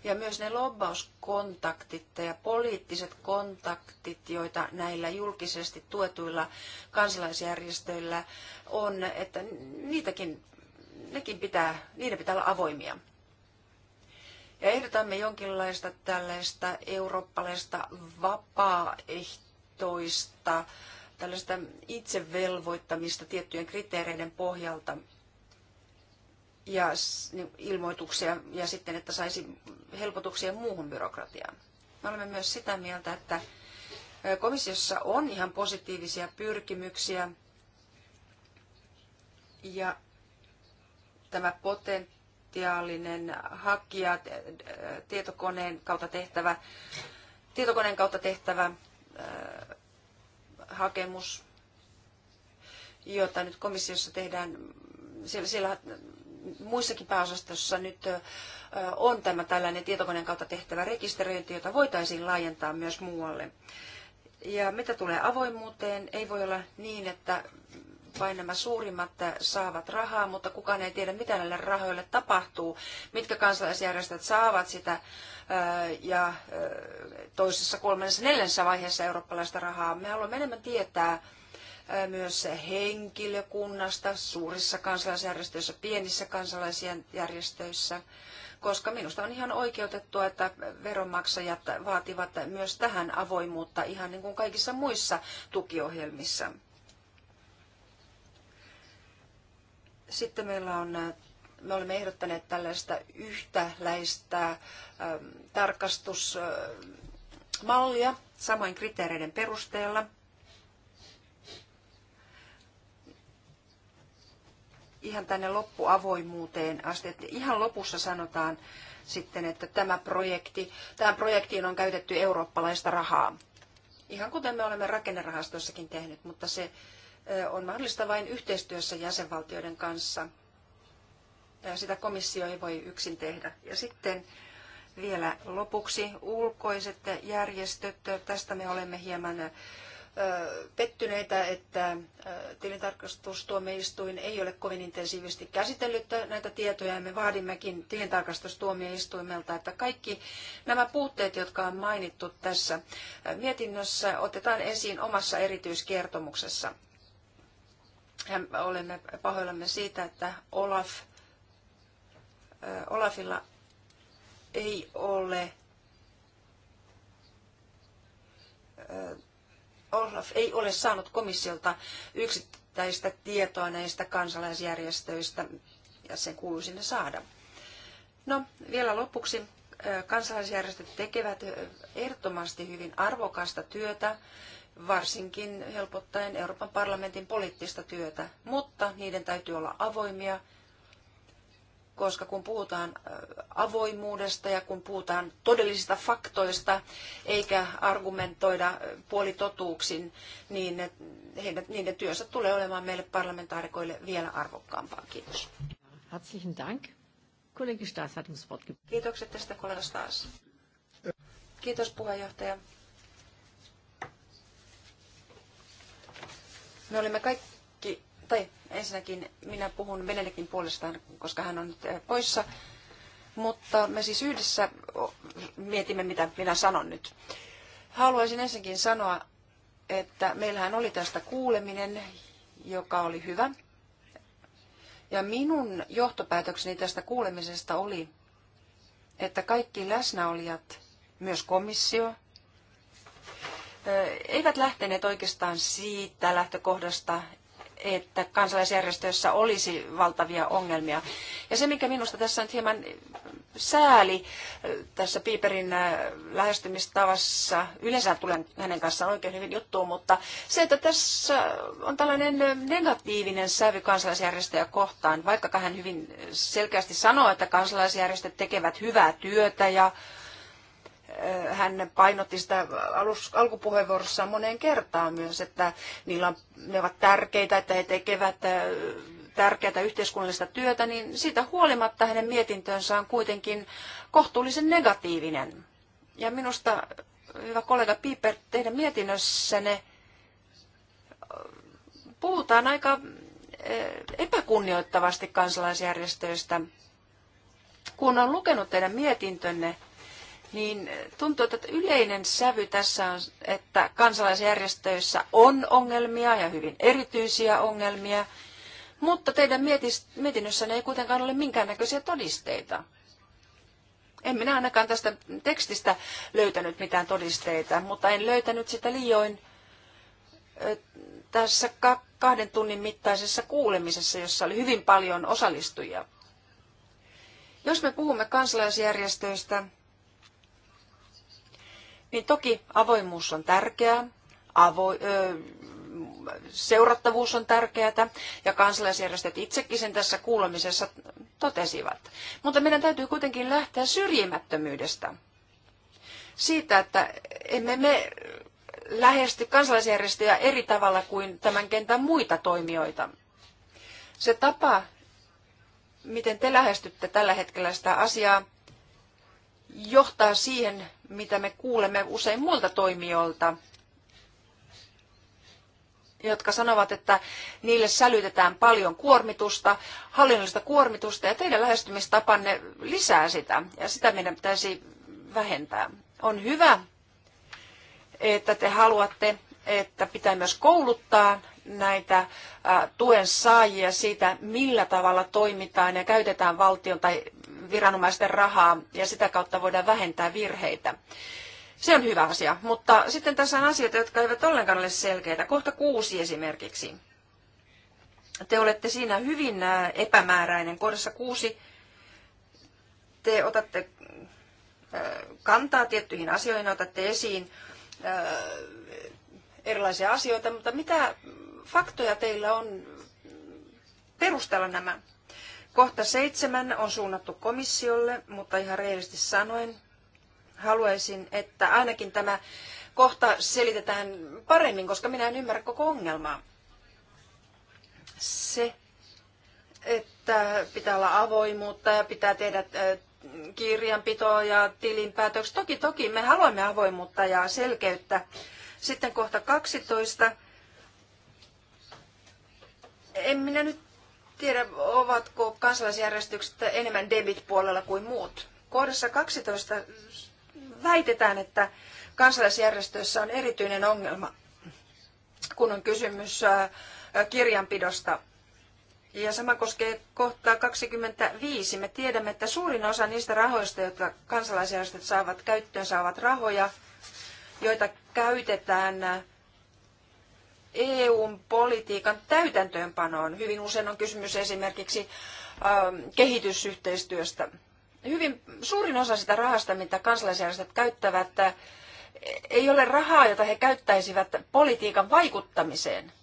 Ja myös ne lobbauskontaktit ja poliittiset kontaktit, joita näillä julkisesti tuetuilla kansalaisjärjestöillä on, että niitäkin, nekin pitää, niiden pitää olla avoimia. Ja ehdotamme jonkinlaista tällaista eurooppalaista vapaaehtoista, tällaista itsevelvoittamista tiettyjen kriteereiden pohjalta ja niin ilmoituksia ja sitten, että saisi helpotuksia muuhun byrokratiaan. Me olemme myös sitä mieltä, että komissiossa on ihan positiivisia pyrkimyksiä ja tämä potentiaalinen hakija, tietokoneen kautta tehtävä, tietokoneen kautta tehtävä hakemus, jota nyt komissiossa tehdään, siellä, siellä muissakin pääosastossa nyt on tämä tällainen tietokoneen kautta tehtävä rekisteröinti, jota voitaisiin laajentaa myös muualle. Ja mitä tulee avoimuuteen, ei voi olla niin, että vain nämä suurimmat saavat rahaa, mutta kukaan ei tiedä, mitä näille rahoille tapahtuu, mitkä kansalaisjärjestöt saavat sitä ja toisessa, kolmannessa, neljännessä vaiheessa eurooppalaista rahaa. Me haluamme enemmän tietää, myös henkilökunnasta suurissa kansalaisjärjestöissä, pienissä kansalaisjärjestöissä, koska minusta on ihan oikeutettua, että veronmaksajat vaativat myös tähän avoimuutta ihan niin kuin kaikissa muissa tukiohjelmissa. Sitten meillä on, me olemme ehdottaneet tällaista yhtäläistä tarkastusmallia samoin kriteereiden perusteella – ihan tänne loppuavoimuuteen asti. Että ihan lopussa sanotaan sitten, että tämä projekti, tähän projektiin on käytetty eurooppalaista rahaa. Ihan kuten me olemme rakennerahastossakin tehnyt, mutta se on mahdollista vain yhteistyössä jäsenvaltioiden kanssa. Ja sitä komissio ei voi yksin tehdä. Ja sitten vielä lopuksi ulkoiset järjestöt. Tästä me olemme hieman pettyneitä, että tilintarkastustuomioistuin ei ole kovin intensiivisesti käsitellyt näitä tietoja. Me vaadimmekin tilintarkastustuomioistuimelta, että kaikki nämä puutteet, jotka on mainittu tässä mietinnössä, otetaan esiin omassa erityiskertomuksessa. Ja olemme pahoillamme siitä, että Olaf, Olafilla ei ole Olaf ei ole saanut komissiolta yksittäistä tietoa näistä kansalaisjärjestöistä ja sen kuuluisi ne saada. No, vielä lopuksi. Kansalaisjärjestöt tekevät ehdottomasti hyvin arvokasta työtä, varsinkin helpottaen Euroopan parlamentin poliittista työtä, mutta niiden täytyy olla avoimia koska kun puhutaan avoimuudesta ja kun puhutaan todellisista faktoista eikä argumentoida puolitotuuksin, niin heidän, niiden työnsä tulee olemaan meille parlamentaarikoille vielä arvokkaampaa. Kiitos. Herzlichen Dank. Kollege Staas hat uns Wort Kiitokset tästä kollega Staas. Kiitos puheenjohtaja. Me olimme kaikki tai ensinnäkin minä puhun Benedektin puolestaan, koska hän on nyt eh, poissa, mutta me siis yhdessä mietimme, mitä minä sanon nyt. Haluaisin ensinnäkin sanoa, että meillähän oli tästä kuuleminen, joka oli hyvä. Ja minun johtopäätökseni tästä kuulemisesta oli, että kaikki läsnäolijat, myös komissio, eh, eivät lähteneet oikeastaan siitä lähtökohdasta, että kansalaisjärjestöissä olisi valtavia ongelmia. Ja se, mikä minusta tässä on hieman sääli tässä Piiperin lähestymistavassa, yleensä tulen hänen kanssaan oikein hyvin juttuun, mutta se, että tässä on tällainen negatiivinen sävy kansalaisjärjestöjä kohtaan, vaikka hän hyvin selkeästi sanoo, että kansalaisjärjestöt tekevät hyvää työtä ja hän painotti sitä alus, alkupuheenvuorossaan moneen kertaan myös, että niillä on, ne ovat tärkeitä, että he tekevät äh, tärkeää yhteiskunnallista työtä, niin siitä huolimatta hänen mietintönsä on kuitenkin kohtuullisen negatiivinen. Ja minusta, hyvä kollega Piper, teidän mietinnössänne äh, puhutaan aika äh, epäkunnioittavasti kansalaisjärjestöistä. Kun on lukenut teidän mietintönne, niin tuntuu, että yleinen sävy tässä on, että kansalaisjärjestöissä on ongelmia ja hyvin erityisiä ongelmia, mutta teidän mietinnössänne ei kuitenkaan ole minkäännäköisiä todisteita. En minä ainakaan tästä tekstistä löytänyt mitään todisteita, mutta en löytänyt sitä liioin tässä kahden tunnin mittaisessa kuulemisessa, jossa oli hyvin paljon osallistujia. Jos me puhumme kansalaisjärjestöistä, niin toki avoimuus on tärkeää, avo, ö, seurattavuus on tärkeää ja kansalaisjärjestöt itsekin sen tässä kuulemisessa totesivat. Mutta meidän täytyy kuitenkin lähteä syrjimättömyydestä. Siitä, että emme me lähesty kansalaisjärjestöjä eri tavalla kuin tämän kentän muita toimijoita. Se tapa, miten te lähestytte tällä hetkellä sitä asiaa, johtaa siihen, mitä me kuulemme usein muilta toimijoilta, jotka sanovat, että niille sälytetään paljon kuormitusta, hallinnollista kuormitusta ja teidän lähestymistapanne lisää sitä ja sitä meidän pitäisi vähentää. On hyvä, että te haluatte, että pitää myös kouluttaa näitä tuen saajia siitä, millä tavalla toimitaan ja käytetään valtion tai viranomaisten rahaa ja sitä kautta voidaan vähentää virheitä. Se on hyvä asia, mutta sitten tässä on asioita, jotka eivät ollenkaan ole selkeitä. Kohta kuusi esimerkiksi. Te olette siinä hyvin epämääräinen. Kohdassa kuusi te otatte kantaa tiettyihin asioihin, otatte esiin erilaisia asioita, mutta mitä faktoja teillä on perustella nämä? Kohta seitsemän on suunnattu komissiolle, mutta ihan rehellisesti sanoen haluaisin, että ainakin tämä kohta selitetään paremmin, koska minä en ymmärrä koko ongelmaa. Se, että pitää olla avoimuutta ja pitää tehdä kirjanpitoa ja tilinpäätöksiä. Toki, toki me haluamme avoimuutta ja selkeyttä. Sitten kohta 12. En minä nyt tiedä, ovatko kansalaisjärjestykset enemmän debit-puolella kuin muut. Kohdassa 12 väitetään, että kansalaisjärjestöissä on erityinen ongelma, kun on kysymys kirjanpidosta. Ja sama koskee kohtaa 25. Me tiedämme, että suurin osa niistä rahoista, jotka kansalaisjärjestöt saavat käyttöön, saavat rahoja, joita käytetään EUn politiikan täytäntöönpanoon. Hyvin usein on kysymys esimerkiksi ähm, kehitysyhteistyöstä. Hyvin suurin osa sitä rahasta, mitä kansalaisjärjestöt käyttävät, äh, ei ole rahaa, jota he käyttäisivät politiikan vaikuttamiseen –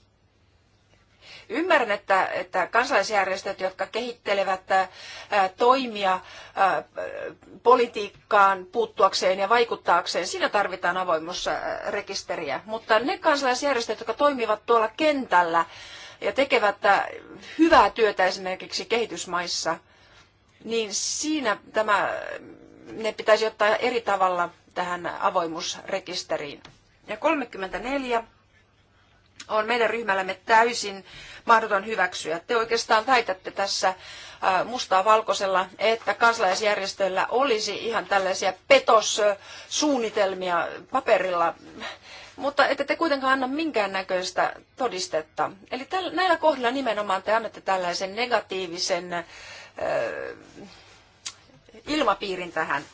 Ymmärrän, että, että kansalaisjärjestöt, jotka kehittelevät äh, toimia äh, politiikkaan puuttuakseen ja vaikuttaakseen, siinä tarvitaan avoimuusrekisteriä. Mutta ne kansalaisjärjestöt, jotka toimivat tuolla kentällä ja tekevät äh, hyvää työtä esimerkiksi kehitysmaissa, niin siinä tämä, ne pitäisi ottaa eri tavalla tähän avoimuusrekisteriin. Ja 34 on meidän ryhmällämme täysin mahdoton hyväksyä. Te oikeastaan väitätte tässä äh, mustaa valkoisella, että kansalaisjärjestöillä olisi ihan tällaisia petossuunnitelmia paperilla, mutta ette te kuitenkaan anna minkäännäköistä todistetta. Eli näillä kohdilla nimenomaan te annatte tällaisen negatiivisen äh, ilmapiirin tähän.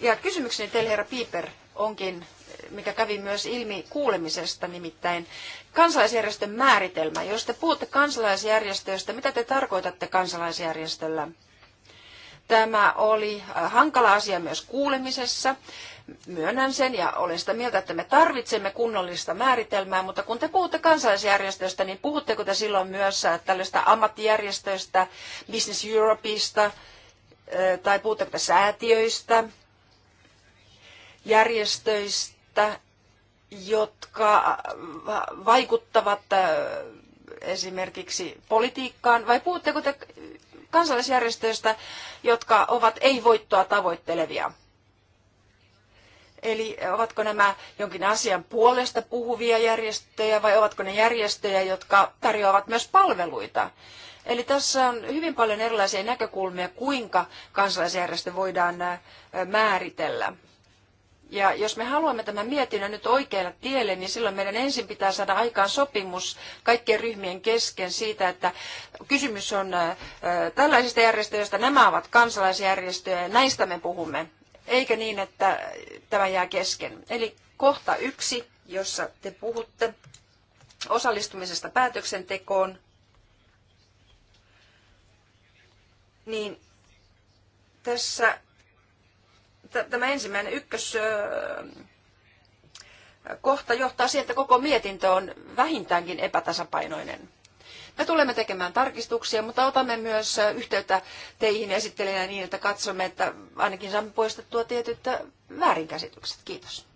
Ja kysymykseni teille, herra Piper, onkin, mikä kävi myös ilmi kuulemisesta, nimittäin kansalaisjärjestön määritelmä. Jos te puhutte kansalaisjärjestöistä, mitä te tarkoitatte kansalaisjärjestöllä? Tämä oli äh, hankala asia myös kuulemisessa. Myönnän sen ja olen sitä mieltä, että me tarvitsemme kunnollista määritelmää, mutta kun te puhutte kansalaisjärjestöistä, niin puhutteko te silloin myös äh, tällaista ammattijärjestöistä, Business Europeista, äh, tai puhutteko te säätiöistä, järjestöistä, jotka vaikuttavat äh, esimerkiksi politiikkaan, vai puhutteko te kansalaisjärjestöistä, jotka ovat ei-voittoa tavoittelevia? Eli ovatko nämä jonkin asian puolesta puhuvia järjestöjä vai ovatko ne järjestöjä, jotka tarjoavat myös palveluita? Eli tässä on hyvin paljon erilaisia näkökulmia, kuinka kansalaisjärjestö voidaan äh, määritellä. Ja jos me haluamme tämän mietinnön nyt oikealle tielle, niin silloin meidän ensin pitää saada aikaan sopimus kaikkien ryhmien kesken siitä, että kysymys on tällaisista järjestöistä, nämä ovat kansalaisjärjestöjä ja näistä me puhumme, eikä niin, että tämä jää kesken. Eli kohta yksi, jossa te puhutte osallistumisesta päätöksentekoon, niin tässä tämä ensimmäinen ykkös kohta johtaa siihen, että koko mietintö on vähintäänkin epätasapainoinen. Me tulemme tekemään tarkistuksia, mutta otamme myös yhteyttä teihin esittelijänä niin, että katsomme, että ainakin saamme poistettua tietyt väärinkäsitykset. Kiitos.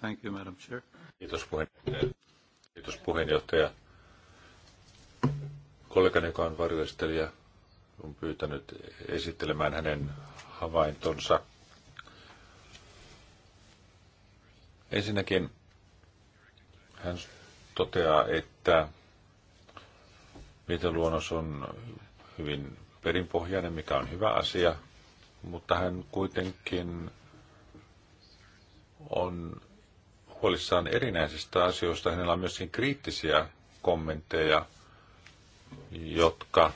Thank you, Madam Chair. Kiitos puheenjohtaja. Kiitos puheenjohtaja. Kollegani, joka on varjoistelija, on pyytänyt esittelemään hänen havaintonsa. Ensinnäkin hän toteaa, että mietintöluonnos on hyvin perinpohjainen, mikä on hyvä asia, mutta hän kuitenkin on huolissaan erinäisistä asioista. Hänellä on myöskin kriittisiä kommentteja, jotka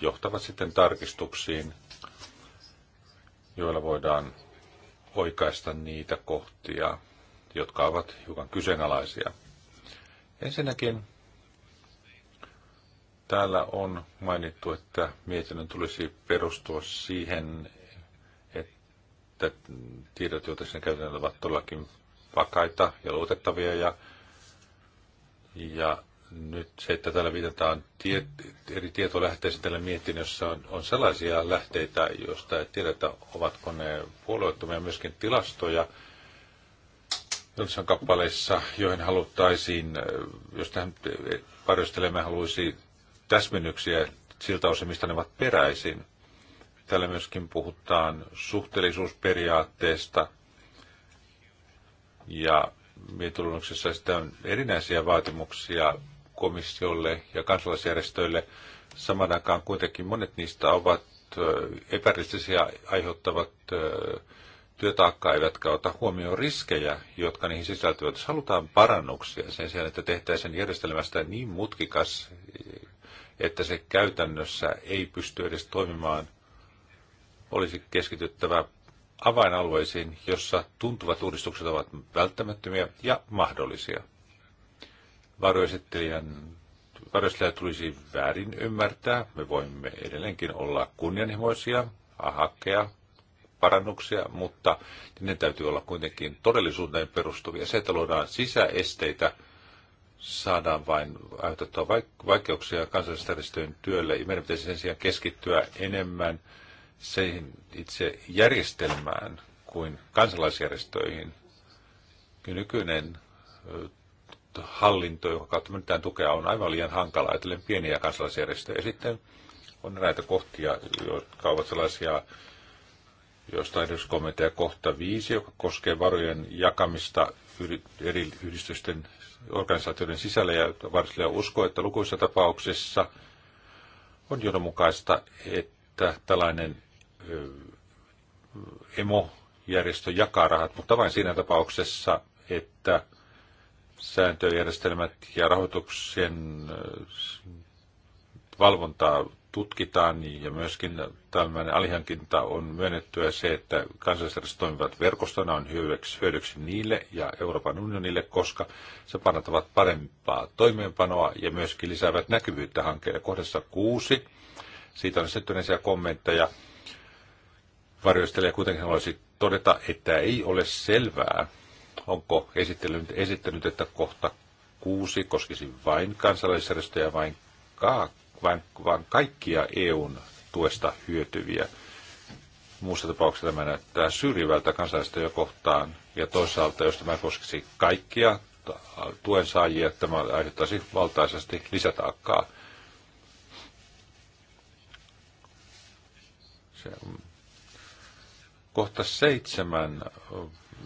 johtavat sitten tarkistuksiin, joilla voidaan oikaista niitä kohtia, jotka ovat hiukan kyseenalaisia. Ensinnäkin täällä on mainittu, että mietinnön tulisi perustua siihen, että tiedot, joita sinne käytetään, ovat todellakin vakaita ja luotettavia ja, ja nyt se, että täällä viitataan tie, eri tietolähteisiin tällä mietinnössä, on, on sellaisia lähteitä, joista ei tiedetä, ovatko ne puolueettomia myöskin tilastoja joissain kappaleissa, joihin haluttaisiin, jos tähän varjostelemme haluaisi täsmennyksiä siltä osin, mistä ne ovat peräisin. Täällä myöskin puhutaan suhteellisuusperiaatteesta ja mietintöluonnoksessa sitä on erinäisiä vaatimuksia komissiolle ja kansalaisjärjestöille. Saman aikaan kuitenkin monet niistä ovat epäristisiä, aiheuttavat työtaakkaa eivätkä ota huomioon riskejä, jotka niihin sisältyvät. Jos halutaan parannuksia sen sijaan, että tehtäisiin järjestelmästä niin mutkikas, että se käytännössä ei pysty edes toimimaan, olisi keskityttävä avainalueisiin, jossa tuntuvat uudistukset ovat välttämättömiä ja mahdollisia varjoesittelijän varjoesittelijä tulisi väärin ymmärtää. Me voimme edelleenkin olla kunnianhimoisia, hakea parannuksia, mutta ne täytyy olla kuitenkin todellisuuteen perustuvia. Se, että luodaan sisäesteitä, saadaan vain aiheutettua vaikeuksia kansallisten työlle. Meidän pitäisi sen sijaan keskittyä enemmän siihen itse järjestelmään kuin kansalaisjärjestöihin. Nykyinen hallinto, jonka kautta myönnetään tukea, on aivan liian hankala ajatellen pieniä kansalaisjärjestöjä. Ja sitten on näitä kohtia, jotka ovat sellaisia, joista edelliskomitea kohta viisi, joka koskee varojen jakamista eri yhdistysten organisaatioiden sisällä ja Varsilja usko, että lukuissa tapauksissa on johdonmukaista, että tällainen emojärjestö jakaa rahat, mutta vain siinä tapauksessa, että sääntöjärjestelmät ja rahoituksen äh, valvontaa tutkitaan ja myöskin tällainen alihankinta on myönnettyä se, että kansallisjärjestöt toimivat verkostona on hyödyksi, hyödyksi niille ja Euroopan unionille, koska se parantavat parempaa toimeenpanoa ja myöskin lisäävät näkyvyyttä hankkeelle. Kohdassa kuusi, siitä on sitten kommentteja. Varjoistelija kuitenkin haluaisi todeta, että ei ole selvää, Onko esittänyt, esittänyt että kohta kuusi koskisi vain kansalaisjärjestöjä, vain, ka, vain, vain kaikkia EUn tuesta hyötyviä? Muussa tapauksessa tämä näyttää syrjivältä jo kohtaan. Ja toisaalta, jos tämä koskisi kaikkia tuen saajia, tämä aiheuttaisi valtaisesti lisätaakkaa. Se kohta seitsemän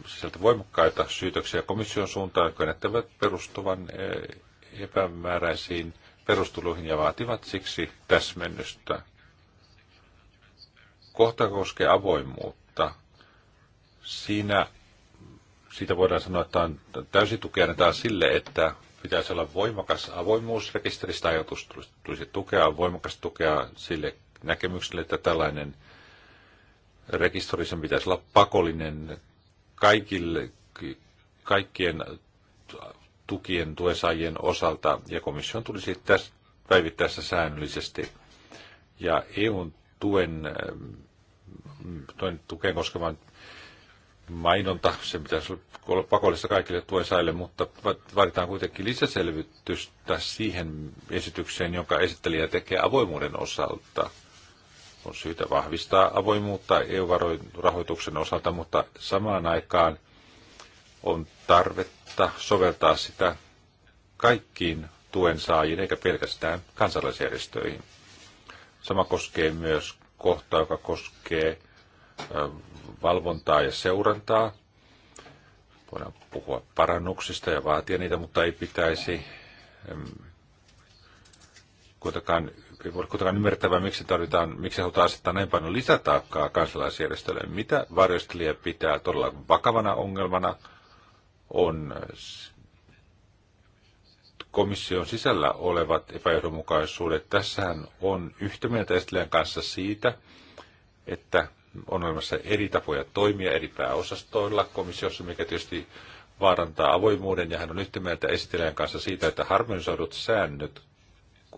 sieltä voimakkaita syytöksiä komission suuntaan, jotka näyttävät perustuvan e, epämääräisiin perusteluihin ja vaativat siksi täsmennystä. Kohta koskee avoimuutta. Siinä siitä voidaan sanoa, että on täysin tukea annetaan sille, että pitäisi olla voimakas avoimuusrekisteristä ajatus, tulisi tukea, voimakas tukea sille näkemykselle, että tällainen rekisterisen pitäisi olla pakollinen kaikille, kaikkien tukien tuensaajien osalta, ja komission tulisi tässä päivittäessä säännöllisesti. Ja EUn tuen, mm, tuen tukeen koskevan mainonta, se pitäisi olla pakollista kaikille tuensaajille, mutta vaaditaan kuitenkin lisäselvitystä siihen esitykseen, jonka esittelijä tekee avoimuuden osalta. On syytä vahvistaa avoimuutta EU-rahoituksen osalta, mutta samaan aikaan on tarvetta soveltaa sitä kaikkiin tuen saajiin, eikä pelkästään kansalaisjärjestöihin. Sama koskee myös kohtaa, joka koskee valvontaa ja seurantaa. Voidaan puhua parannuksista ja vaatia niitä, mutta ei pitäisi kuitenkaan ei voi kuitenkaan ymmärtävää, miksi tarvitaan, miksi halutaan asettaa näin paljon lisätaakkaa kansalaisjärjestölle. Mitä varjostelija pitää todella vakavana ongelmana on komission sisällä olevat epäjohdonmukaisuudet. Tässähän on yhtä mieltä esittelijän kanssa siitä, että on olemassa eri tapoja toimia eri pääosastoilla komissiossa, mikä tietysti vaarantaa avoimuuden, ja hän on yhtä mieltä esittelijän kanssa siitä, että harmonisoidut säännöt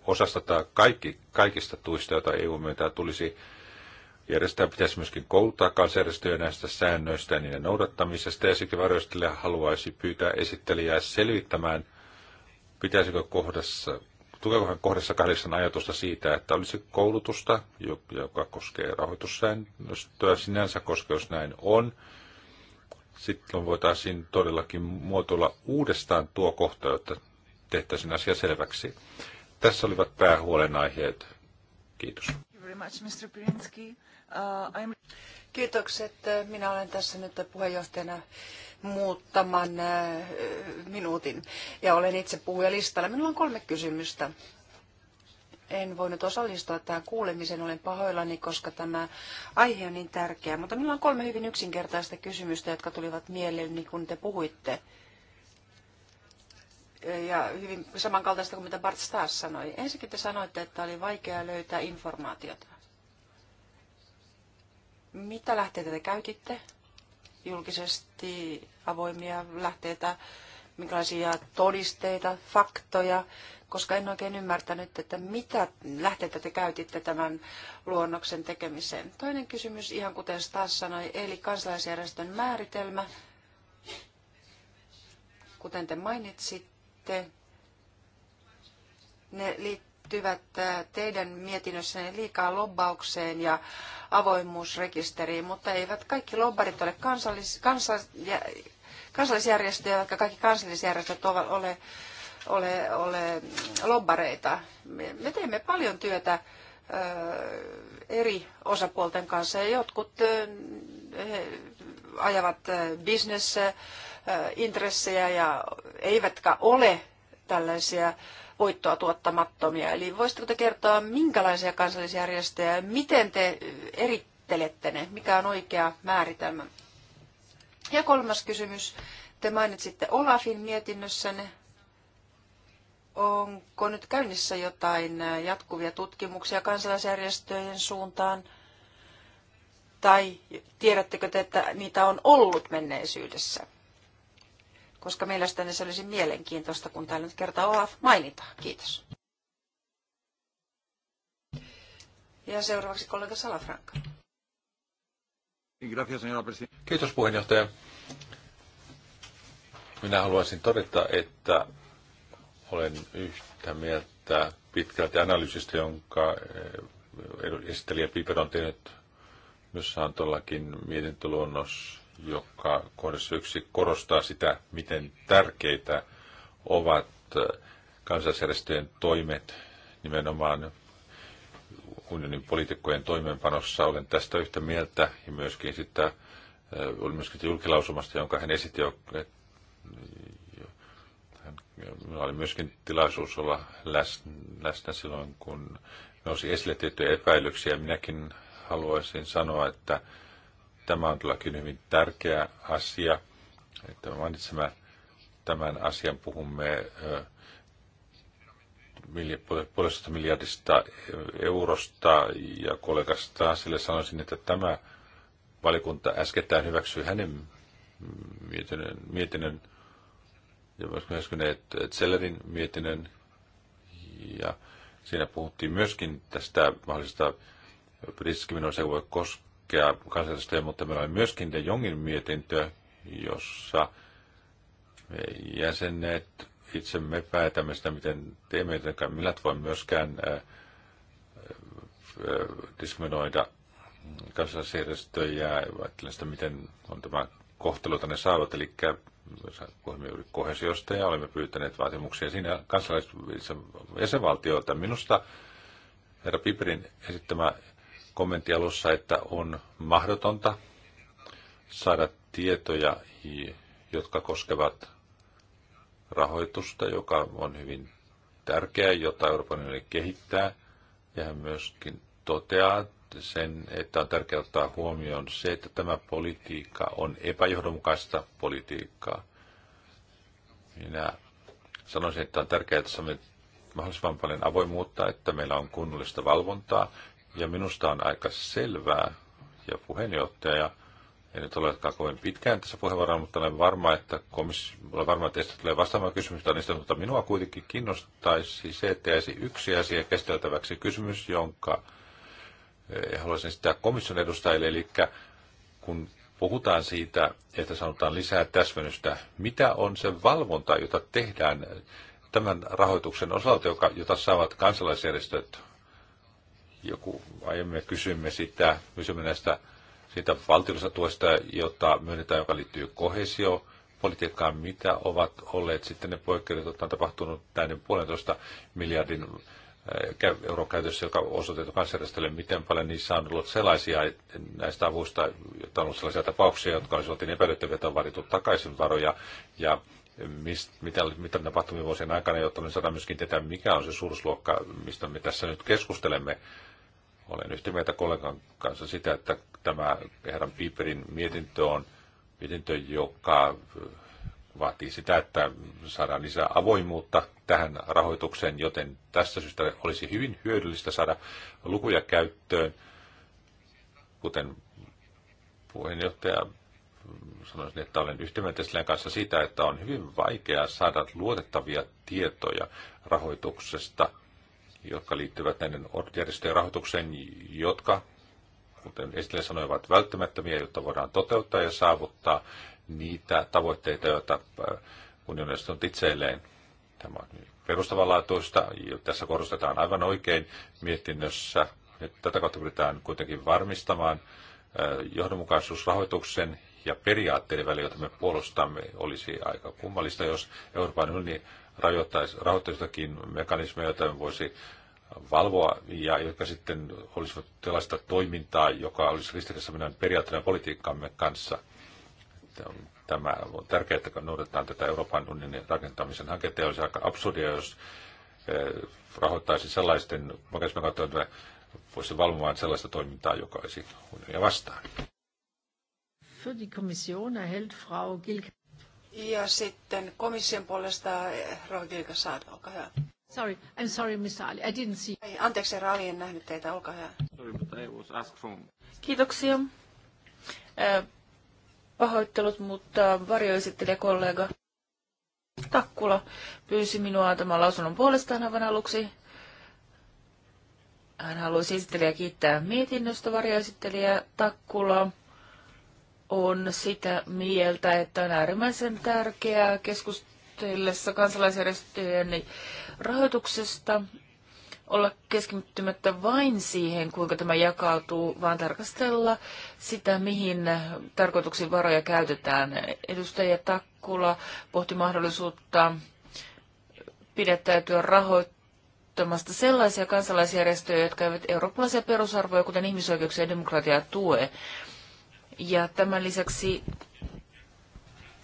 osasta tai kaikki, kaikista tuista, joita EU myöntää, tulisi järjestää. Pitäisi myöskin kouluttaa kansanjärjestöjä näistä säännöistä ja niiden noudattamisesta. Ja sitten varjostelija haluaisi pyytää esittelijää selvittämään, pitäisikö kohdassa, tukeekohan kohdassa kahdeksan ajatusta siitä, että olisi koulutusta, joka koskee rahoitussäännöstöä sinänsä, koska jos näin on, sitten voitaisiin todellakin muotoilla uudestaan tuo kohta, jotta tehtäisiin asia selväksi. Tässä olivat päähuolenaiheet. Kiitos. Uh, Kiitokset. Minä olen tässä nyt puheenjohtajana muuttaman uh, minuutin ja olen itse puhujalistalla. Minulla on kolme kysymystä. En voinut osallistua tähän kuulemiseen, olen pahoillani, koska tämä aihe on niin tärkeä. Mutta minulla on kolme hyvin yksinkertaista kysymystä, jotka tulivat mieleen, niin kun te puhuitte ja hyvin samankaltaista kuin mitä Bart Stars sanoi. Ensinnäkin te sanoitte, että oli vaikea löytää informaatiota. Mitä lähteitä te käytitte? Julkisesti avoimia lähteitä, minkälaisia todisteita, faktoja, koska en oikein ymmärtänyt, että mitä lähteitä te käytitte tämän luonnoksen tekemiseen. Toinen kysymys, ihan kuten Stas sanoi, eli kansalaisjärjestön määritelmä, kuten te mainitsit sitten ne liittyvät teidän mietinnössänne liikaa lobbaukseen ja avoimuusrekisteriin, mutta eivät kaikki lobbarit ole kansallis, kansallis, kansallisjärjestöjä, vaikka kaikki kansallisjärjestöt ovat, ole, ole, ole lobbareita. Me, me teemme paljon työtä eri osapuolten kanssa ja jotkut he ajavat business intressejä ja eivätkä ole tällaisia voittoa tuottamattomia. Eli voisitteko te kertoa, minkälaisia kansallisjärjestöjä, miten te erittelette ne, mikä on oikea määritelmä? Ja kolmas kysymys. Te mainitsitte Olafin mietinnössänne. Onko nyt käynnissä jotain jatkuvia tutkimuksia kansalaisjärjestöjen suuntaan? Tai tiedättekö te, että niitä on ollut menneisyydessä? koska mielestäni se olisi mielenkiintoista, kun täällä nyt kerta OAF mainitaan. Kiitos. Ja seuraavaksi kollega Salafranca. Kiitos puheenjohtaja. Minä haluaisin todeta, että olen yhtä mieltä pitkälti analyysistä, jonka eh, esittelijä Piper on tehnyt. Myös on todellakin mietintöluonnos joka kohdassa yksi korostaa sitä, miten tärkeitä ovat äh, kansallisjärjestöjen toimet nimenomaan unionin poliitikkojen toimeenpanossa. Olen tästä yhtä mieltä ja myöskin sitä, äh, oli myöskin julkilausumasta, jonka hän esitti jo, äh, minulla oli myöskin tilaisuus olla läsnä silloin, kun nousi esille tiettyjä epäilyksiä. Minäkin haluaisin sanoa, että tämä on todellakin hyvin tärkeä asia. Että mainitsemme tämän asian, puhumme puolesta miljardista eurosta ja kollegasta sille sanoisin, että tämä valikunta äskettäin hyväksyi hänen mietinnön, mietinnön ja myös Zellerin mietinnön ja siinä puhuttiin myöskin tästä mahdollisesta riskiminoista, joka voi koskaan kaikkea kansanedustajia, mutta meillä oli myöskin De Jongin mietintö, jossa me jäsenet itse me päätämme sitä, miten teemme, jotenka millä voi myöskään diskriminoida kansalaisjärjestöjä, ajattelen sitä, miten on tämä kohtelu tänne saavat, eli puhumme juuri kohesiosta ja olemme pyytäneet vaatimuksia siinä kansalais- jäsenvaltioilta. Minusta herra Piperin esittämä kommentti alussa, että on mahdotonta saada tietoja, jotka koskevat rahoitusta, joka on hyvin tärkeää, jota Euroopan unioni kehittää. Ja hän myöskin toteaa sen, että on tärkeää ottaa huomioon se, että tämä politiikka on epäjohdonmukaista politiikkaa. Minä sanoisin, että on tärkeää, että saamme mahdollisimman paljon avoimuutta, että meillä on kunnollista valvontaa ja minusta on aika selvää, ja puheenjohtaja, en nyt olekaan kovin pitkään tässä puheenvuoroa, mutta olen varma, että komissio, olen varma, että teistä tulee vastaamaan kysymystä niistä, mutta minua kuitenkin kiinnostaisi se, että jäisi yksi asia kesteltäväksi kysymys, jonka eh, haluaisin sitä komission edustajille, eli kun puhutaan siitä, että sanotaan lisää täsmennystä, mitä on se valvonta, jota tehdään tämän rahoituksen osalta, joka, jota saavat kansalaisjärjestöt joku aiemmin kysymme sitä, kysymme näistä siitä valtiollisesta tuesta, jota myönnetään, joka liittyy kohesio politiikkaan, mitä ovat olleet sitten ne poikkeudet, jotka on tapahtunut näiden puolentoista miljardin eh, euron käytössä, joka on osoitettu kansanjärjestölle, miten paljon niissä on ollut sellaisia näistä avuista, joita on ollut sellaisia tapauksia, jotka olisivat niin epäilyttäviä, että on vaadittu takaisin varoja ja mist, mitä, mitä tapahtumia vuosien aikana, jotta me saadaan myöskin tietää, mikä on se suurusluokka, mistä me tässä nyt keskustelemme. Olen yhtä mieltä kollegan kanssa sitä, että tämä herran Piperin mietintö on mietintö, joka äh, vaatii sitä, että saadaan lisää avoimuutta tähän rahoitukseen, joten tästä syystä olisi hyvin hyödyllistä saada lukuja käyttöön, kuten puheenjohtaja sanoisin, että olen yhtä kanssa sitä, että on hyvin vaikea saada luotettavia tietoja rahoituksesta – jotka liittyvät näiden järjestöjen rahoitukseen, jotka, kuten esille sanoin, ovat välttämättömiä, jotta voidaan toteuttaa ja saavuttaa niitä tavoitteita, joita äh, unionista on itselleen. Tämä on perustavanlaatuista. Tässä korostetaan aivan oikein mietinnössä, että tätä kautta pyritään kuitenkin varmistamaan äh, johdonmukaisuusrahoituksen ja periaatteiden välillä, jota me puolustamme, olisi aika kummallista, jos Euroopan unioni rahoittaisistakin mekanismeja, joita voisi valvoa ja jotka sitten olisivat tällaista toimintaa, joka olisi ristiriidassa meidän periaatteena politiikkamme kanssa. Tämä on tärkeää, että noudatetaan tätä Euroopan unionin rakentamisen hanketta. Ja olisi aika absurdia, jos eh, rahoittaisi sellaisten mekanismien kautta, että voisi valvomaan sellaista toimintaa, joka olisi unionia vastaan. Für die Kommission erhält Frau Gilke. Ja sitten komission puolesta eh, Rodrigo Saad, olkaa hyvä. Sorry, I'm sorry, Mr. Ali, I didn't see. Ei, anteeksi, herra Ali, en nähnyt teitä, olkaa hyvä. Sorry, but I was asked from... Kiitoksia. Eh, pahoittelut, mutta varjoesittelijä kollega Takkula pyysi minua antamaan lausunnon puolestaan aivan aluksi. Hän haluaisi esittelijä kiittää mietinnöstä varjoesittelijä Takkula on sitä mieltä, että on äärimmäisen tärkeää keskustellessa kansalaisjärjestöjen rahoituksesta olla keskittymättä vain siihen, kuinka tämä jakautuu, vaan tarkastella sitä, mihin tarkoituksiin varoja käytetään. Edustaja Takkula pohti mahdollisuutta pidättäytyä rahoittamasta sellaisia kansalaisjärjestöjä, jotka eivät eurooppalaisia perusarvoja, kuten ihmisoikeuksia ja demokratiaa, tue. Ja tämän lisäksi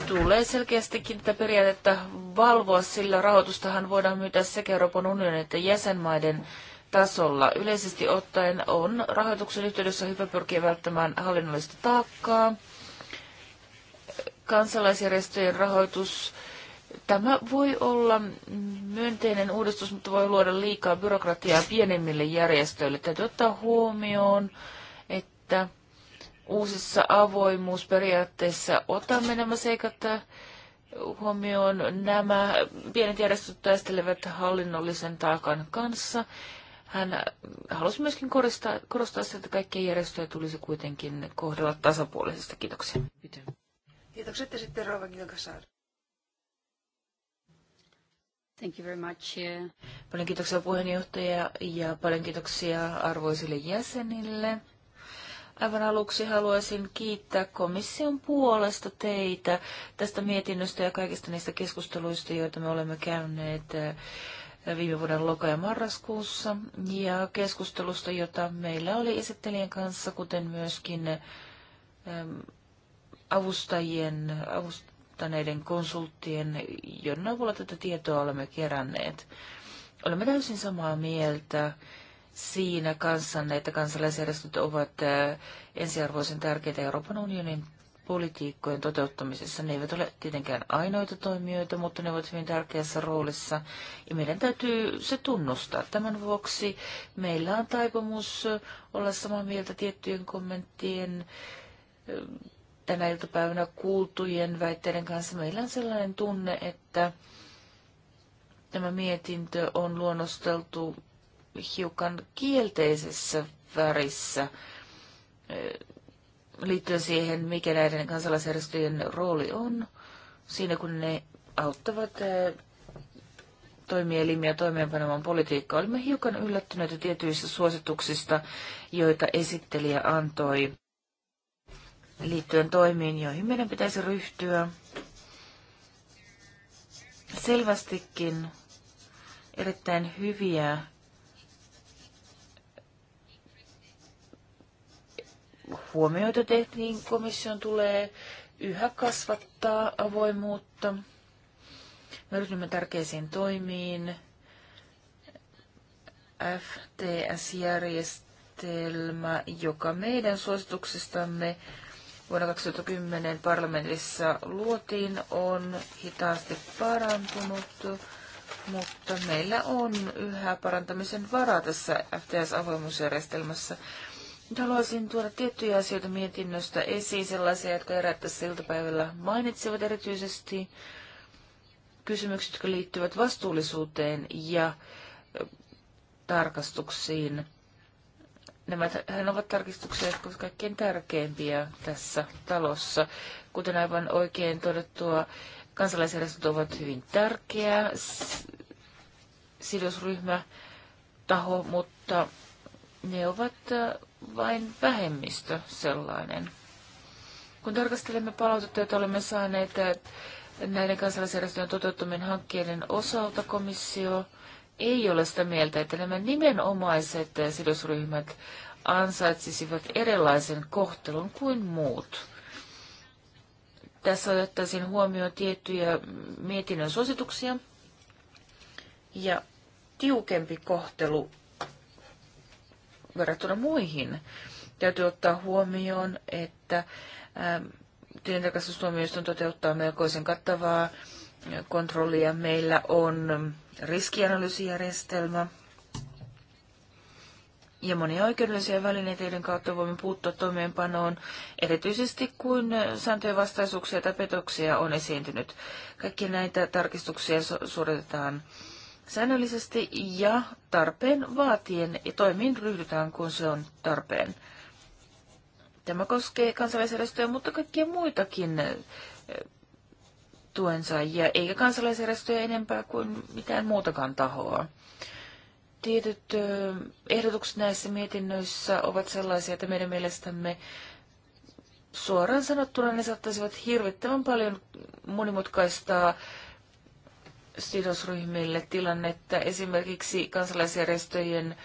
tulee selkeästikin tätä periaatetta valvoa, sillä rahoitustahan voidaan myöntää sekä Euroopan unionin että jäsenmaiden tasolla. Yleisesti ottaen on rahoituksen yhteydessä hyvä pyrkiä välttämään hallinnollista taakkaa. Kansalaisjärjestöjen rahoitus, tämä voi olla myönteinen uudistus, mutta voi luoda liikaa byrokratiaa pienemmille järjestöille. Täytyy ottaa huomioon, että uusissa avoimuusperiaatteissa otamme nämä seikat äh, huomioon. Nämä pienet järjestöt taistelevat hallinnollisen taakan kanssa. Hän äh, halusi myöskin korostaa, korostaa sitä, että kaikkia järjestöjä tulisi kuitenkin kohdella tasapuolisesti. Kiitoksia. Kiitokset ja sitten Rova Gilgasaari. Thank you very much. Paljon kiitoksia puheenjohtaja ja paljon kiitoksia arvoisille jäsenille. Aivan aluksi haluaisin kiittää komission puolesta teitä tästä mietinnöstä ja kaikista niistä keskusteluista, joita me olemme käyneet eh, viime vuoden loka- ja marraskuussa, ja keskustelusta, jota meillä oli esittelijän kanssa, kuten myöskin ehm, avustajien, avustaneiden konsulttien, joiden avulla tätä tietoa olemme keränneet. Olemme täysin samaa mieltä siinä kanssanne, että kansalaisjärjestöt ovat ensiarvoisen tärkeitä Euroopan unionin politiikkojen toteuttamisessa. Ne eivät ole tietenkään ainoita toimijoita, mutta ne ovat hyvin tärkeässä roolissa ja meidän täytyy se tunnustaa. Tämän vuoksi meillä on taipumus olla samaa mieltä tiettyjen kommenttien tänä iltapäivänä kuultujen väitteiden kanssa. Meillä on sellainen tunne, että tämä mietintö on luonnosteltu hiukan kielteisessä värissä eh, liittyen siihen, mikä näiden kansalaisjärjestöjen rooli on siinä, kun ne auttavat eh, toimielimiä toimeenpanemaan politiikkaa. Olimme hiukan yllättyneitä tietyistä suosituksista, joita esittelijä antoi liittyen toimiin, joihin meidän pitäisi ryhtyä. Selvästikin erittäin hyviä huomioita tehtiin, komission tulee yhä kasvattaa avoimuutta. Me ryhdymme tärkeisiin toimiin. FTS-järjestelmä, joka meidän suosituksestamme vuonna 2010 parlamentissa luotiin, on hitaasti parantunut, mutta meillä on yhä parantamisen varaa tässä FTS-avoimuusjärjestelmässä. Nyt haluaisin tuoda tiettyjä asioita mietinnöstä esiin, sellaisia, jotka eräät tässä iltapäivällä mainitsevat erityisesti kysymykset, jotka liittyvät vastuullisuuteen ja tarkastuksiin. Nämä ovat tarkistuksia, jotka ovat kaikkein tärkeimpiä tässä talossa. Kuten aivan oikein todettua, kansalaisjärjestöt ovat hyvin tärkeä sidosryhmä, taho, mutta ne ovat vain vähemmistö sellainen. Kun tarkastelemme palautetta, että olemme saaneet näiden kansalaisjärjestöjen toteuttamien hankkeiden osalta, komissio ei ole sitä mieltä, että nämä nimenomaiset sidosryhmät ansaitsisivat erilaisen kohtelun kuin muut. Tässä otettaisiin huomioon tiettyjä mietinnön suosituksia ja tiukempi kohtelu verrattuna muihin. Täytyy ottaa huomioon, että ähm, tilintarkastustuomioistuin toteuttaa melkoisen kattavaa äh, kontrollia. Meillä on riskianalyysijärjestelmä ja monia oikeudellisia välineitä, joiden kautta voimme puuttua toimeenpanoon, erityisesti kun sääntöjen vastaisuuksia tai petoksia on esiintynyt. Kaikki näitä tarkistuksia suoritetaan säännöllisesti ja tarpeen vaatien ja toimiin ryhdytään, kun se on tarpeen. Tämä koskee kansalaisjärjestöjä, mutta kaikkia muitakin eh, tuensaajia, eikä kansalaisjärjestöjä enempää kuin mitään muutakaan tahoa. Tietyt eh, ehdotukset näissä mietinnöissä ovat sellaisia, että meidän mielestämme suoraan sanottuna ne saattaisivat hirvittävän paljon monimutkaistaa sidosryhmille tilannetta, esimerkiksi kansalaisjärjestöjen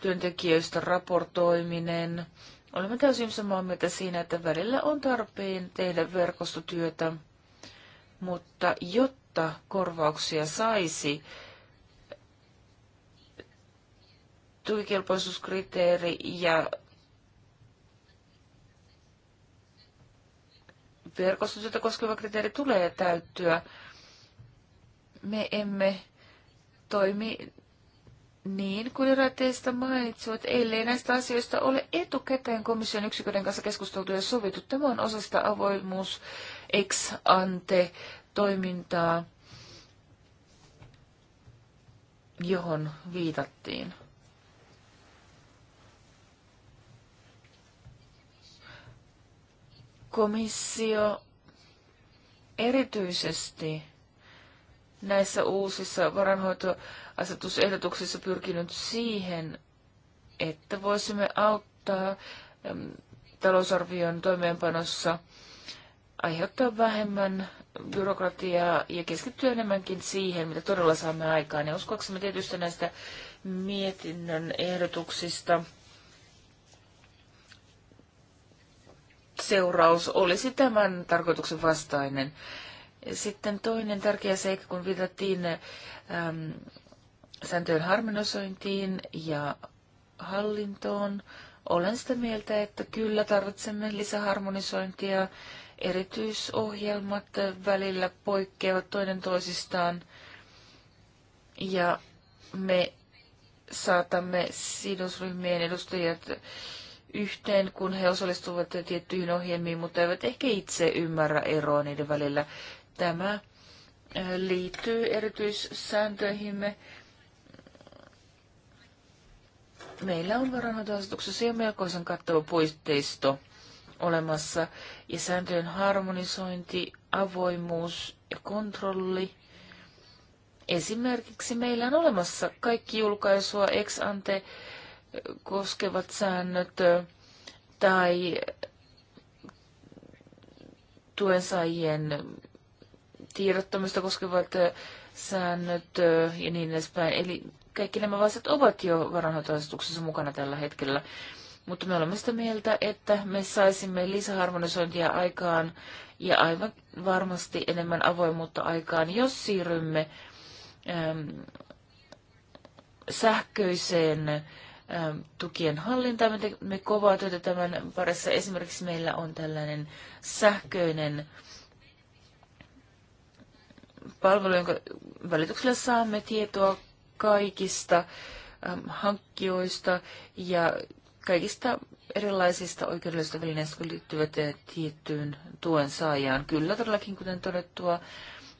työntekijöistä raportoiminen. Olemme täysin samaa mieltä siinä, että välillä on tarpeen tehdä verkostotyötä, mutta jotta korvauksia saisi, tukikelpoisuuskriteeri ja verkostotyötä koskeva kriteeri tulee täyttyä me emme toimi niin kuin rateista mainitsivat, ellei näistä asioista ole etukäteen komission yksiköiden kanssa keskusteltu ja sovittu. Tämä on sitä avoimuus ex ante toimintaa, johon viitattiin. Komissio erityisesti näissä uusissa varanhoitoasetusehdotuksissa pyrkinyt siihen, että voisimme auttaa talousarvion toimeenpanossa aiheuttaa vähemmän byrokratiaa ja keskittyä enemmänkin siihen, mitä todella saamme aikaan. Ja uskoaksemme tietysti näistä mietinnön ehdotuksista seuraus olisi tämän tarkoituksen vastainen. Sitten toinen tärkeä seikka, kun viitattiin äm, sääntöjen harmonisointiin ja hallintoon, olen sitä mieltä, että kyllä tarvitsemme lisäharmonisointia. Erityisohjelmat välillä poikkeavat toinen toisistaan ja me saatamme sidosryhmien edustajat yhteen, kun he osallistuvat tiettyihin ohjelmiin, mutta eivät ehkä itse ymmärrä eroa niiden välillä. Tämä äh, liittyy erityissääntöihimme. Meillä on varainhoitoasetuksessa jo melkoisen kattava puisteisto olemassa, ja sääntöjen harmonisointi, avoimuus ja kontrolli. Esimerkiksi meillä on olemassa kaikki julkaisua ex ante äh, koskevat säännöt äh, tai tuensaajien tiedottamista koskevat säännöt ja niin edespäin. Eli kaikki nämä vaiheet ovat jo varanhoitoasetuksessa mukana tällä hetkellä. Mutta me olemme sitä mieltä, että me saisimme lisäharmonisointia aikaan ja aivan varmasti enemmän avoimuutta aikaan, jos siirrymme äm, sähköiseen äm, tukien hallintaan. Me me kovaa työtä tämän parissa. Esimerkiksi meillä on tällainen sähköinen palvelu, jonka välityksellä saamme tietoa kaikista ähm, hankkijoista ja kaikista erilaisista oikeudellisista välineistä, jotka liittyvät äh, tiettyyn tuen saajaan. Kyllä todellakin, kuten todettua,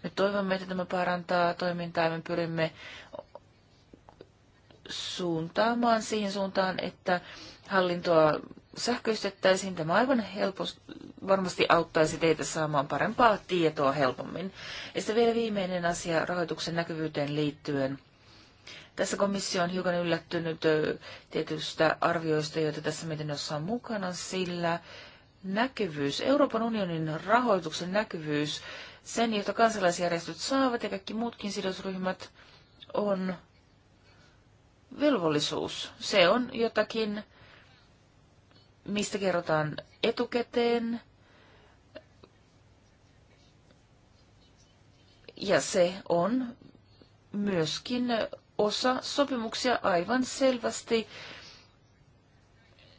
me toivomme, että tämä parantaa toimintaa ja me pyrimme suuntaamaan siihen suuntaan, että hallintoa sähköistettäisiin. Tämä on aivan helposti varmasti auttaisi teitä saamaan parempaa tietoa helpommin. Ja sitten vielä viimeinen asia rahoituksen näkyvyyteen liittyen. Tässä komissio on hiukan yllättynyt tietystä arvioista, joita tässä mietinnössä on mukana, sillä näkyvyys, Euroopan unionin rahoituksen näkyvyys, sen, jota kansalaisjärjestöt saavat ja kaikki muutkin sidosryhmät, on velvollisuus. Se on jotakin, mistä kerrotaan etukäteen. ja se on myöskin osa sopimuksia aivan selvästi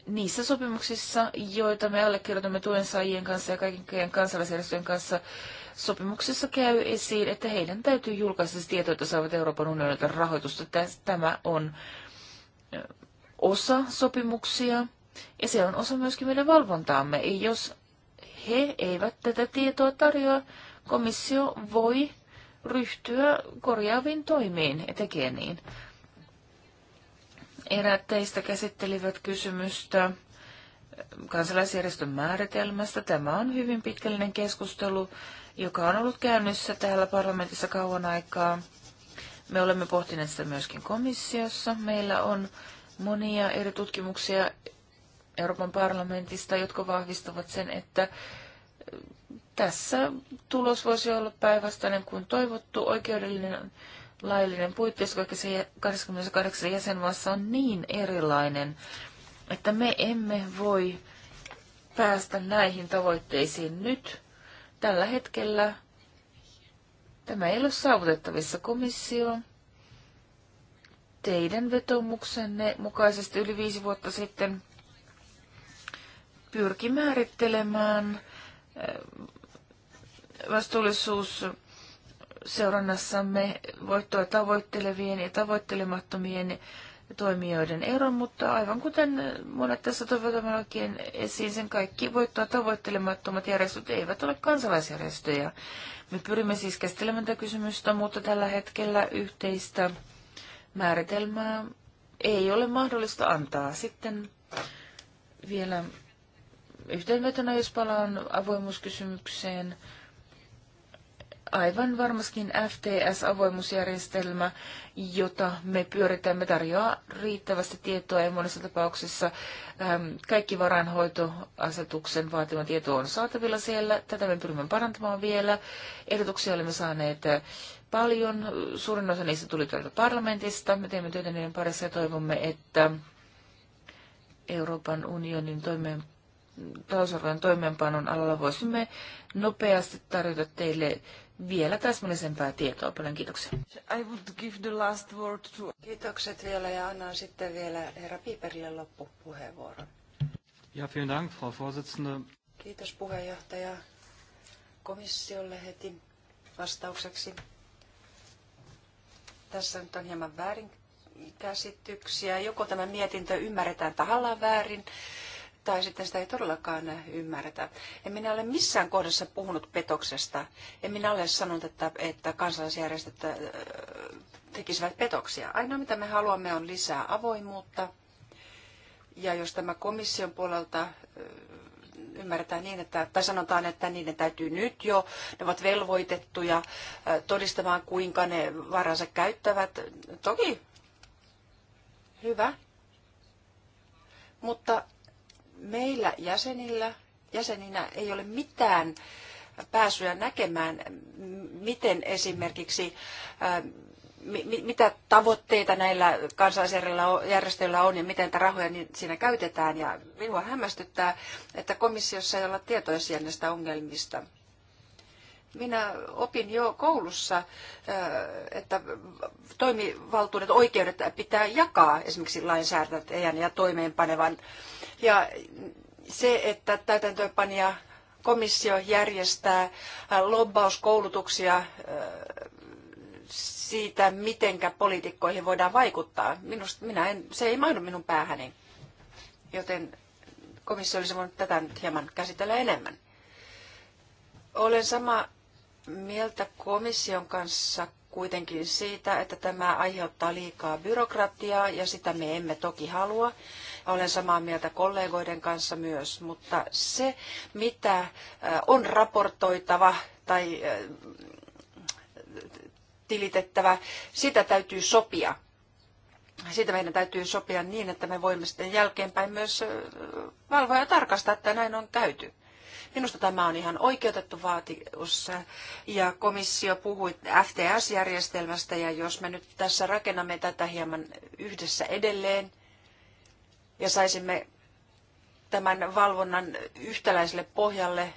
niissä sopimuksissa, joita me allekirjoitamme saajien kanssa ja kaikkien kansalaisjärjestöjen kanssa, sopimuksessa käy esiin, että heidän täytyy julkaista tietoa, että saavat Euroopan unionilta rahoitusta. Tämä on osa sopimuksia ja se on osa myöskin meidän valvontaamme. Jos he eivät tätä tietoa tarjoa, komissio voi ryhtyä korjaaviin toimiin ja tekee niin. Eräät teistä käsittelivät kysymystä kansalaisjärjestön määritelmästä. Tämä on hyvin pitkällinen keskustelu, joka on ollut käynnissä täällä parlamentissa kauan aikaa. Me olemme pohtineet sitä myöskin komissiossa. Meillä on monia eri tutkimuksia Euroopan parlamentista, jotka vahvistavat sen, että tässä tulos voisi olla päinvastainen kuin toivottu. Oikeudellinen laillinen puitteissa se 28 jäsenmaassa on niin erilainen, että me emme voi päästä näihin tavoitteisiin nyt. Tällä hetkellä tämä ei ole saavutettavissa komissio. Teidän vetomuksenne mukaisesti yli viisi vuotta sitten pyrki määrittelemään vastuullisuus seurannassamme voittoa tavoittelevien ja tavoittelemattomien toimijoiden eron, mutta aivan kuten monet tässä toivotamme esiin, sen kaikki voittoa tavoittelemattomat järjestöt eivät ole kansalaisjärjestöjä. Me pyrimme siis käsittelemään tätä kysymystä, mutta tällä hetkellä yhteistä määritelmää ei ole mahdollista antaa. Sitten vielä yhteenvetona, jos palaan avoimuuskysymykseen, aivan varmastikin FTS-avoimuusjärjestelmä, jota me pyöritämme, tarjoaa riittävästi tietoa ja monessa tapauksessa äm, kaikki varainhoitoasetuksen vaatima tieto on saatavilla siellä. Tätä me pyrimme parantamaan vielä. Ehdotuksia olemme saaneet äh, paljon. Suurin osa niistä tuli tuolta parlamentista. Me teemme työtä niiden parissa ja toivomme, että Euroopan unionin toimeen talousarvion toimeenpanon alalla voisimme nopeasti tarjota teille vielä täsmällisempää tietoa. Paljon kiitoksia. I would give the last word to... Kiitokset vielä ja annan sitten vielä herra Piperille loppupuheenvuoron. Ja, vielen Dank, Frau Vorsitzende. Kiitos puheenjohtaja komissiolle heti vastaukseksi. Tässä nyt on hieman väärinkäsityksiä. Joko tämä mietintö ymmärretään tahallaan väärin, tai sitten sitä ei todellakaan ymmärretä. En minä ole missään kohdassa puhunut petoksesta. En minä ole sanonut, että, että kansalaisjärjestöt äh, tekisivät petoksia. Ainoa mitä me haluamme on lisää avoimuutta. Ja jos tämä komission puolelta äh, ymmärretään niin, että, tai sanotaan, että niiden täytyy nyt jo, ne ovat velvoitettuja äh, todistamaan, kuinka ne varansa käyttävät. Toki, hyvä. Mutta meillä jäsenillä, jäseninä ei ole mitään pääsyä näkemään, miten esimerkiksi ähm, mitä tavoitteita näillä kansallisilla järjestöillä on ja miten niitä rahoja siinä käytetään. Ja minua hämmästyttää, että komissiossa ei olla tietoisia näistä ongelmista minä opin jo koulussa, äh, että toimivaltuudet, oikeudet pitää jakaa esimerkiksi lainsäätäjän ja toimeenpanevan. Ja se, että täytäntöönpanija komissio järjestää äh, lobbauskoulutuksia äh, siitä, mitenkä poliitikkoihin voidaan vaikuttaa. Minusta, minä en, se ei mahdu minun päähäni, joten komissio olisi voinut tätä nyt hieman käsitellä enemmän. Olen sama mieltä komission kanssa kuitenkin siitä, että tämä aiheuttaa liikaa byrokratiaa ja sitä me emme toki halua. Olen samaa mieltä kollegoiden kanssa myös, mutta se mitä on raportoitava tai tilitettävä, sitä täytyy sopia. Siitä meidän täytyy sopia niin, että me voimme sitten jälkeenpäin myös valvoa ja tarkastaa, että näin on käyty. Minusta tämä on ihan oikeutettu vaatimus. Ja komissio puhui FTS-järjestelmästä ja jos me nyt tässä rakennamme tätä hieman yhdessä edelleen ja saisimme tämän valvonnan yhtäläiselle pohjalle,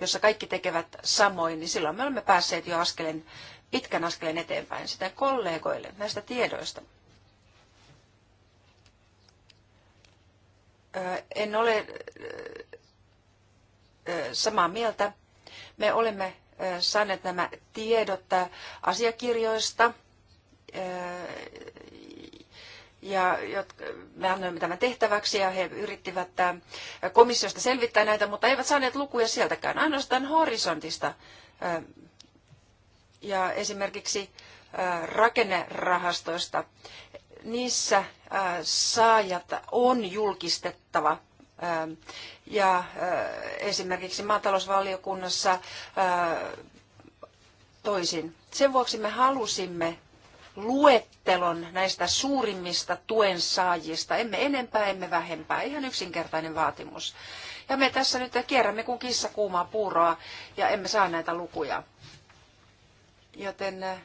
jossa kaikki tekevät samoin, niin silloin me olemme päässeet jo askeleen, pitkän askeleen eteenpäin sitä kollegoille näistä tiedoista. En ole samaa mieltä. Me olemme saaneet nämä tiedot asiakirjoista, ja jotka, me annoimme tämän tehtäväksi ja he yrittivät komissiosta selvittää näitä, mutta eivät saaneet lukuja sieltäkään, ainoastaan horisontista. Ja esimerkiksi rakennerahastoista, niissä saajat on julkistettava Ähm, ja äh, esimerkiksi maatalousvaliokunnassa äh, toisin. Sen vuoksi me halusimme luettelon näistä suurimmista tuen saajista. Emme enempää, emme vähempää. Ihan yksinkertainen vaatimus. Ja me tässä nyt kierrämme kuin kissa kuumaa puuroa ja emme saa näitä lukuja. Joten äh,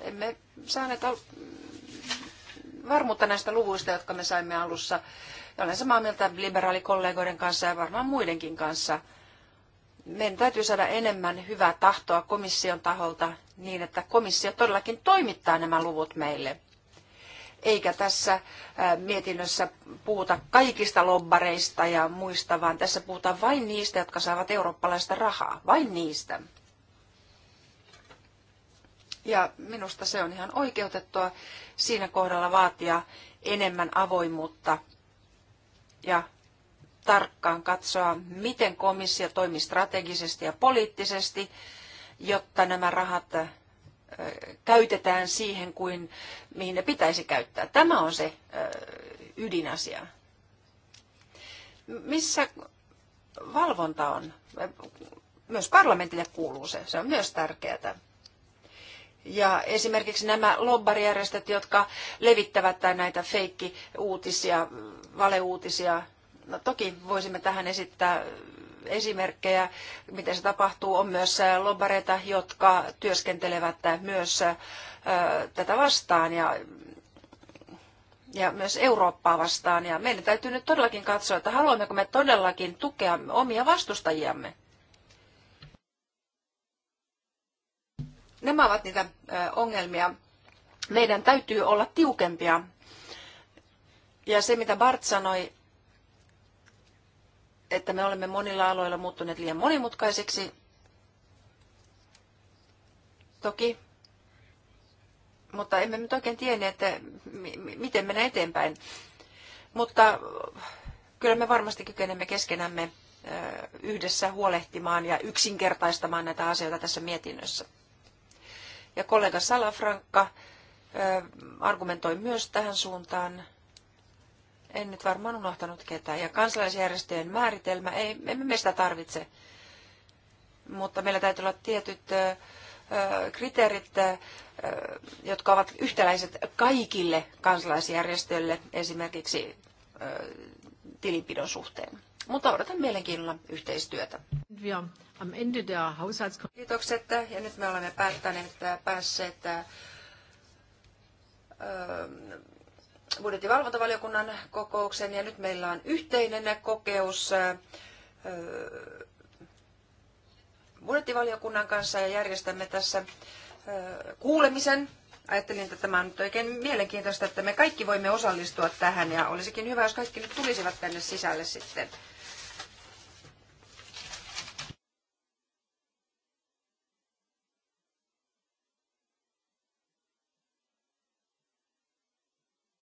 emme saa näitä varmuutta näistä luvuista, jotka me saimme alussa ja olen samaa mieltä liberaalikollegoiden kanssa ja varmaan muidenkin kanssa. Meidän täytyy saada enemmän hyvää tahtoa komission taholta niin, että komissio todellakin toimittaa nämä luvut meille. Eikä tässä äh, mietinnössä puhuta kaikista lobbareista ja muista, vaan tässä puhutaan vain niistä, jotka saavat eurooppalaista rahaa. Vain niistä. Ja minusta se on ihan oikeutettua siinä kohdalla vaatia enemmän avoimuutta ja tarkkaan katsoa, miten komissio toimii strategisesti ja poliittisesti, jotta nämä rahat käytetään siihen, kuin, mihin ne pitäisi käyttää. Tämä on se ydinasia. Missä valvonta on? Myös parlamentille kuuluu se. Se on myös tärkeää. Ja esimerkiksi nämä lobbarijärjestöt, jotka levittävät näitä feikki-uutisia, valeuutisia, no toki voisimme tähän esittää esimerkkejä, miten se tapahtuu, on myös äh, lobbareita, jotka työskentelevät myös äh, tätä vastaan ja, ja myös Eurooppaa vastaan. Ja meidän täytyy nyt todellakin katsoa, että haluammeko me todellakin tukea omia vastustajiamme. nämä ovat niitä ongelmia. Meidän täytyy olla tiukempia. Ja se, mitä Bart sanoi, että me olemme monilla aloilla muuttuneet liian monimutkaiseksi. Toki, mutta emme nyt oikein tienneet, että miten mennä eteenpäin. Mutta kyllä me varmasti kykenemme keskenämme yhdessä huolehtimaan ja yksinkertaistamaan näitä asioita tässä mietinnössä. Ja kollega Salafrankka argumentoi myös tähän suuntaan. En nyt varmaan unohtanut ketään. Ja kansalaisjärjestöjen määritelmä, ei, emme me sitä tarvitse. Mutta meillä täytyy olla tietyt kriteerit, jotka ovat yhtäläiset kaikille kansalaisjärjestöille, esimerkiksi tilinpidon suhteen. Mutta odotan mielenkiinnolla yhteistyötä. Kiitokset. Ja nyt me olemme päättäneet päässeet äh, ähm, budjettivalvontavaliokunnan kokouksen ja nyt meillä on yhteinen kokeus äh, budjettivaliokunnan kanssa ja järjestämme tässä äh, kuulemisen. Ajattelin, että tämä on nyt oikein mielenkiintoista, että me kaikki voimme osallistua tähän ja olisikin hyvä, jos kaikki nyt tulisivat tänne sisälle sitten.